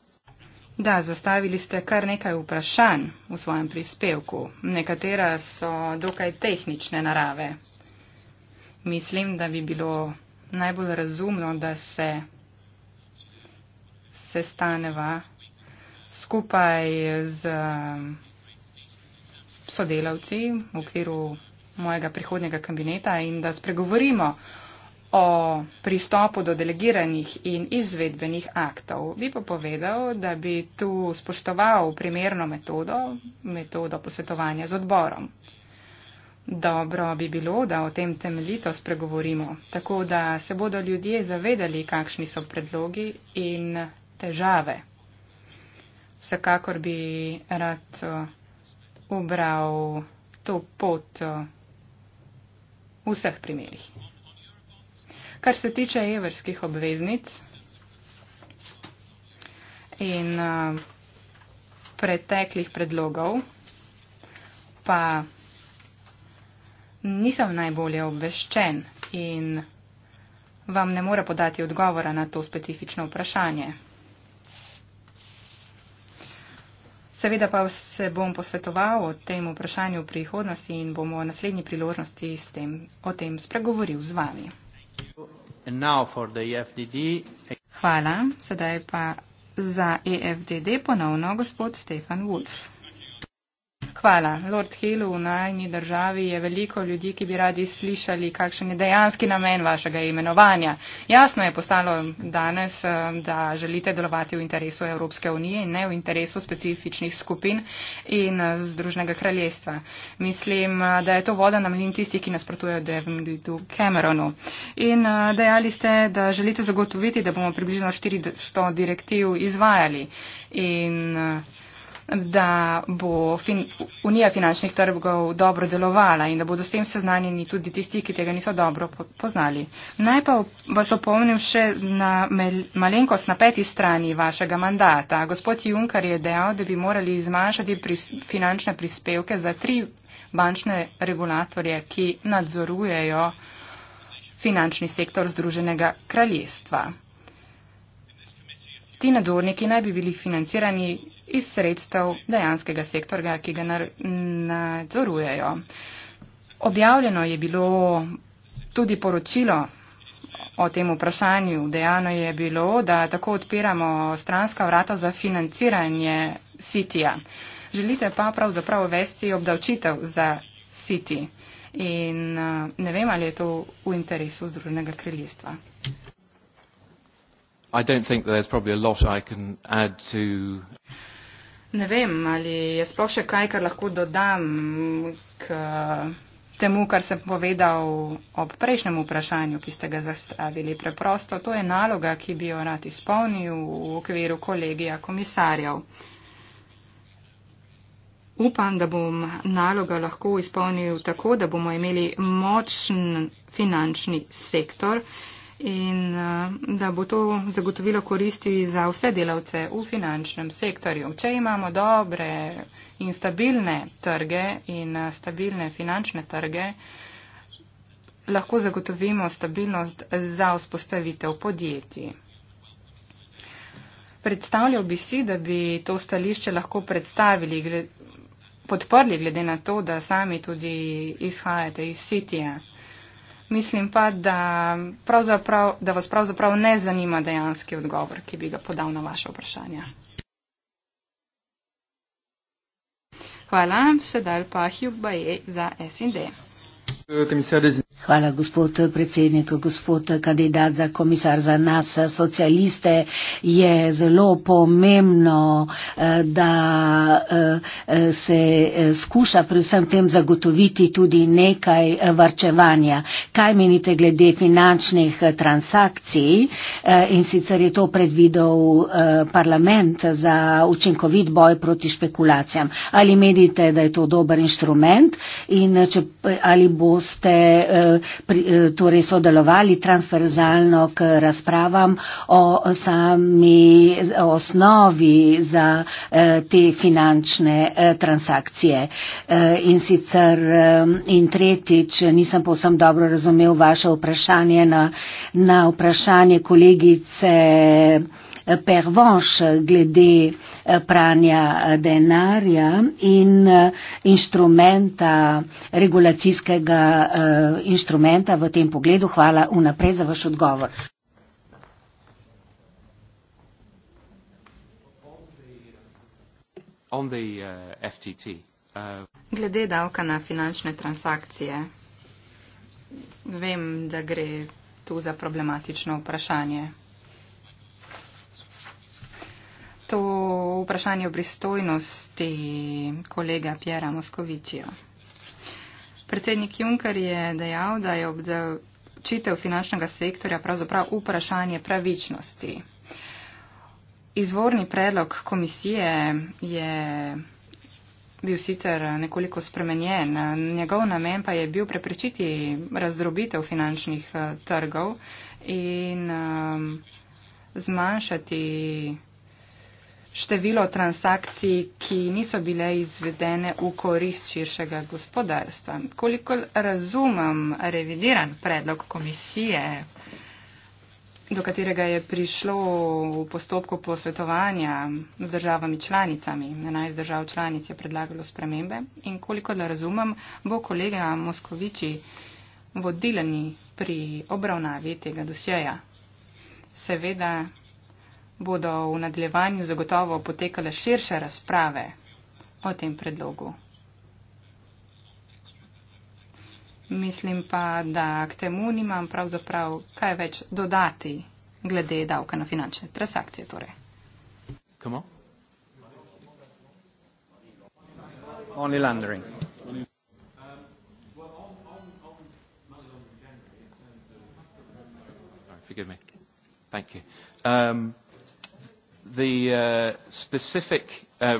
Da, zastavili ste kar nekaj vprašanj v svojem prispevku. Nekatera so dokaj tehnične narave. Mislim, da bi bilo najbolj razumno, da se sestaneva skupaj z um, sodelavci v okviru mojega prihodnjega kabineta in da spregovorimo o pristopu do delegiranih in izvedbenih aktov. Bi pa povedal, da bi tu spoštoval primerno metodo, metodo posvetovanja z odborom. Dobro bi bilo, da o tem temeljito spregovorimo, tako da se bodo ljudje zavedali, kakšni so predlogi in težave. Vsekakor bi rad eh, ubral to pot eh, v vseh primerih. Kar se tiče evrskih obveznic in eh, preteklih predlogov, pa nisem najbolje obveščen in vam ne more podati odgovora na to specifično vprašanje. Seveda pa se bom posvetoval o tem vprašanju v prihodnosti in bomo v naslednji priložnosti s tem, o tem spregovoril z vami. E Hvala. Sedaj pa za EFDD ponovno gospod Stefan Wolf. Hvala. Lord Hillu, v najni državi je veliko ljudi, ki bi radi slišali, kakšen je dejanski namen vašega imenovanja. Jasno je postalo danes, eh, da želite delovati v interesu Evropske unije in ne v interesu specifičnih skupin in eh, Združnega kraljestva. Mislim, eh, da je to voda na mlin tistih, ki nasprotujejo Devonu Cameronu. In dejali ste, da želite zagotoviti, da bomo približno 400 direktiv izvajali. In, uh, da bo fin Unija finančnih trgov dobro delovala in da bodo s tem seznanjeni tudi tisti, ki tega niso dobro po poznali. Naj pa vas opomnim še na malenkost na peti strani vašega mandata. Gospod Junkar je dejal, da bi morali zmanjšati pris finančne prispevke za tri bančne regulatorje, ki nadzorujejo finančni sektor Združenega kraljestva. Ti nadzorniki naj bi bili financirani iz sredstev dejanskega sektorja, ki ga nadzorujejo. Objavljeno je bilo tudi poročilo o tem vprašanju. Dejano je bilo, da tako odpiramo stranska vrata za financiranje sitija. Želite pa pravzaprav uvesti obdavčitev za siti. In eh, ne vem, ali je to v interesu Združenega kraljestva. I don't think there's probably a lot I can add to. Ne vem, ali je sploh še kaj, kar lahko dodam k eh, temu, kar sem povedal ob prejšnjem vprašanju, ki ste ga zastavili. Preprosto, to je naloga, ki bi jo rad izpolnil v okviru kolegija komisarjev. Upam, da bom naloga lahko izpolnil tako, da bomo imeli močen finančni sektor, in eh, da bo to zagotovilo koristi za vse delavce v finančnem sektorju. Če imamo dobre in stabilne trge in eh, stabilne finančne trge, lahko zagotovimo stabilnost za vzpostavitev podjetij. Predstavljal bi si, da bi to stališče lahko predstavili, podprli glede na to, da sami tudi izhajate iz sitija. Mislim pa, da, pravzaprav, da vas pravzaprav ne zanima dejanski odgovor, ki bi ga podal na vaše vprašanje. Hvala, sedaj pa Hugh Baye za SND. Hvala, gospod predsednik, gospod kandidat za komisar za nas, socialiste. Je zelo pomembno, eh, da eh, eh, se skuša pri vsem tem zagotoviti tudi nekaj varčevanja. Kaj menite glede finančnih transakcij in sicer je to predvidel parlament za učinkovit boj proti špekulacijam? Ali menite, da je to dober inštrument in če, ali bo boste eh, pri, eh, torej sodelovali transverzalno k razpravam o sami osnovi za eh, te finančne transakcije. In sicer in tretjič, nisem povsem dobro razumel vaše vprašanje na, na vprašanje kolegice pervanš glede eh, pranja eh, denarja in eh, instrumenta, regulacijskega instrumenta v tem pogledu. Hvala vnaprej za vaš odgovor. The, uh, FTT, uh... Glede davka na finančne transakcije, vem, da gre tu za problematično vprašanje to vprašanje o pristojnosti kolega Pjera Moskovičijo. Predsednik Juncker je dejal, da je obdavčitev finančnega sektorja pravzaprav vprašanje pravičnosti. Izvorni predlog komisije je bil sicer nekoliko spremenjen, njegov namen pa je bil preprečiti razdrobitev finančnih eh, trgov in eh, zmanjšati število transakcij, ki niso bile izvedene v korist širšega gospodarstva. Koliko razumem revidiran predlog komisije, do katerega je prišlo v postopku posvetovanja z državami članicami, 11 držav članic je predlagalo spremembe in koliko da razumem, bo kolega Moskoviči vodilani pri obravnavi tega dosjeja. Seveda bodo v nadaljevanju zagotovo potekale širše razprave o tem predlogu. Mislim pa, da k temu nimam pravzaprav kaj več dodati glede davka na finančne transakcije. Torej. Um, the uh, specific uh,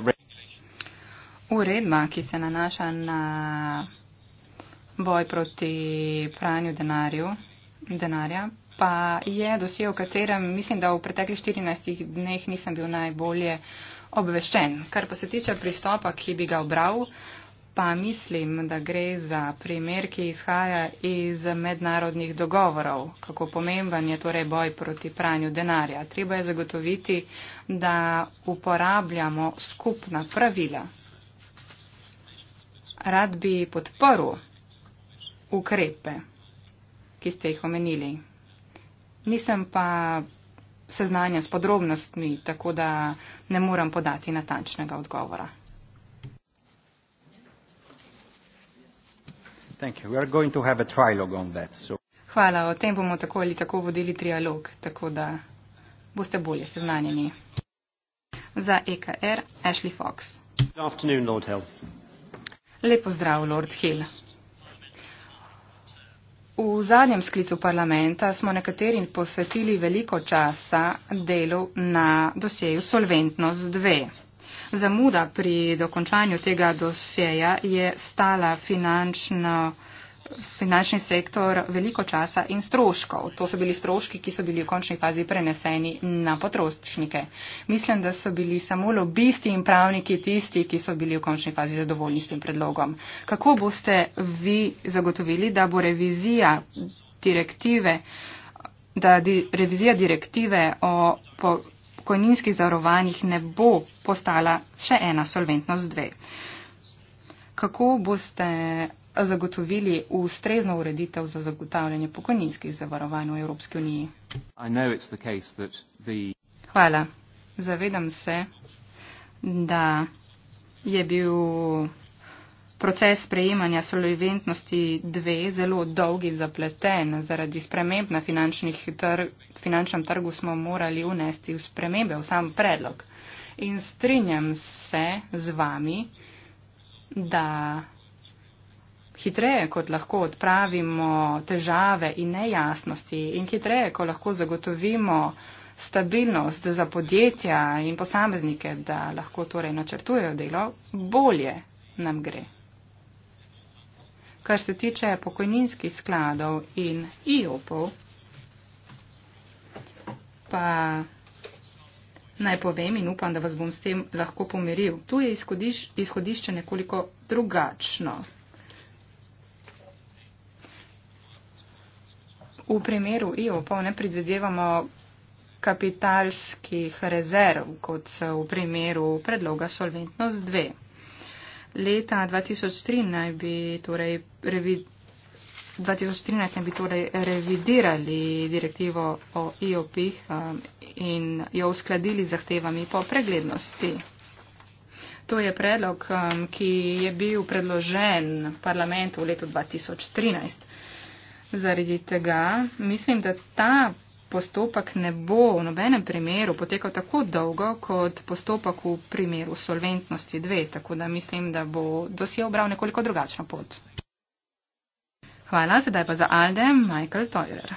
Uredba, ki se nanaša na boj proti pranju denarju, denarja, pa je dosje, o katerem mislim, da v preteklih 14 dneh nisem bil najbolje obveščen. Kar pa se tiče pristopa, ki bi ga obral, uh, pa mislim, da gre za primer, ki izhaja iz mednarodnih dogovorov, kako pomemben je torej boj proti pranju denarja. Treba je zagotoviti, da uporabljamo skupna pravila. Rad bi podprl ukrepe, ki ste jih omenili. Nisem pa seznanja s podrobnostmi, tako da ne morem podati natančnega odgovora. Hvala, o tem bomo tako ali tako vodili trialog, tako da boste bolje seznanjeni. Za EKR, Ashley Fox. Lep pozdrav, Lord Hill. V zadnjem sklicu parlamenta smo nekaterim posvetili veliko časa delu na dosjeju Solventnost 2. Zamuda pri dokončanju tega dosjeja je stala finančno finančni sektor veliko časa in stroškov. To so bili stroški, ki so bili v končni fazi preneseni na potrošnike. Mislim, da so bili samo lobisti in pravniki tisti, ki so bili v končni fazi zadovoljni s tem predlogom. Kako boste vi zagotovili, da bo revizija direktive, da di, revizija direktive o po, pokojninskih zarovanjih ne bo postala še ena solventnost dve. Kako boste zagotovili ustrezno ureditev za zagotavljanje pokojninskih zavarovanj v Evropski uniji? Hvala. Zavedam se, da je bil proces sprejemanja solventnosti dve zelo dolgi zapleten. Zaradi sprememb na tr finančnem trgu smo morali unesti v spremembe v sam predlog. In strinjam se z vami, da hitreje, kot lahko odpravimo težave in nejasnosti in hitreje, ko lahko zagotovimo stabilnost za podjetja in posameznike, da lahko torej načrtujejo delo, bolje nam gre. Kar se tiče pokojninskih skladov in IOP-ov, pa naj povem in upam, da vas bom s tem lahko pomiril. Tu je izhodiš, izhodišče nekoliko drugačno. V primeru IOP-ov ne predvidevamo kapitalskih rezerv, kot so v primeru predloga Solventnost 2 leta 2003 naj bi torej revid. 2013 naj bi torej revidirali direktivo o IOP-ih um, in jo uskladili z zahtevami po preglednosti. To je predlog, um, ki je bil predložen parlamentu v letu 2013. Zaradi tega mislim, da ta postopek ne bo v nobenem primeru potekal tako dolgo kot postopek v primeru solventnosti dve, tako da mislim, da bo dosje obral nekoliko drugačno pot. Hvala, sedaj pa za Alde, Michael Toiler.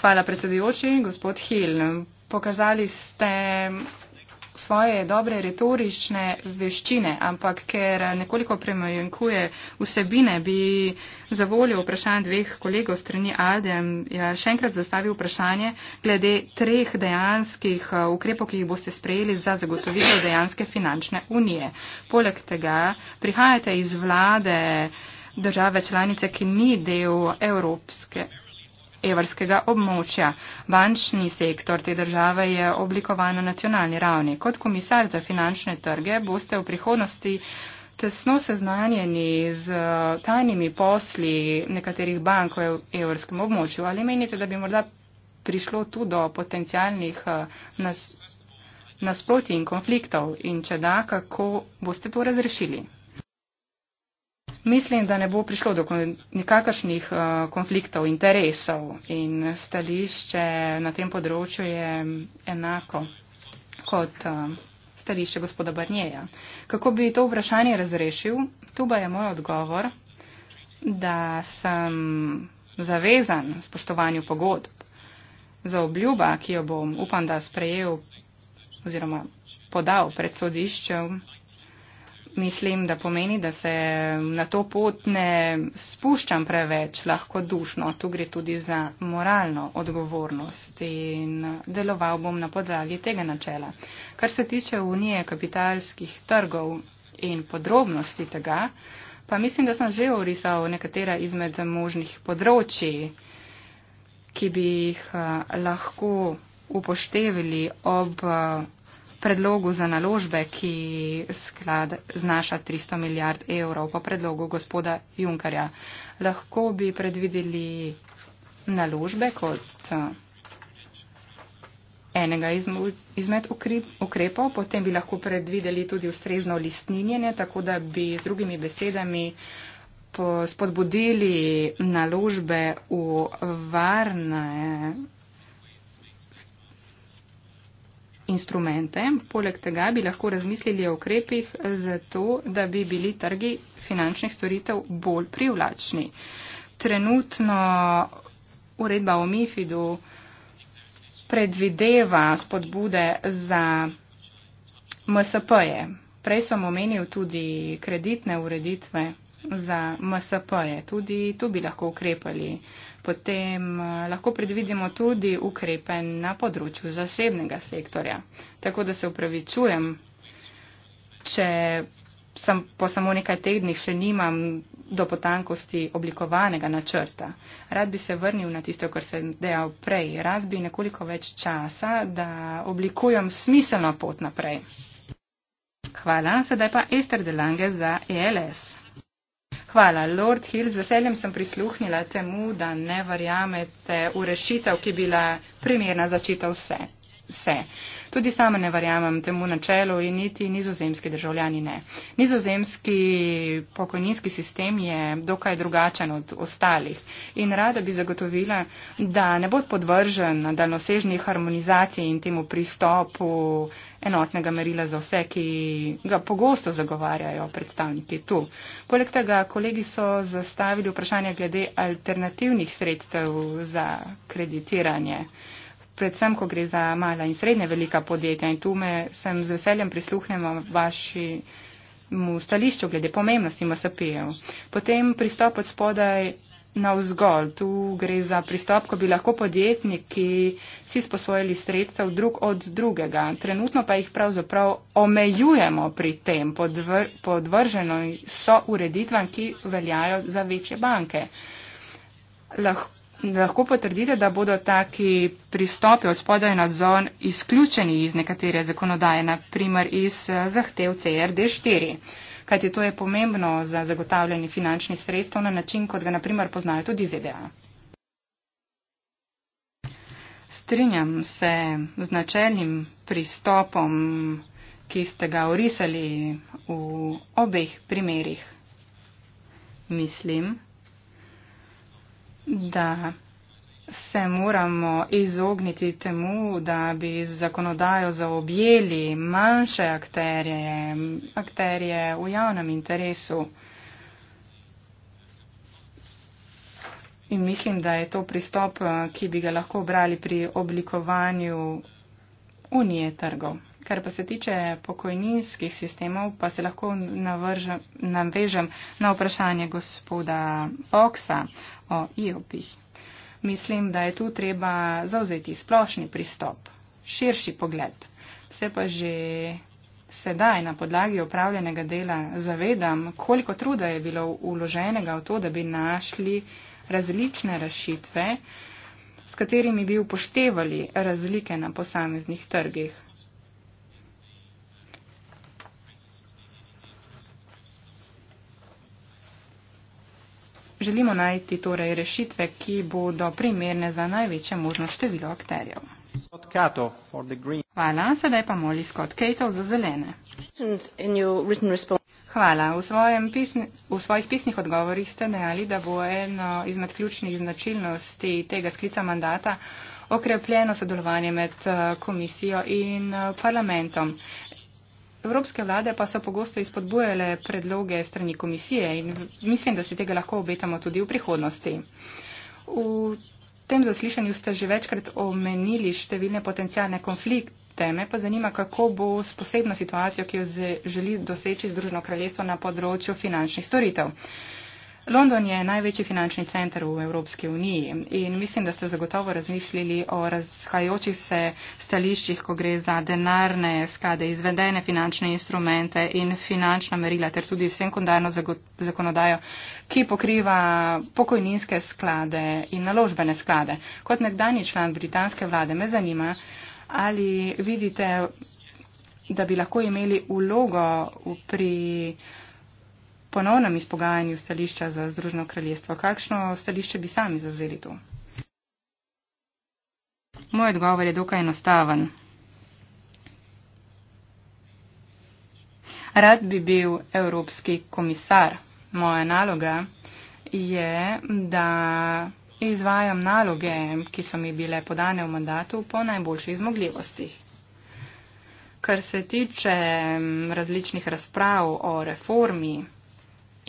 Hvala predsedujoči, gospod Hill. Pokazali ste svoje dobre retorične veščine, ampak ker nekoliko premajankuje vsebine, bi za voljo vprašanj dveh kolegov strani Adem ja, še enkrat zastavil vprašanje glede treh dejanskih uh, ukrepov, ki jih boste sprejeli za zagotovitev dejanske finančne unije. Poleg tega prihajate iz vlade države članice, ki ni del Evropske evrskega območja. Bančni sektor te države je oblikovan na nacionalni ravni. Kot komisar za finančne trge boste v prihodnosti tesno seznanjeni z eh, tajnimi posli nekaterih bank v evrskem območju. Ali menite, da bi morda prišlo tu do potencijalnih eh, nas, nasproti in konfliktov in če da, kako boste to razrešili? mislim, da ne bo prišlo do nikakršnih uh, konfliktov interesov in stališče na tem področju je enako kot uh, stališče gospoda Barnjeja. Kako bi to vprašanje razrešil? Tu pa je moj odgovor, da sem zavezan spoštovanju pogodb za obljuba, ki jo bom upam, da sprejel oziroma podal pred sodiščem mislim, da pomeni, da se na to pot ne spuščam preveč lahko dušno. Tu gre tudi za moralno odgovornost in deloval bom na podlagi tega načela. Kar se tiče unije kapitalskih trgov in podrobnosti tega, pa mislim, da sem že orisal nekatera izmed možnih področji, ki bi jih eh, lahko upoštevali ob eh, predlogu za naložbe, ki sklad znaša 300 milijard evrov po predlogu gospoda Junkarja. Lahko bi predvideli naložbe kot eh, enega izmed ukrepov, potem bi lahko predvideli tudi ustrezno listninjenje, tako da bi z drugimi besedami spodbudili naložbe v varne instrumente. Poleg tega bi lahko razmislili o ukrepih za to, da bi bili trgi finančnih storitev bolj privlačni. Trenutno uredba o MIFID-u predvideva spodbude za MSP-je. Prej sem omenil tudi kreditne ureditve za MSP-je. Tudi tu bi lahko ukrepali. Uh, potem eh, lahko predvidimo tudi ukrepe na področju zasebnega sektorja. Tako da se upravičujem, če sem po samo nekaj tednih še nimam do potankosti oblikovanega načrta. Rad bi se vrnil na tisto, kar sem dejal prej. Rad bi nekoliko več časa, da oblikujem smiselno pot naprej. Hvala, sedaj pa Ester Delange za ELS. Hvala, Lord Hill. Z veseljem sem prisluhnila temu, da ne verjamete v rešitev, ki bila primerna začitev vse. vse. Uh, Tudi sama ne verjamem temu načelu in niti nizozemski državljani ne. Nizozemski pokojninski sistem je dokaj drugačen od ostalih in rada bi zagotovila, da ne bo podvržen daljnosežni harmonizaciji in temu pristopu enotnega merila za vse, ki ga pogosto zagovarjajo predstavniki tu. Poleg tega kolegi so zastavili vprašanje glede alternativnih sredstev za kreditiranje predvsem, ko gre za mala in srednje velika podjetja. In tu me sem z veseljem prisluhnemo vaši mu stališču glede pomembnosti MSP-jev. Potem pristop od spodaj na vzgolj. Tu gre za pristop, ko bi lahko podjetniki si sposojili sredstev drug od drugega. Trenutno pa jih pravzaprav omejujemo pri tem podvr podvrženo so ureditvam, ki veljajo za večje banke. Lahko lahko potrdite, da bodo taki pristopi od spodaj na zon izključeni iz nekatere zakonodaje, naprimer iz eh, zahtev CRD4. Kajti to je pomembno za zagotavljanje finančnih sredstev na način, kot ga naprimer poznajo tudi ZDA. Strinjam se z načeljnim pristopom, ki ste ga orisali v obeh primerih. Mislim, da se moramo izogniti temu, da bi z zakonodajo zaobjeli manjše akterje, akterje v javnem interesu. In mislim, da je to pristop, ki bi ga lahko brali pri oblikovanju unije trgov. Kar pa se tiče pokojninskih sistemov, pa se lahko navržem, navežem na vprašanje gospoda Foxa o IOP-ih. Mislim, da je tu treba zauzeti splošni pristop, širši pogled. Se pa že sedaj na podlagi upravljenega dela zavedam, koliko truda je bilo uloženega v to, da bi našli različne rešitve, s katerimi bi upoštevali razlike na posameznih trgih. želimo najti torej rešitve, ki bodo primerne za največje možno število akterjev. Hvala, sedaj pa moli Scott Cato za zelene. Hvala. V, pisni, v svojih pisnih odgovorih ste dejali, da bo eno izmed ključnih značilnosti tega sklica mandata okrepljeno sodelovanje med eh, komisijo in eh, parlamentom. Evropske vlade pa so pogosto izpodbujale predloge strani komisije in mislim, da se tega lahko obetamo tudi v prihodnosti. V tem zaslišanju ste že večkrat omenili številne potencijalne konflikte. Me pa zanima, kako bo s posebno situacijo, ki jo želi doseči Združeno kraljestvo na področju finančnih storitev. London je največji finančni center v Evropski uniji in mislim, da ste zagotovo razmislili o razhajajočih se stališčih, ko gre za denarne sklade, izvedene finančne instrumente in finančna merila ter tudi sekundarno zakonodajo, ki pokriva pokojninske sklade in naložbene sklade. Kot nekdani član britanske vlade me zanima, ali vidite, da bi lahko imeli vlogo pri ponovnem izpogajanju stališča za Združeno kraljestvo. Kakšno stališče bi sami zavzeli tu? Moj odgovor je dokaj enostaven. Rad bi bil evropski komisar. Moja naloga je, da izvajam naloge, ki so mi bile podane v mandatu po najboljših zmogljivostih. Kar se tiče mm, različnih razprav o reformi,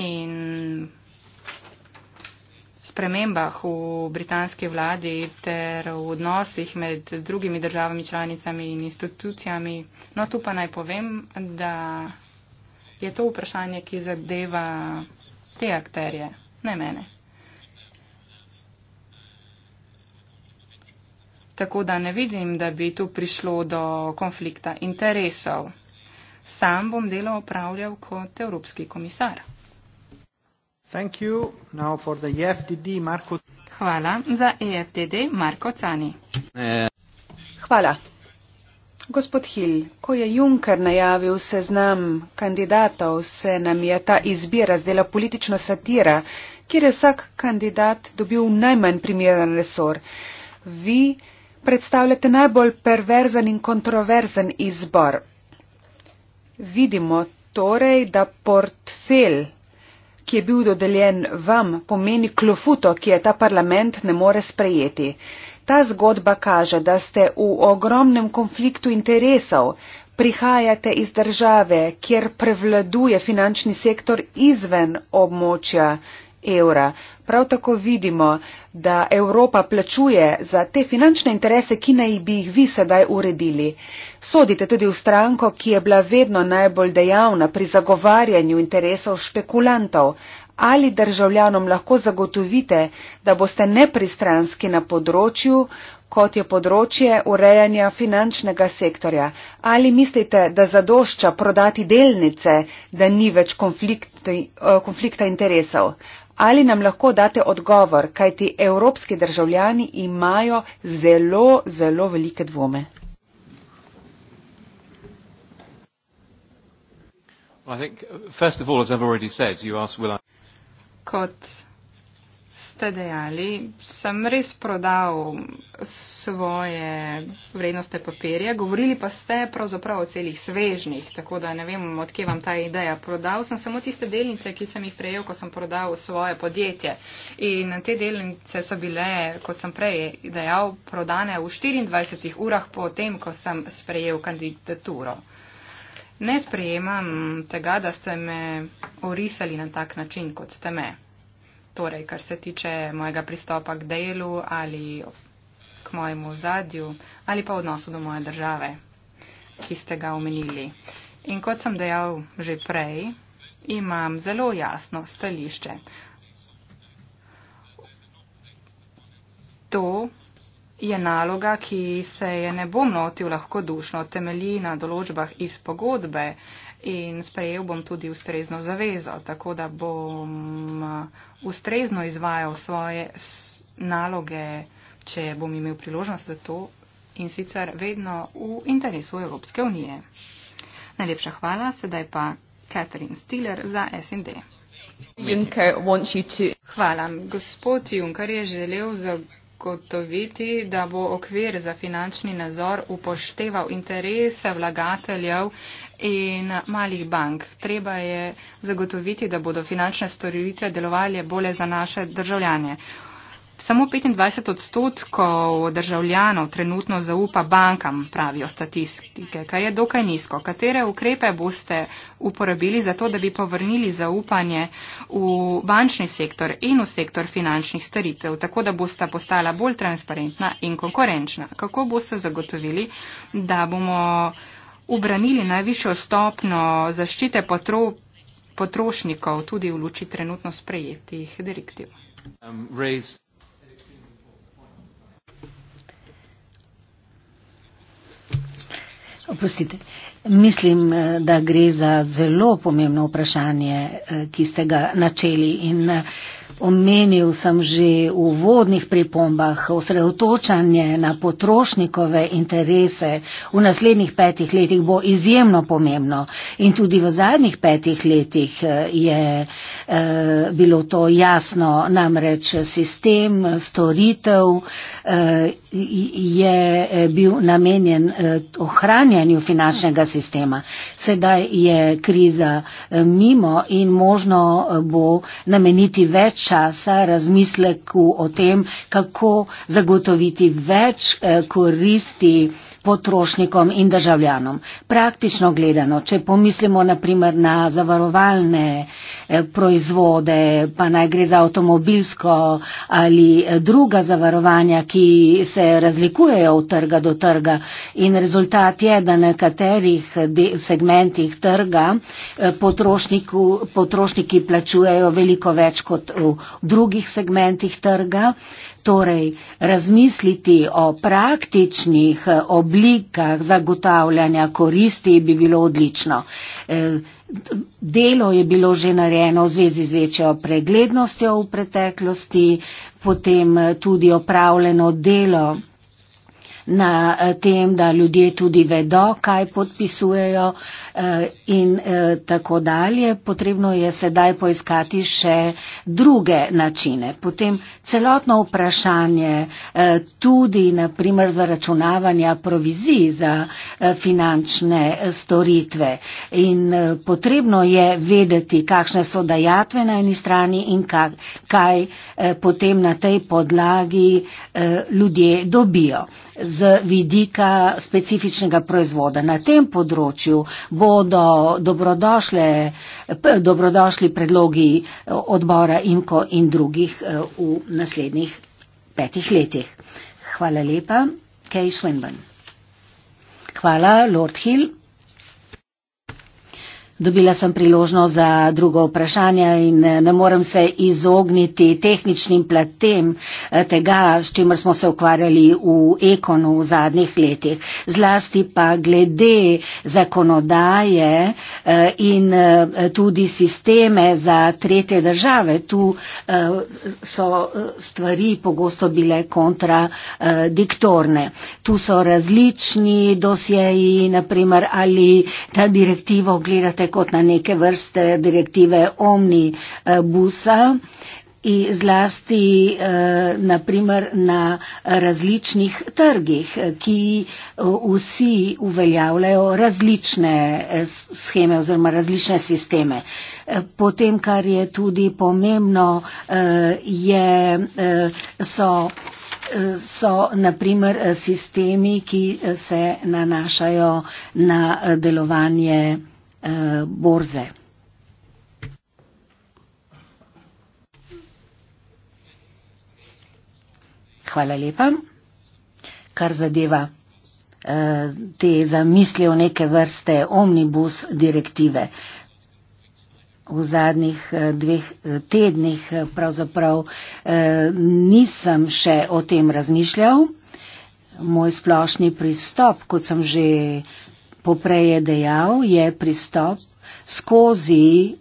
in spremembah v britanski vladi ter v odnosih med drugimi državami, članicami in institucijami. No, tu pa naj povem, da je to vprašanje, ki zadeva te akterje, ne mene. Tako da ne vidim, da bi tu prišlo do konflikta interesov. Sam bom delo opravljal kot evropski komisar. Thank you. Now for the EFTD, Marko... Hvala za EFTD, Marko Cani. Eh. Hvala. Gospod Hill, ko je Juncker najavil seznam kandidatov, se nam je ta izbira zdela politična satira, kjer je vsak kandidat dobil najmanj primeren resor. Vi predstavljate najbolj perverzen in kontroverzen izbor. Vidimo torej, da portfelj ki je bil dodeljen vam, pomeni klofuto, ki je ta parlament ne more sprejeti. Ta zgodba kaže, da ste v ogromnem konfliktu interesov. Prihajate iz države, kjer prevladuje finančni sektor izven območja evra. Prav tako vidimo, da Evropa plačuje za te finančne interese, ki naj bi jih vi sedaj uredili. Sodite tudi v stranko, ki je bila vedno najbolj dejavna pri zagovarjanju interesov špekulantov. Ali državljanom lahko zagotovite, da boste nepristranski na področju, kot je področje urejanja finančnega sektorja? Ali mislite, da zadošča prodati delnice, da ni več eh, konflikta interesov? Ali nam lahko date odgovor, kajti evropski državljani imajo zelo, zelo velike dvome? Kot ste dejali, sem res prodal svoje vrednostne papirje, govorili pa ste pravzaprav o celih svežnih, tako da ne vem, odkje vam ta ideja. Prodal sem samo tiste delnice, ki sem jih prejel, ko sem prodal svoje podjetje. In te delnice so bile, kot sem prej dejal, prodane v 24 urah po tem, ko sem sprejel kandidaturo. Ne sprejemam tega, da ste me orisali na tak način, kot ste me torej, kar se tiče mojega pristopa k delu ali k mojemu zadju ali pa odnosu do moje države, ki ste ga omenili. In kot sem dejal že prej, imam zelo jasno stališče. To je naloga, ki se je ne bom notil lahko dušno, temelji na določbah iz pogodbe, in sprejel bom tudi ustrezno zavezo, tako da bom uh, ustrezno izvajal svoje naloge, če bom imel priložnost za to in sicer vedno v interesu Evropske unije. Najlepša hvala, sedaj pa Catherine Stiller za SND. Hvala. Gospod Juncker je želel zagotoviti, da bo okvir za finančni nazor upošteval interese vlagateljev in malih bank. Treba je zagotoviti, da bodo finančne storitve delovali bolje za naše državljanje. Samo 25 odstotkov državljanov trenutno zaupa bankam, pravijo statistike, kar je dokaj nizko. Katere ukrepe boste uporabili za to, da bi povrnili zaupanje v bančni sektor in v sektor finančnih storitev, tako da boste postala bolj transparentna in konkurenčna? Kako boste zagotovili, da bomo ubranili najvišjo stopno zaščite potrošnikov tudi v luči trenutno sprejetih direktiv? Um, Oprostite, mislim, eh, da gre za zelo pomembno vprašanje, eh, ki ste ga načeli in eh, omenil sem že v vodnih pripombah osredotočanje na potrošnikove interese v naslednjih petih letih bo izjemno pomembno in tudi v zadnjih petih letih eh, je eh, bilo to jasno, namreč sistem storitev eh, je eh, bil namenjen eh, ohranjanju finančnega sistema. Sedaj je kriza eh, mimo in možno eh, bo nameniti več časa razmisleku o tem, kako zagotoviti več eh, koristi potrošnikom in državljanom. Praktično gledano, če pomislimo naprimer na zavarovalne eh, proizvode, pa naj gre za avtomobilsko ali eh, druga zavarovanja, ki se razlikujejo od trga do trga in rezultat je, da na nekaterih eh, segmentih trga potrošniki plačujejo veliko več kot v drugih segmentih trga. Torej, razmisliti o praktičnih eh, oblikah zagotavljanja koristi bi bilo odlično. Eh, delo je bilo že narejeno v zvezi z večjo preglednostjo v preteklosti, potem eh, tudi opravljeno delo na tem, da ljudje tudi vedo, kaj podpisujejo, Eh, in eh, tako dalje. Potrebno je sedaj poiskati še druge načine. Potem celotno vprašanje eh, tudi naprimer zaračunavanja provizij za finančne storitve. In potrebno je vedeti, kakšne so dajatve na eni strani in kaj potem na tej podlagi ljudje dobijo z vidika specifičnega proizvoda. Na tem področju bodo dobrodošle, dobrodošli predlogi eh, odbora IMKO in drugih eh, v naslednjih petih letih. Hvala lepa, Kay Swinburne. Hvala, Lord Hill. Dobila sem priložnost za drugo vprašanje in eh, ne morem se izogniti tehničnim platem eh, tega, s čimer smo se ukvarjali v ekonu v zadnjih letih. Zlasti pa glede zakonodaje eh, in tudi sisteme za tretje države. Tu so stvari pogosto bile kontradiktorne. Tu so različni dosjeji, naprimer, ali ta direktivo gledate kot na neke vrste direktive omnibusa. In zlasti eh, naprimer na različnih trgih, ki eh, vsi uveljavljajo različne eh, scheme oziroma različne sisteme. Potem, kar je tudi pomembno, je, so, so naprimer sistemi, ki se nanašajo na delovanje eh, borze. Hvala lepa. Kar zadeva eh, te zamisli o neke vrste omnibus direktive. V zadnjih eh, dveh eh, tednih eh, pravzaprav eh, nisem še o tem razmišljal. Moj splošni pristop, kot sem že poprej je dejal, je pristop skozi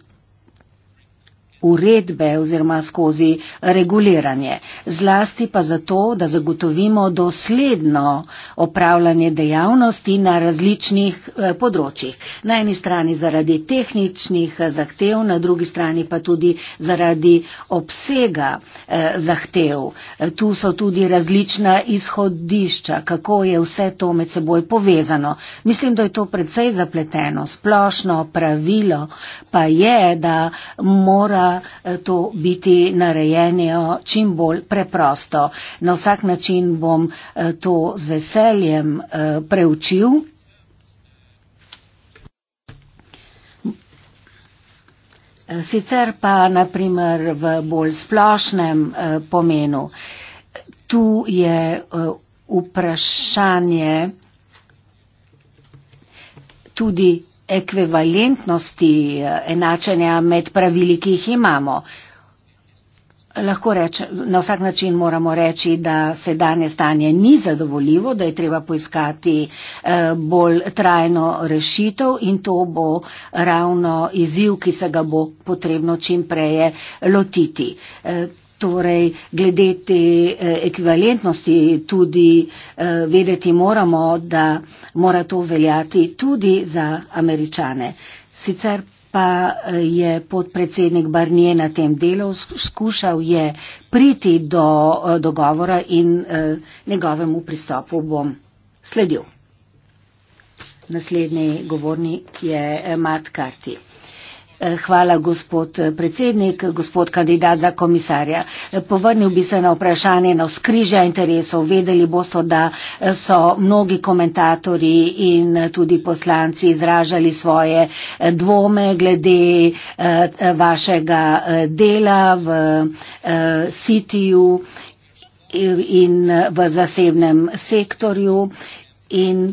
uredbe oziroma skozi reguliranje. Zlasti pa zato, da zagotovimo dosledno opravljanje dejavnosti na različnih eh, področjih. Na eni strani zaradi tehničnih eh, zahtev, na drugi strani pa tudi zaradi obsega eh, zahtev. Tu so tudi različna izhodišča, kako je vse to med seboj povezano. Mislim, da je to predvsej zapleteno. Splošno pravilo pa je, da mora Eh, to biti narejeno čim bolj preprosto. Na vsak način bom eh, to z veseljem eh, preučil. Sicer pa naprimer v bolj splošnem pomenu. Tu je vprašanje tudi ekvivalentnosti eh, enačanja med pravili, ki jih imamo. Lahko rečemo, na vsak način moramo reči, da se danje stanje ni zadovoljivo, da je treba poiskati eh, bolj trajno rešitev in to bo ravno izziv, ki se ga bo potrebno čim preje lotiti. Eh, Torej, glede te eh, ekvivalentnosti tudi eh, vedeti moramo, da mora to veljati tudi za američane. Sicer pa eh, je podpredsednik Barnije na tem delu skušal je priti do dogovora in njegovemu pristopu bom sledil. Naslednji govornik je Matt Carty. Eh, hvala, gospod eh, predsednik, gospod kandidat za komisarja. Eh, povrnil bi se na vprašanje na skrižja interesov. Vedeli boste, da so mnogi komentatorji in tudi poslanci izražali svoje dvome glede vašega dela v sitiju in v zasebnem sektorju. In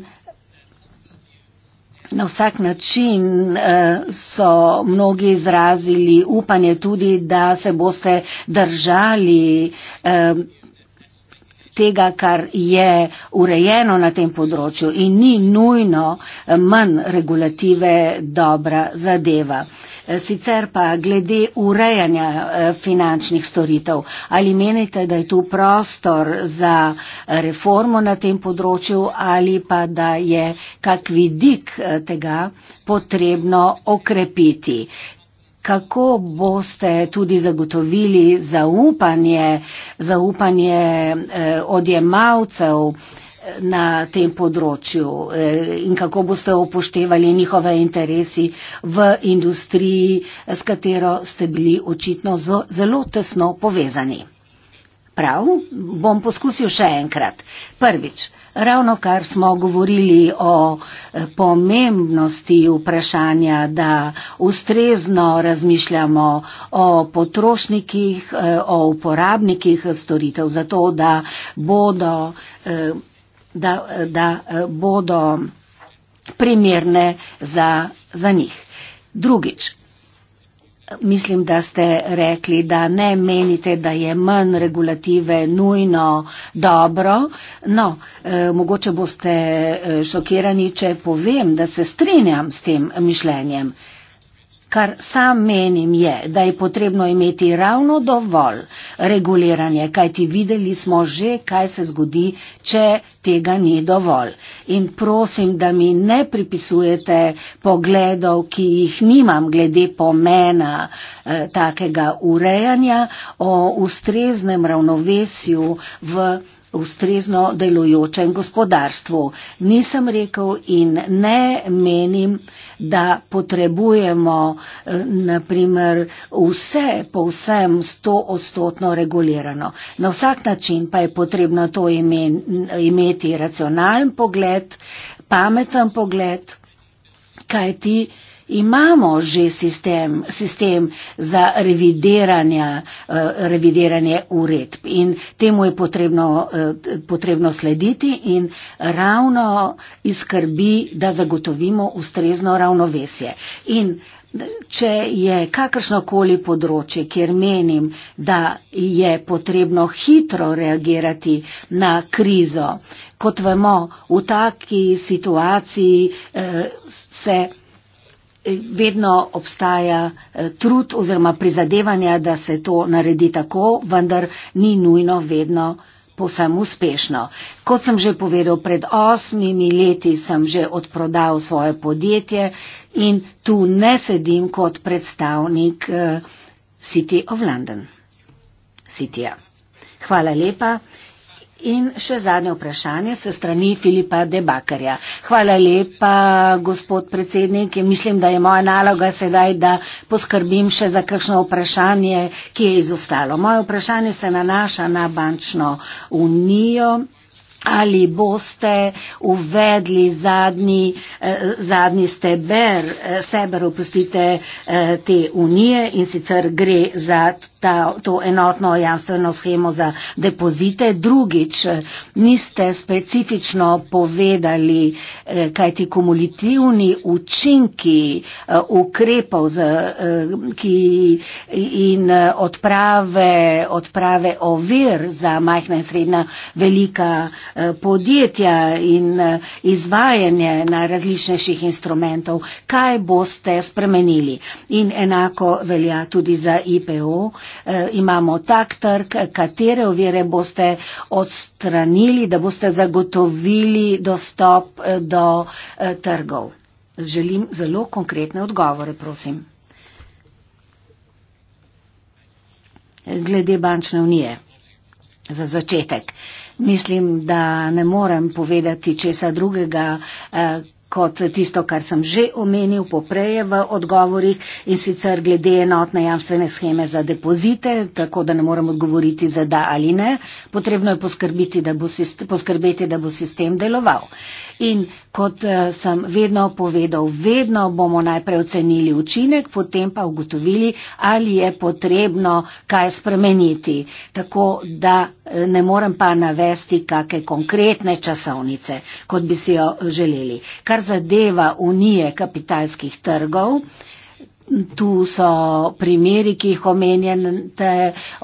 Na vsak način eh, so mnogi izrazili upanje tudi, da se boste držali eh, tega, kar je urejeno na tem področju in ni nujno eh, manj regulative dobra zadeva. Eh, sicer pa glede urejanja eh, finančnih storitev, ali menite, da je tu prostor za reformo na tem področju ali pa da je kak vidik tega potrebno okrepiti? kako boste tudi zagotovili zaupanje, zaupanje eh, odjemalcev eh, na tem področju eh, in kako boste upoštevali njihove interesi v industriji, s katero ste bili očitno zelo tesno povezani. Prav, bom poskusil še enkrat. Prvič, ravno kar smo govorili o eh, pomembnosti vprašanja, da ustrezno razmišljamo o potrošnikih, eh, o uporabnikih storitev, zato da bodo, eh, da, da bodo primerne za, za njih. Drugič, Mislim, da ste rekli, da ne menite, da je manj regulative nujno dobro. No, eh, mogoče boste eh, šokirani, če povem, da se strinjam s tem mišljenjem. Eh, Kar sam menim je, da je potrebno imeti ravno dovolj reguliranje, kajti videli smo že, kaj se zgodi, če tega ni dovolj. In prosim, da mi ne pripisujete pogledov, ki jih nimam glede pomena eh, takega urejanja o ustreznem ravnovesju v ustrezno delujočem gospodarstvu. Nisem rekel in ne menim, da potrebujemo eh, naprimer vse povsem stoodstotno regulirano. Na vsak način pa je potrebno to imeti racionalen pogled, pameten pogled, kaj ti imamo že sistem, sistem za eh, revidiranje uredb in temu je potrebno, eh, potrebno slediti in ravno izkrbi, da zagotovimo ustrezno ravnovesje. In Če je kakršnokoli področje, kjer menim, da je potrebno hitro reagirati na krizo, kot vemo, v taki situaciji eh, se vedno obstaja eh, trud oziroma prizadevanja, da se to naredi tako, vendar ni nujno vedno povsem uspešno. Kot sem že povedal, pred osmimi leti sem že odprodal svoje podjetje in tu ne sedim kot predstavnik eh, City of London. City -a. Hvala lepa. In še zadnje vprašanje se strani Filipa Debakarja. Hvala lepa, gospod predsednik. Mislim, da je moja naloga sedaj, da poskrbim še za kakšno vprašanje, ki je izostalo. Moje vprašanje se nanaša na bančno unijo. Ali boste uvedli zadnji, eh, zadnji steber, eh, steber, opustite eh, te unije in sicer gre za. To, ta, to enotno jamstveno schemo za depozite. Drugič, niste specifično povedali, eh, kaj ti kumulativni učinki eh, ukrepov za, eh, ki, in odprave, odprave ovir za majhna in srednja velika podjetja in izvajanje na različnejših instrumentov, kaj boste spremenili. In enako velja tudi za IPO. Eh, imamo tak trg, katere ovire boste odstranili, da boste zagotovili dostop eh, do eh, trgov. Želim zelo konkretne odgovore, prosim. Glede bančne unije. Za začetek. Mislim, da ne morem povedati česa drugega, kot tisto, kar sem že omenil poprej v odgovorih in sicer glede enotne jamstvene scheme za depozite, tako da ne morem odgovoriti za da ali ne. Potrebno je poskrbiti, da bo, sist poskrbeti, da bo sistem deloval. In kot uh, sem vedno povedal, vedno bomo najprej ocenili učinek, potem pa ugotovili, ali je potrebno kaj spremeniti. Tako da eh, ne morem pa navesti kakšne konkretne časovnice, kot bi si jo želeli. Kar kar zadeva unije kapitalskih trgov, tu so primeri, ki jih omenjate,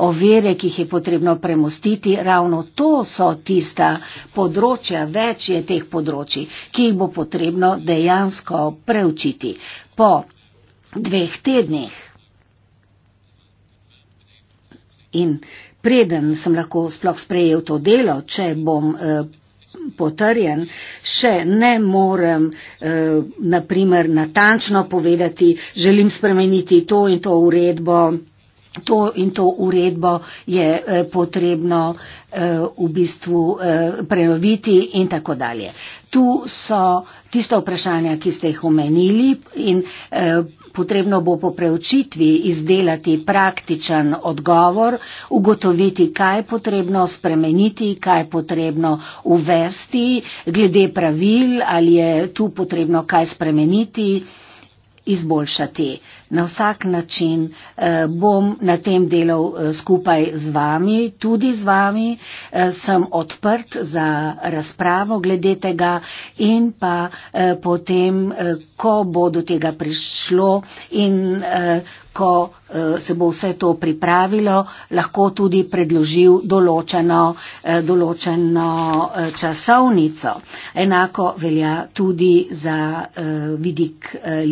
ovire, ki jih je potrebno premustiti, ravno to so tista področja, več je teh področji, ki jih bo potrebno dejansko preučiti. Po dveh tednih in preden sem lahko sploh sprejel to delo, če bom. Eh, potrjen, še ne morem eh, naprimer natančno povedati, želim spremeniti to in to uredbo. To in to uredbo je eh, potrebno eh, v bistvu eh, prenoviti in tako dalje. Tu so tiste vprašanja, ki ste jih omenili in eh, potrebno bo po preučitvi izdelati praktičen odgovor, ugotoviti, kaj je potrebno spremeniti, kaj je potrebno uvesti, glede pravil, ali je tu potrebno kaj spremeniti izboljšati. Na vsak način eh, bom na tem delal eh, skupaj z vami, tudi z vami eh, sem odprt za razpravo glede tega in pa eh, potem, eh, ko bo do tega prišlo in eh, ko eh, se bo vse to pripravilo, lahko tudi predložil določeno, eh, določeno eh, časovnico. Enako velja tudi za eh, vidik. Eh,